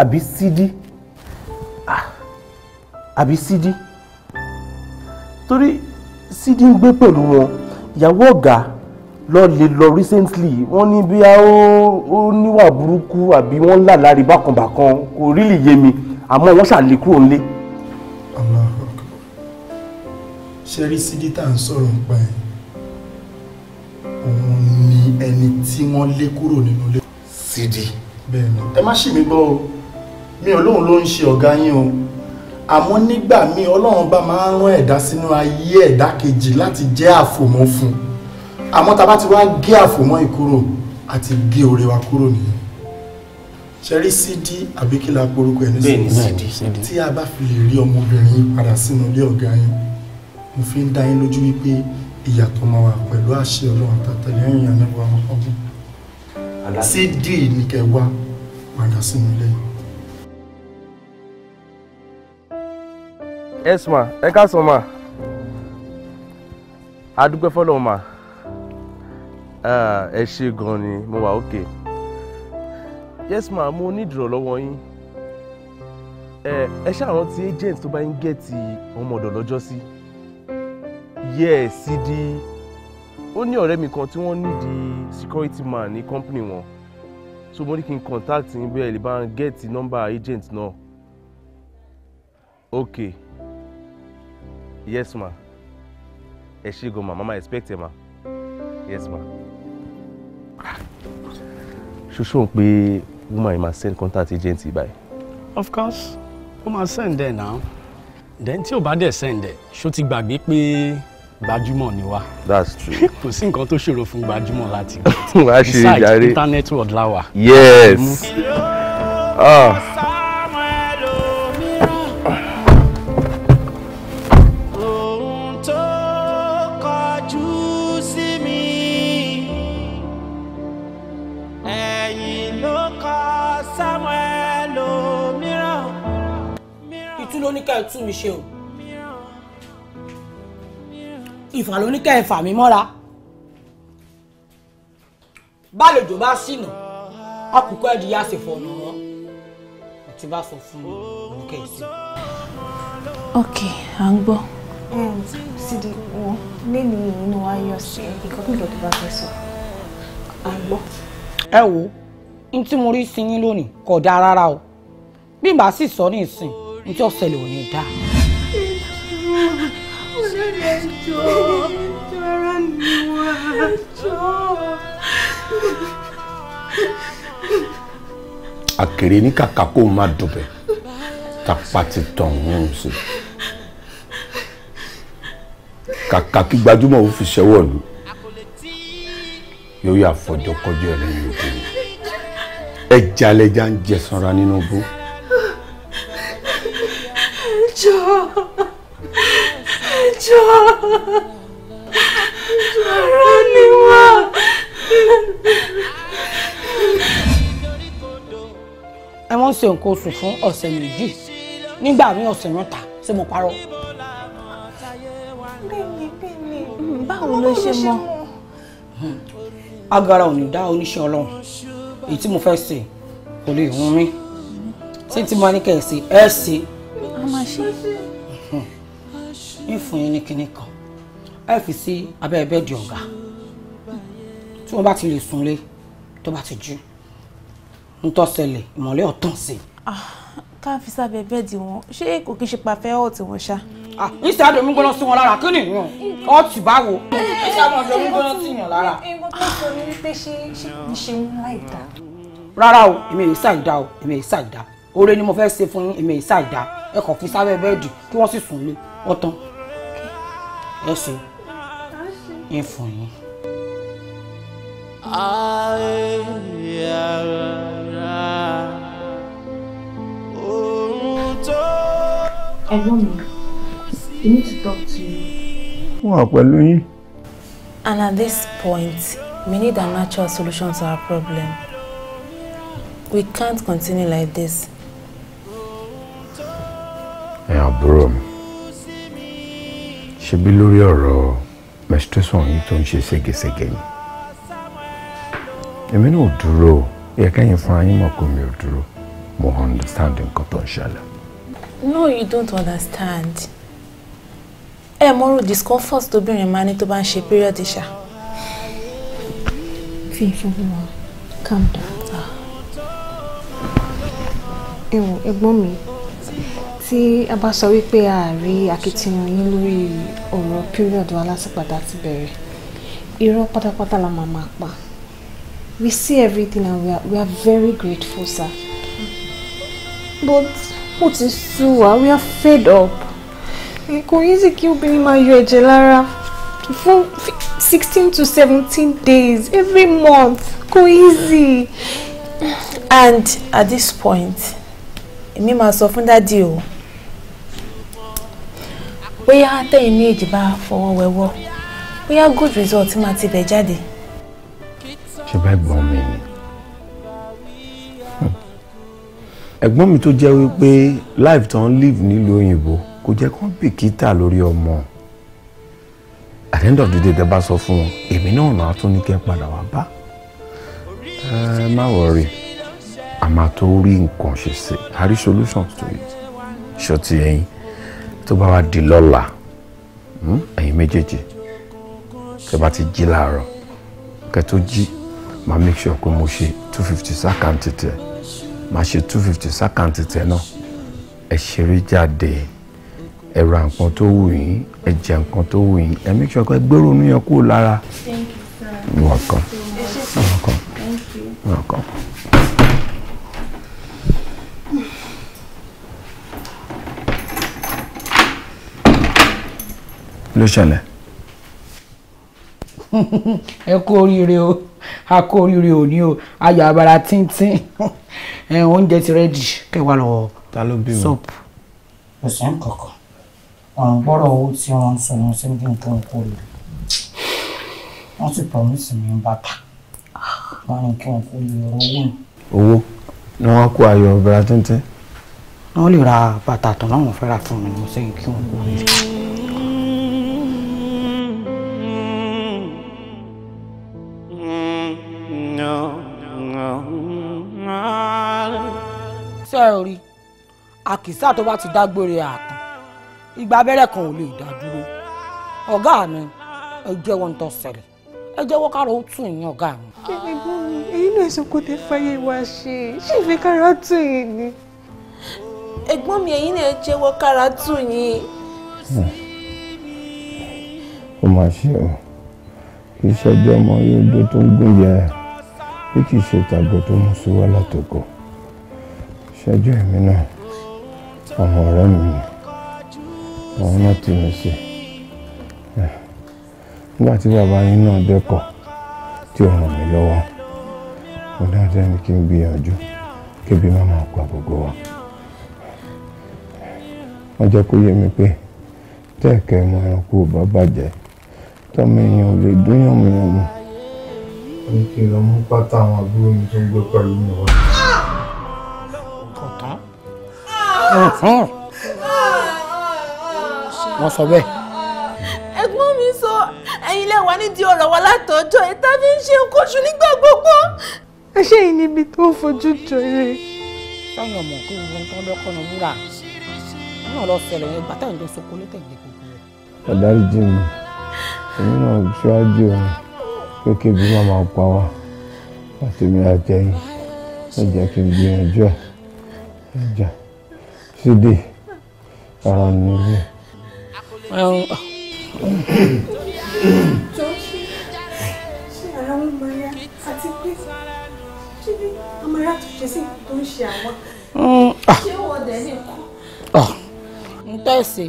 àbí sídí àbí sídí torí sídí ń gbé pẹ̀lú wọn ìyàwó ọ̀gá lọ́ọ̀lẹ̀ lọ recently wọ́n ní bí ó níwà burúkú àbí wọ́n là lárí bákanbàkan kò rílì yé mi àmọ́ wọ́n ṣàlè kúrò ńlé. ṣẹ́rí sídí tá à ń sọ̀rọ̀ nípa ẹ̀ òun ni ẹni tí wọ́n lé kúrò nínú ilé. sídí. bẹ́ẹ̀ ni ẹ má ṣì mí gbọ́ o mi ò lóun ló ń ṣe ọ̀gá yín o àmọ́ nígbà míì ọlọ́run bá máa ń rán ẹ̀dá sínú ayé ẹ̀dá kejì láti jẹ́ àfòmọ́ fún un àmọ́ ta bá ti wá gé àfòmọ́ ìkúrò àti gé oore wa kúrò nìyẹn ṣẹ́rí sídí àbí kí la porúkọ ẹ̀ ní sídí tí a bá fi lè rí ọmọbìnrin yín padà sínú ilé ọ̀gá yín mo fi ń dá yín lójú wípé ìyàtọ̀ máa wà pẹ̀lú àṣẹ ọlọ́run tàtẹ̀lẹ́ ẹ̀yìn àmẹ́wò àwọn ọgbọ́n sídí ní kẹwa padà sínú ilé yín. ẹ sùn mà ẹ ká sùn mà a dúpẹ́ mà. Ah, ẹ ṣe gan ni mo wà ókè yes ma mo ní ìdìrànlọ́wọ́ yín ẹ ṣàrántí agent tó bá ń gẹ̀ẹ́tì ọmọ ọ̀dọ̀ lọ́jọ́ sí yẹ sídi ó ní ọ̀rẹ́ mi kan tí wọ́n nídìí security man ní company wọn so mo ní kí n contact yín bẹ́ẹ̀ lè bá ń gẹ̀ẹ́tì nọ́mbà agent náà ok yes ma ẹ ṣe gan ma mama expect ẹ ma yes ma ṣoṣo pé woman yìí máa send contact agent báyìí. of course ó máa send ẹ̀ now. then tí ò bá dẹ̀ send ẹ̀ ṣó ti gbàgbé pé gbajúmọ̀ ni wá. that's true. kò sí nǹkan tó ṣòro fún gbajúmọ̀ láti. wàá ṣe é jàre besides peter network yes. ah. tú mi ṣe o ìfà ló ní kẹ́ ẹ fà mí mọ́ra bálòjò bá ṣìnà àkùkọ ẹ̀dí yá sì fọ̀nà wọn àti bá sọ fún mi kẹ́ ẹ ok à ń gbọ́. Mm, sídi wo lẹ́nu inú wa yọ sí ìkọ́kùnkùn tó bá fẹ́ sọ à ń gbọ́. ẹ wo n tí mo rí sí yín lónìí kò dáa rárá o bí n bá sì sọ ní ìsìn ní tí ọ̀sẹ̀ lè wò ní dáa. olórí ẹjọ́ ẹjọ́ ara mi wá ẹjọ́. àkèrè ní kàkà kó má dùbẹ̀ tàpá ti tàn ń sí kàkà kí gbajúmọ̀ ó fi ṣẹ́wọ̀ lù yóò yà fọjọ́ kọjú ẹ̀ lẹ́yìn òkú ẹja lẹja ń jẹ sanra nínú bó. No jọ̀ọ́ jọ̀ọ́ ọ̀rọ̀ ni wá. ẹ wọ́n ṣe nǹkan oṣù fún ọ̀sẹ̀ méjì nígbà míì ọ̀sẹ̀ mẹ́ta ṣé mo parọ́. bẹ́ẹ̀ni bẹ́ẹ̀ni báwo ló ṣe mọ̀. agara ò ní dá oníṣẹ́ ọlọ́run èyí tí mo fẹ́ ṣe kò lè rún mi títí mo ní kẹ̀ ẹ́ ṣe ẹ́ ṣe ó máa ṣe. ìfún yín ní kinní kan ẹ fi sí abẹ́ bẹ́ẹ̀dì ọ̀gá tí wọ́n bá ti lè súnlé tó bá ti jí ń tọ́ ṣẹlẹ̀ ìmọ́lẹ̀ ọ̀tàn sí. Ah, ká fi sábẹ́ bẹ́ẹ̀dì wọn ṣé kò kí ń ṣe pàfẹ́ ọ̀tí wọn ṣá. Ah, ìṣe àdó mi gbọ́dọ̀ sí wọn lára kí ni ìwọ̀n ọ̀tí báwo ìṣe àwọn àdó mi gbọ́dọ̀ eh, sí eh, yàn lára. ẹ̀gbọ́n eh, tó sọ ní wípé ṣé ṣe ń láì dá. rárá o èmi èyí ṣàìdá o èmi èyí ṣàìdá oore ni mo fẹ́ ṣe fún yín èmi ìsà ẹ kàn fi sábẹ́ bẹ́ẹ̀dì kí wọ́n sì sùn lé ọ̀tán ẹ ṣe ẹ fún yín. ẹ̀gbọ́n mi I need to talk to you. wọ́n á pẹ̀lú yín. And at this point, we need a natural solution to our problem. We can't continue like this ẹ àbúrò mi ṣebí lórí ọ̀rọ̀ menstruation yìí tó ń ṣe ségesège ni èmi náà ò dúró yẹ kẹ́yìn fún ayé mọ̀ pé mi ò dúró mo understand nǹkan tó ń ṣẹlẹ̀. no you don't understand ẹ mọ̀rọ̀ discomfort tóbìnrin máa ní tó bá ń ṣe period ṣá. fi ìfúnfún wa calm down. Ah. ẹ wò ẹ̀gbọ́n mi tí a bá sọ wípé a rí akitiyan yín lórí ọ̀rọ̀ period wa lásìpàdà ti bẹ̀rẹ̀ irọ́ pátápátá la máa máa pa we see everything and we are, we are very grateful sir but ó ti sú wa we are fed up kò yín sì kí obìnrin máa yọ ẹ̀jẹ̀ lára fún sixteen to seventeen days every month kò easy. and at this point èmi máa sọ fún dádì o bóyá tẹ̀yìn méjì bá fọwọ́ wẹwọ́ bóyá good result máa ti bẹ̀ jáde. ṣe bá ẹ̀gbọ́n mi ni ẹ̀gbọ́n mi tó jẹ́ wípé life tó ń live nílùú òyìnbó kò jẹ́ kó ń bìkítà lórí ọmọ at the end of the day tẹ́ bá sọ fún wọn èmi náà náà tún ní kẹ́ padà wá bá ẹ má wọrí a tó rí nǹkan ṣe sí i a rí solutions to it ṣọtí ẹyin tó bá wá di lọ́la hmm, ẹ̀yin méjèèjì tẹ́ bá ti jí láàárọ̀ kẹ́ tó jí máa make sure pé mo ṣe two fifty sákàǹtì tẹ máa ṣe two fifty sákàǹtì tẹ náà ẹ ṣeré jáde ẹ ra nǹkan tó wù yín ẹ jẹ nǹkan tó wù yín ẹ make sure pé gbèrò inú kúrò lára. Thank you, sir. Welcome. Welcome. Welcome. ló ṣẹlẹ̀. ẹ kú oríire o a kú oríire o ní o ayọ̀ abara tíntín oúnjẹ ti rẹ́dì kẹwàá lọ sọ́ọ̀pù. kò sí nǹkankan ọ̀rùn gbọ́dọ̀ owó tí wọ́n ń sọ wọn sí ní nǹkan kó lò wọ́n sì promise mi bàtà wọ́n ní kí wọ́n kó lè rọ owó. owó ni wọ́n kó ayọ̀ abara tíntín. wọ́n lè ra bàtà tó náà wọ́n fẹ́ fún mi ní sẹ́yìn kí wọ́n kó lè. ṣe é rí àkìsà tó bá ti dágbére àtàn ìgbà abẹ́rẹ́ kan ò lè dá dúró ọ̀gá mi ẹ jẹ́wọ́ ń tọ́ ṣẹlẹ̀ ẹ jẹ́wọ́ kára ó tún yín ọ̀gá mi. kíni bómi èyí náà sọ kò tẹ fàyè wá ṣe ṣé ìfẹ́ kára tún yín ni. ẹ̀gbọ́n mi èyí náà jẹ́wọ́ kára tún yín. ó mà ṣe o iṣẹ́ bí ọmọ yóò dó tó ń gúnyẹ bí kì í ṣe tàgbọ̀ tó mú sí wá látòkọ̀. ṣẹ́jú ẹ̀mí náà ọmọ ọ̀rẹ́ mi ni àwọn náà ti mi sí nígbà tí bàbá yín náà dẹ́kọ̀ tí ó ràn mí lọ́wọ́ mo dáadáa kí n gbìyànjú kí má pa gbogbo wa wọ́n jẹ́ mi pé tẹ́ẹ̀kẹ́ ọmọ ẹranko ò bá bàjẹ́ tọ́mọ èèyàn ò lè dún yànmùyànmù. wọ́n sọ bẹ́ẹ̀. ẹ̀gbọ́n mi sọ ẹ̀yin lẹ́wà nídìí ọ̀rọ̀ wa látọjọ́ ìta fi ń ṣe kóṣù nígbà gbogbo. ẹ ṣe yìí níbi tó fojú jọ eré. táwọn ọmọ kí gbogbo ń tán lọ́kọ́ ní wúrà wọn náà lọ ṣẹlẹ̀ yẹn gbàtà ìjọ sọkò ló tẹ̀lé gbogbo rẹ̀. ọ̀dárí jì mí èmi náà ṣíwájú mi pé kébi máa máa pa wá àtẹ̀mí àtẹ̀yìn ẹ jẹ́ kí n gbìyànjú ẹ̀ ẹ jẹ́. Sidi ọ̀rọ̀ nìyí. jọ ṣe ṣe ara wọn mọ ya àti pé kí ni amara tó ṣe sí tó ń ṣe àwọn. Mm, ah. ṣé wọ́n dẹ̀ ní kú. Ah. n tẹ̀sí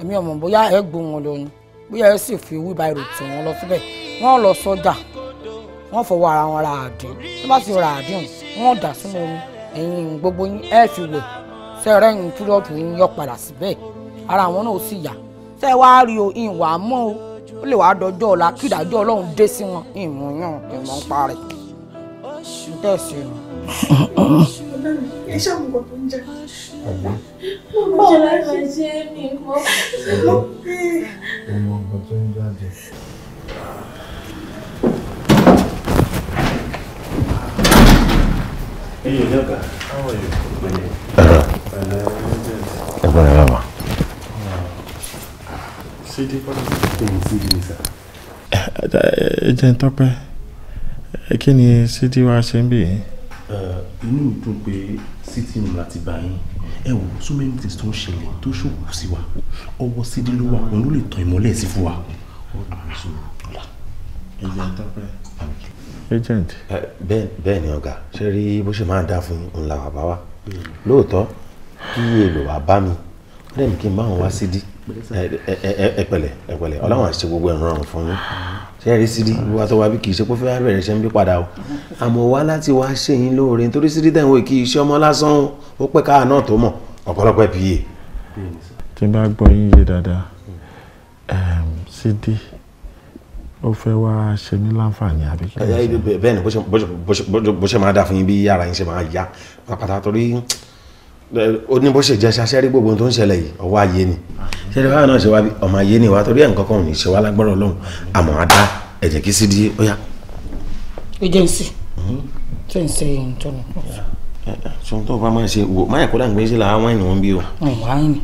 èmi ọmọ bóyá ẹ gbó wọn lọ ni bóyá ẹ sì fi wíwá èrò tì wọn lọ síbẹ̀ wọ́n lọ sọ́jà wọ́n fọwọ́ ara wọn ra àdín tó bá sì ra àdín wọ́n dà sínú omi ẹ̀yin gbogbo yín ẹ fi wẹ̀ sẹ́rẹ́ ń pírọ̀dù ń yọ padà síbẹ̀ ara àwọn náà sì yà sẹ́ wá rí o ìwà mọ́ o ó lè wàá dọjọ́ ọ̀la kí ìdájọ́ ọlọ́run dé sí wọn ìmúyàn ìmọ̀ ń parẹ́ ń tẹ̀sí o. ẹ ṣàmù kò tó ń jẹ. mo jẹ láti ṣe mi mo mọ nǹkan tó ń Hey, Yoga. How are you? My name. Hello. Hello. Hello. City Agent Tope, kí ni City wa ṣe ń bì yín? Inú mi dùn pé City ń láti bá yín. Ẹ wò so many things tó ń ṣẹlẹ̀ tó ṣòkò sí wa. Ọwọ́ City ló wà, òun ló lè tan ìmọ́lẹ̀ sí fún wa. Agent Tope. Eh agent. bẹ́ẹ̀ ni ọ̀gá ṣe rí bó ṣe máa dá fún un làwọn àbá wa lóòótọ́ kí èlò wa bá mi ó dẹ̀ ní kí n bá wọn wá sídìí ẹpẹ̀lẹ́ ẹpẹ̀lẹ́ Ọlọ́run àti ṣe gbogbo ẹ rọrùn fún yín ṣe rí sídìí wíwá tó wá bí kì í ṣe pé fẹ́ẹ́ bẹ̀rẹ̀ ṣe ń bí padà o àmọ́ wá láti wá ṣe yín lóore nítorí sídìí tẹ̀wọ̀n èkì iṣẹ́ ọmọ lásán ó pẹ́ káà náà tó mọ̀ ọ̀pọ̀lọpọ̀ ẹ̀ fi yé. tí n bá gbọ́ yín yé dáadáa sídìí ó fẹ́ wá ṣe mí láǹfààní àbí kí ni. bẹ́ẹ̀ ni bó ṣe máa dà fún yín bí yàrá yín ṣe máa yá pàtàkì torí ó ní bó ṣe jẹ ṣaṣẹ́ rí gbogbo tó ń ṣẹlẹ̀ yìí ọwọ́ ayé ni ṣẹlẹ̀ báyọ̀ náà ṣe wá bí ọmọ ayé ni wá torí ẹ̀ ń kọ́kọ́ òní ṣe wá lágbọ́rọ̀ lọ́hùn àmọ́ á dá ẹ̀jẹ̀ kí sí di ó yá. agency tó ń ṣe èyí tó ní. sọ̀rọ̀ tó o bá máa ṣe wò máyà kó dàgbé sí làá wáìnì wọn bí o. wáìnì.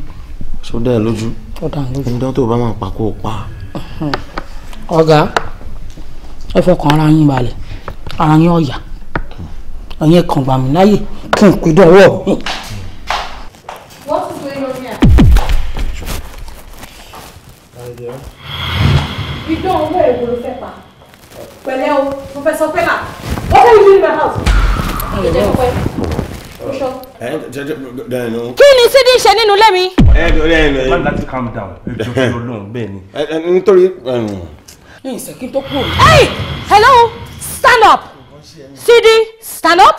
sódà lójú. ó dà lójú. ìdán tó o bá máa pa kó o pa ọ̀gá ẹ fọkàn ara yín balẹ̀ ara yín ọ̀yà ẹ̀yin kàn gbà mí láyè kí n pè dọ́wọ́ mi. Idán owó èwo ló fẹ́ pa? Pẹ̀lẹ́ o, Professor Pella, what are you doing in my house? Ìjẹ́ pẹ́. Kí ni Sídí ṣe nínú ilé mi? Ẹ ẹ ẹ ẹ. Má láti calm down. Ẹ jọ fi olóhùn bẹ́ẹ̀ ni. Nítorí ẹ̀yìn sẹ́kí tó kúrò. hey hello stand up Sidi stand up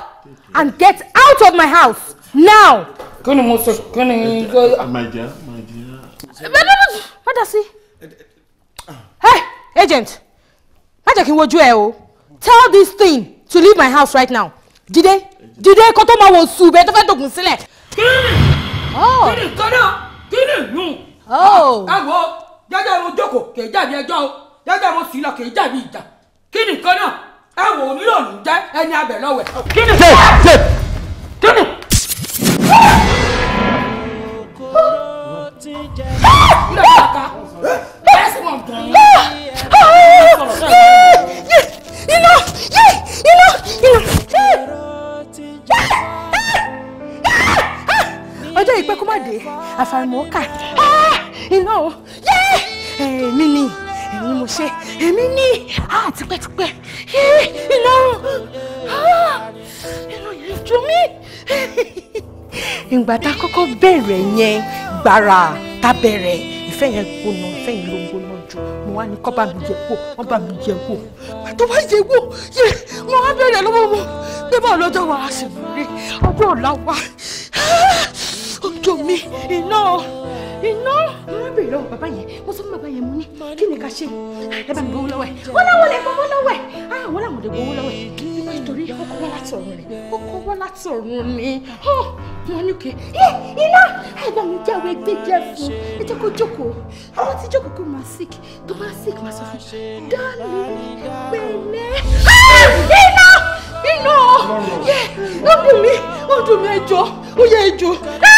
and get out of my house now. kí ni mo sọ kí ni. màjá màjá. bẹ́ẹ̀ni sí. hey agent má jẹ́ kí n wojú ẹ o tell this thing to leave my house right now Jide Jide kó tó máa wo sùn bẹ́ẹ̀ tó fẹ́ dògùn sílẹ̀. kí ni oh. kí ni kọ́nà kí ni yùn. àgbo oh. jẹjẹrẹ ojókòó kì í jáde ẹjọ́ o jẹ́jẹ́ mo sì lọ kì í jẹ̀bi ìjà kí nìkan náà ẹ wò ó nílò ní jẹ́ ẹni abẹ lọ́wẹ̀. kí ni kí ni. iná iná iná ọjọ́ ìpẹ́ kó má dé àfàìmọ̀ ó kà ah, iná o èmi ni èmi mo ṣe èmi ní àtipẹ́tipẹ́ ah, ah, ìlọrun ìlọrun ìjọ mi. ìgbà tá a kọ́kọ́ bẹ̀rẹ̀ yẹn gbàrà tá a bẹ̀rẹ̀ ìfẹ́ yẹn gbóná ìfẹ́ yẹn ló gbóná jù mo wá ní kọ́ bá mi yẹ wò wọ́n bá mi yẹ wò tó bá yẹ wò yẹ mo wá bẹ̀rẹ̀ lọ́wọ́ wọn pé báwo lọ́jọ́ wa a sì rí ọjọ́ ọ̀la wa. Ah, ojú mi iná iná. wọ́n bèrè lọ́wọ́ bàbá yẹn mo sọ fún bàbá yẹn mo ní kí ni ká ṣe ẹ bá mi gbowó lọ́wọ́ ẹ̀ wọ́n láwọn lè gbowó lọ́wọ́ ẹ̀ àwọn làwọn lè gbowó lọ́wọ́ ẹ̀ nítorí ó kọ́ wá láti ọ̀run ni ó kọ́ wá láti ọ̀run ni wọ́n ní kí iná ẹ bá mi jáwé gbé jẹ́ fún ẹ jẹ́ kó jókòó àwọn tí jókòó kó máa sick tó máa sick máa sọ fún dáàlú pẹ̀lẹ́ ah, iná iná ó dùn mí ó dùn mí ẹjọ́ ó yẹ ẹjọ́. Ah,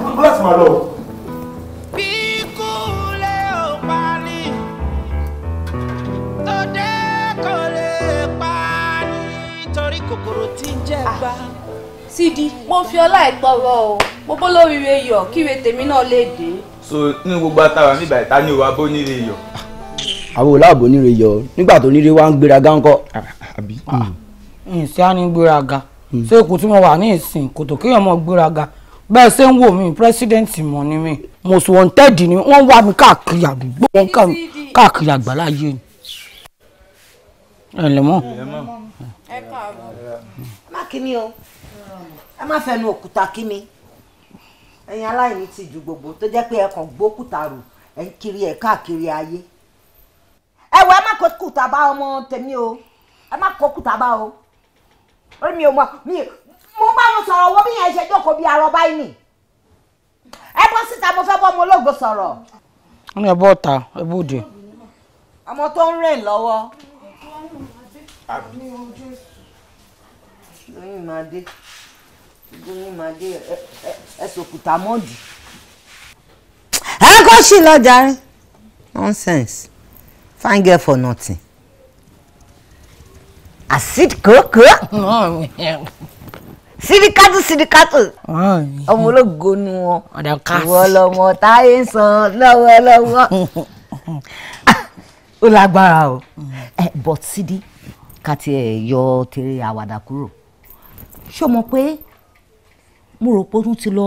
kó láti máa lọ. bí kú lè ò pa ni tó dé kò lè pa ni torí kòkòrò tí ń jẹ ah, gbá. Sidi mo fi ọlá ìgbọrọ o mo bó lóríire yọ kíre tèmi náà lè dé. so nínú gbogbo àtàwọn mi ìbàdí ni òwà bó níre yọ. àwọn òlàbò níre yọ nígbà tó níre wá ń gbéraga ńkọ́. ǹsẹ́ ah, á ní gbéraga ṣé kò tí mo wà ní ìsìn kò tó kéèyàn mọ́ gbéraga bẹ́ẹ̀ ṣe ń wò mí president mọ̀ ni mí most wanted ni wọ́n wá mi káàkiri àdúgbò wọn kà mí káàkiri àgbàlá yé ni. ẹ lè mọ. ẹ káàbọ̀. má kí ni o ẹ má fẹnu òkúta kí mi ẹ̀yin aláìní ti ju gbogbo tó jẹ́ pé ẹ kàn gbókúta rò ẹ ń kiri ẹ káàkiri ayé ẹ wọ ẹ má kó kúta bá ọmọ tèmi o ẹ má kó kúta bá o ó mi ò mọ mi mo bá wọn sọ̀rọ̀ wo bí yẹn ṣe jókòó bí arọ báyìí nì ẹ bọ́ síta mo fẹ́ bọ́ mo lóògbé sọ̀rọ̀. wọn yẹ bọ́ ta ẹ bóde. ọmọ tó ń rìn lọ́wọ́. lóyún máa dé lóyún máa dé ẹ sòkùtà mọ́ọ̀dù. ẹ kó sí lọ jàre nonsense fine girl for nothing acid kòókòó. síríkàtù síríkàtù ọmọ ológo ni wọn ìwọ lọmọ táyé ń san lọ́wọ́lọ́wọ́ ó lágbára o but sídí ká tiẹ̀ yọ tèrè àwàdà kúrò ṣé o mọ̀ pé mo rò pé o tún ti lọ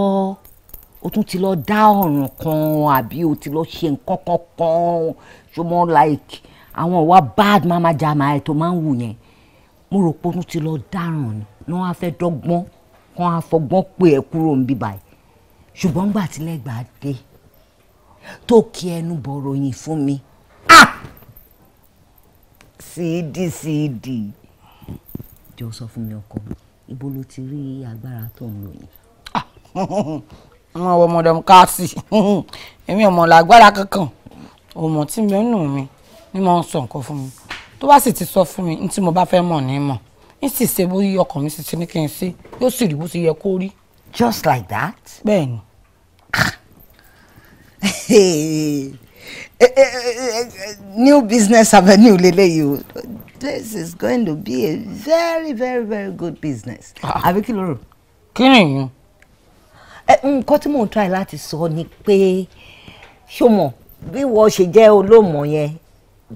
o tún ti lọ dá ọ̀ràn kan àbí o ti lọ ṣe nǹkan kan kan ṣé o like àwọn ìwà bad mama jama ẹ̀ tó máa ń wù yẹn mo rò pé o tún ti lọ dáràn ni ni wọ́n á fẹ́ dọ́gbọ́n wọ́n á fọgbọ́n pé ẹ kúrò ń bí báyìí ṣùgbọ́n gbà tí lẹ́gbàá dé tó kí ẹnu bọ̀rọ̀ yìí fún mi síìdì síìdì jọ sọ fún mi ọkọ ibo ló ti rí agbára tó ń lò yìí. wọn wọ ọmọdé káàsì èmi ọmọ làgbára kankan ọmọ tí mi ò nù mí ni mo ń sọ nǹkan fún mi tó bá sì ti sọ fún mi ní tí mo bá fẹ́ mọ̀ ní mọ̀ n ṣe bó yí ọkàn mi sì ṣe ní kí n ṣe yóò sì rí bó ṣe yẹ kó rí. just like that. bẹ́ẹ̀ni. Eh, eh, eh, new business avenue leleyi o this is going to be a very very very good business. Ah. àbí kí ló rò. kí ni ìyẹn. nǹkan tí mò ń try láti sọ ni pé ṣó mọ̀ bí wọ́n ṣe jẹ́ olóòmọ̀ yẹn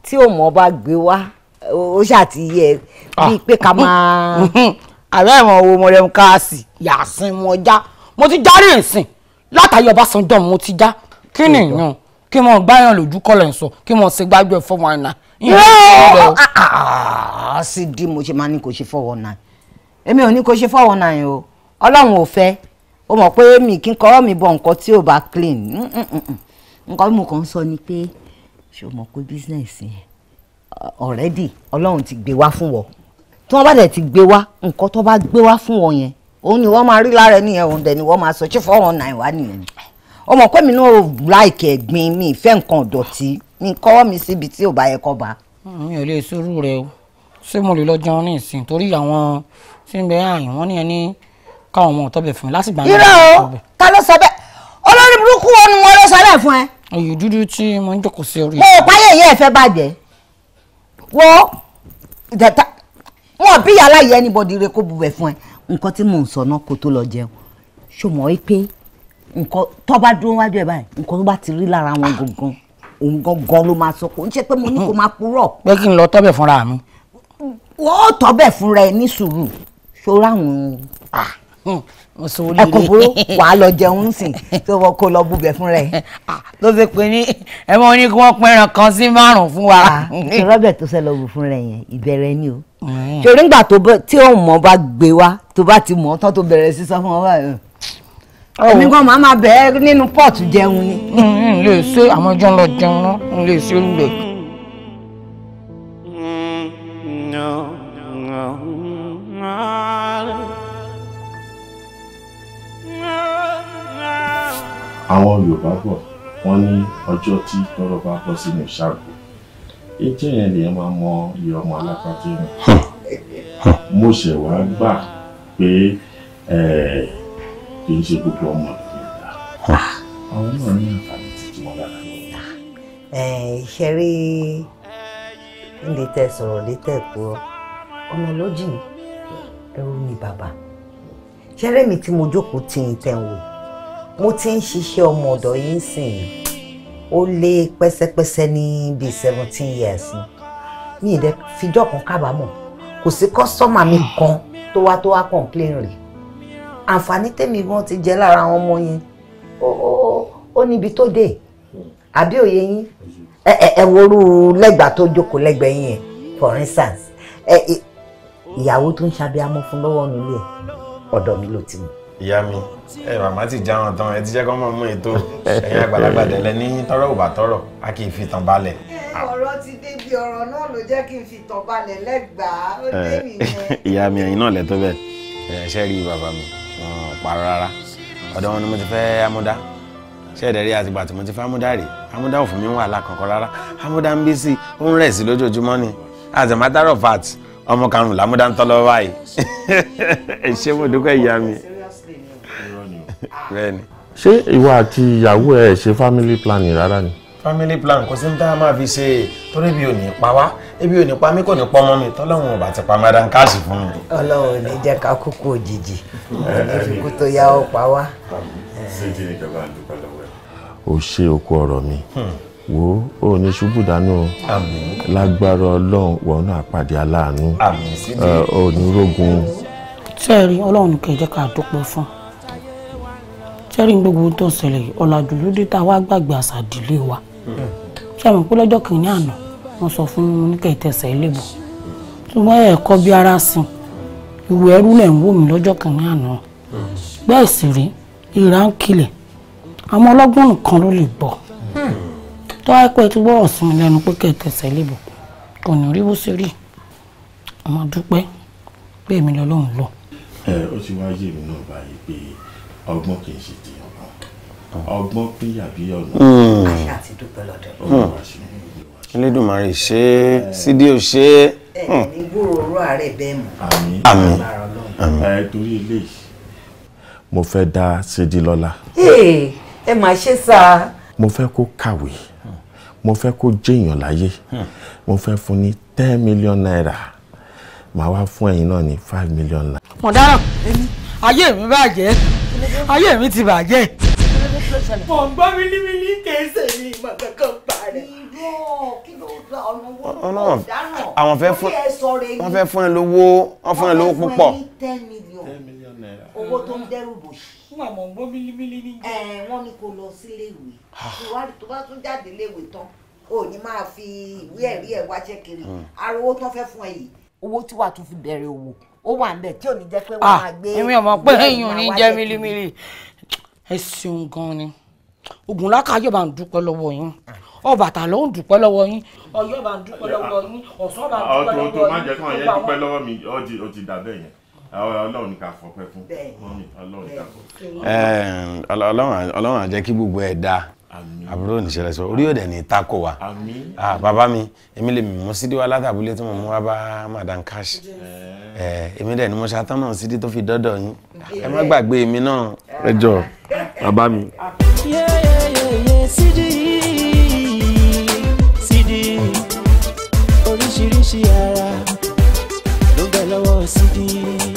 tí òmò bá gbé wá ó ṣàti yẹ bíi ah. pé ká máa. ààrẹ ìwọ̀n owó mo rẹ̀ ń ká sí yàsín mo já mo ti já rìn sìn látàyè Ọbásanjọ́ mo ti já kí ni ìyàn kí mo báyàn lójú kọlẹ̀ ń sọ kí mo ṣe gbájú ẹ̀ fọwọ́ ẹ̀ náà. sì di mo ṣe máa ní kò ṣe fọwọ́ náà èmi ò ní kò ṣe fọwọ́ náà o ọlọ́run ò fẹ́ o mọ̀ pé mi kí n kọ́rọ́ mi bọ nǹkan tí ò bá clean mm, mm, mm, nǹkan mú kan sọ ni pé ṣé o mọ̀ pé business yẹn already ọlọ́run ti gbé wá fún wọ tí wọ́n bá dẹ̀ ti gbé wá nǹkan tó bá gbé wá fún wọn yẹn òun ni wọ́n máa rí lára ẹni yẹn òun dẹ̀ ni wọ́n máa sọ ṣé fọ́ọ̀rọ̀ náà wá nìyẹn ọmọ pé mi náà láìkẹ́ ẹ̀gbin mi ìfẹ́ nǹkan ọ̀dọ̀tí mi kọ́wọ́ mi síbi tí ò bá yẹ kọ́ bá. mi ò lè sùúrù rẹ o ṣé mo lè lọ jẹun ní ìsìn torí àwọn tí ń bẹ àyìn wọn ní ẹni káwọn ọmọ ọ̀tọ̀ bẹ̀ fún mi lásìgbà náà. irọ́ o ta ló sọ bẹ́ẹ̀ olórí burúkú wọn ni wọn ló sọ bẹ́ẹ̀ fún ẹ. èyí dúdú tí mo ń jókòó sí orí. mo ò páyé ìyá fẹ́ bàjẹ́ wo ìjàta wọn bí yàrá yẹ anybody rẹ kó bubẹ fún ẹ nǹkan tí mò ń sọ náà kó tó lọ jẹun ṣó mọ̀ ẹ́ pé nǹkan tó bá dúró wájú ẹ báyìí nǹkan tó bá ti rí lára wọn gangan òun gangan ló máa sọ kò ń ṣe pé mo ní kó máa purọ́. pé kí n lọ tọ́bẹ̀ fúnra mi. wọ́n tọ́bẹ̀ fúnra ẹ ní sùúrù ṣó ráhùn. Ah, hmm ẹkùn burú wàá lọ jẹun sìn tó wọ kó lọ búbẹ fún rẹ. Ah, ló ṣe pé ní ẹ mọ ní kí wọ́n pẹran kan sí márùn fún wa. Ah, robert tó ṣe lọ wù fún rẹ yẹn ìbẹ̀rẹ̀ ni o. torí mm. ngbà tí òun mọ̀ bá gbé wa tó bá ti mọ̀ tán tó bẹ̀rẹ̀ sí sọ ọ báyìí. Oh, èmi gan máa ma bẹ̀ẹ́ nínú pọ́ọ̀tù jẹun ni. n mm, mm, lè ṣe àwọn lọ jẹun náà n lè ṣe olùlẹ̀. àwọn yorùbá bọ̀ wọ́n ní ọjọ́ tí tọ́rọ̀ bá bọ́ sínú ṣàgbọ́ ẹjẹ́ yẹn lè máa mọ iye ọmọ alápàtẹ́ mi hmm. mo ṣẹ̀ wá gbà pé kì í ṣe gbogbo ọmọ ìgbà hmm. àwọn náà ní àǹfààní títí wọn lára. ṣe rí ilé tẹ sọ̀rọ̀ lé tẹ̀ kúrò ọmọ ló jìn ẹrú ni bàbá ṣẹ́rẹ́ mi tí mo jókòó tí ń tẹ̀ wò mo ti ń ṣiṣẹ́ ọmọ ọ̀dọ̀ yìí ń sìn ó lé pẹ́sẹ́pẹ́sẹ́ ní bíi seventeen years mi ì dẹ fijọ́ kan kábàámọ̀ kò sí kọ́sọ́mà mi kan tó wá tó wá complain rè àǹfààní tèmi gan ti jẹ́ lára àwọn ọmọ yẹn ó níbi tó dé àbí òye yín ẹ ẹ worú lẹ́gbàá tó jókòó lẹ́gbẹ̀ẹ́ yín yẹn for instance ẹ ìyàwó tó ń ṣàbíamọ́ fún lọ́wọ́ nílé ẹ̀ ọ̀dọ̀ mi ló ti mú ìyá mi ẹ màmá ti já wọn tán ẹ ti jẹ́ kó mọ̀ mú ètò ẹ̀yin àgbàlagbà tẹ̀lẹ̀ ní tọ́rọ̀ ò bá tọ́rọ̀ a kì í fi tàn balẹ̀. ọ̀rọ̀ ti débi ọ̀rọ̀ náà ló jẹ́ kí n fi tàn balẹ̀ lẹ́gbàá ó dé nìyẹn. ìyá mi ẹ̀yin náà lẹ́tọ́ bẹ́ẹ̀ ẹ ṣe rí bàbá mi pààrọ̀ rárá ọ̀dọ̀ wọn ni mo ti fẹ́ amúdá ṣẹ̀dẹ̀ rí àtìgbà tí mo ti fẹ́ amúdá rè amúdá ò fún mi wàhálà kankan rárá amúdá ń bí sí ó ń rẹ̀ sí lójoojúmọ́ ni as a matter of fact ọmọ karùn-ún làmúdá ń tọ́ lọ́wọ́ báyìí ẹ ṣé mo dúpẹ́ ìyá mi. bẹ́ẹ̀ni. ṣé ìwọ àti ìyàwó ẹ ṣe family planning rárá ni. family plan kò sí ní tá a máa fi ṣe torí ebi ò ní pa wá ebi ò ní pa mí kò ní pọ́ mọ́ mi tọ́lọ́run ò bá ti pa madam káàsì fún mi. ọlọ́run ò ní jẹ́ ká kúkú òjijì ní kíkú tó yá ọ pa wá. o ṣe okú ọ̀rọ̀ mi hmm. wo ò ní ṣubú dànù lágbára ọlọ́run wọnú àpàdé aláàánú ò ní rógun. sẹ́ẹ̀rí ọlọ́run kì í jẹ́ ká dúpẹ́ fún sẹ́rí gbogbo tó ń ṣẹlẹ̀ ọ̀làjú ló dé tá a wá gbàgbé àṣà ìdílé wa ṣé àmì pé lọ́jọ́ kìíní àná wọ́n sọ fún oníkẹ́ ìtẹ̀sẹ̀ ilébù ṣùgbọ́n ẹ̀kọ́ bí ara sìn ìwé ẹrú lẹ̀ ń wò mí lọ́jọ́ kìíní àná bẹ́ẹ̀ sì rí ìrà ń kilẹ̀ àwọn ọlọ́gbọ́n nìkan ló lè gbọ́ tó wáá pẹ́ tí gbọ́rọ̀ sí lẹ́nu pé kẹ́ ìtẹ̀sẹ̀ ilébù kò ní rí bó ṣe rí àmọ́ dúpẹ́ pé èmi lọ́lọ́run lọ. ẹ ó ti wá mi náà báyìí pé ọgbọ́n kì í ṣe ti ọ̀nà hmm. ọgbọ́n pín yàbí ọ̀nà. Hmm. àṣà àti dúpẹ́ lọ́dọ̀ lọ́wọ́ hmm. Elédùmarè ṣe é sídí ò ṣe é. ẹ ní gbòòrò àárẹ̀ bẹ́ẹ̀ mọ́. àmín àmín ẹ torí eléyìí mo fẹ́ dá sídí lọ́lá. ẹ mà ṣe sá. mo fẹ́ kó kàwé mo fẹ́ kó jẹ́yàn láyé mo fẹ́ fún ní ten million naira màá wá fún ẹ̀yin náà ní five million naira. mọ̀dáràn ayé mi bàjẹ́ ayé mi ti bàjẹ́. ọ̀gbọ́n mi ní mi ní kẹsẹ̀ mi ìmọ̀ kankan pa rẹ̀. ọlọ́run àwọn fẹ́ fún wọn fẹ́ fún ẹ lówó wọn fún ẹ lówó púpọ̀. owó tó ń dẹ́rù bò sí. fún àmọ̀ ń gbọ́ mílímílí ní. ẹ wọ́n ní kó lọ síléèwé ìwádìí tó bá tún jáde léèwé tán ò ní máa fi ìwé ẹ̀rí ẹ̀ wá jẹ́ kiri hmm. ariwo tán fẹ́ fún ẹ yìí owó tí wàá tún fi bẹ̀rẹ̀ òwò ó wà ń bẹ̀ tí ò ní jẹ́ pé wọ́n ah, máa gbé. èmi ọmọ pé èèyàn ò ní jẹ́ mílímílì ẹ ṣeun gan ni ogun lákàáyọ̀ bá ń dúpẹ́ lọ́wọ́ yín Ọbàtálá ń dúpẹ́ lọ́wọ́ yín Ọ̀yọ́ bá ń dúpẹ́ lọ́wọ́ ah, yín Ọ̀ṣun bá ń ah, dúpẹ́ lọ́wọ́ yín. ọtọ má jẹ́ kí wọn yẹ dúpẹ́ lọ́wọ́ mi ó ti dà bẹ́ẹ̀ yẹn Ọlọ́run ká fọpẹ́ fún Ọlọ́run ká fọpẹ́. Eh, Ọlọ́run á jẹ́ kí gbogbo ẹ̀ dáa àbúrò oníṣẹ̀lẹ̀ sọ orí òde ní tako wa bàbá mi èmi lè mú sídìí wa látàbúlé tí mo mú wa bá madam cash èmi dẹ̀ ni mo ṣàtàn sídìí tó fi dọ́dọ̀ yín ẹ má gbàgbé mi náà. ẹ jọ bàbá mi. oríṣiríṣi ara ló bẹ lọ́wọ́ sídìí.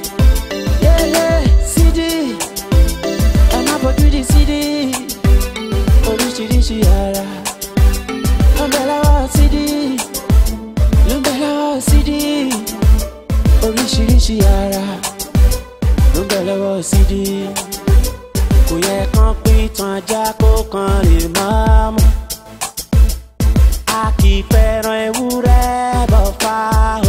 sídì oríṣiríṣi ara ló bẹ lọ́wọ́ sídì ló bẹ lọ́wọ́ sídì oríṣiríṣi ara ló bẹ lọ́wọ́ sídì kò yẹ kán pín tán ajá kó kan lè máa mú a kì í fẹ́ràn ewúrẹ́ bọ̀ fáwọn.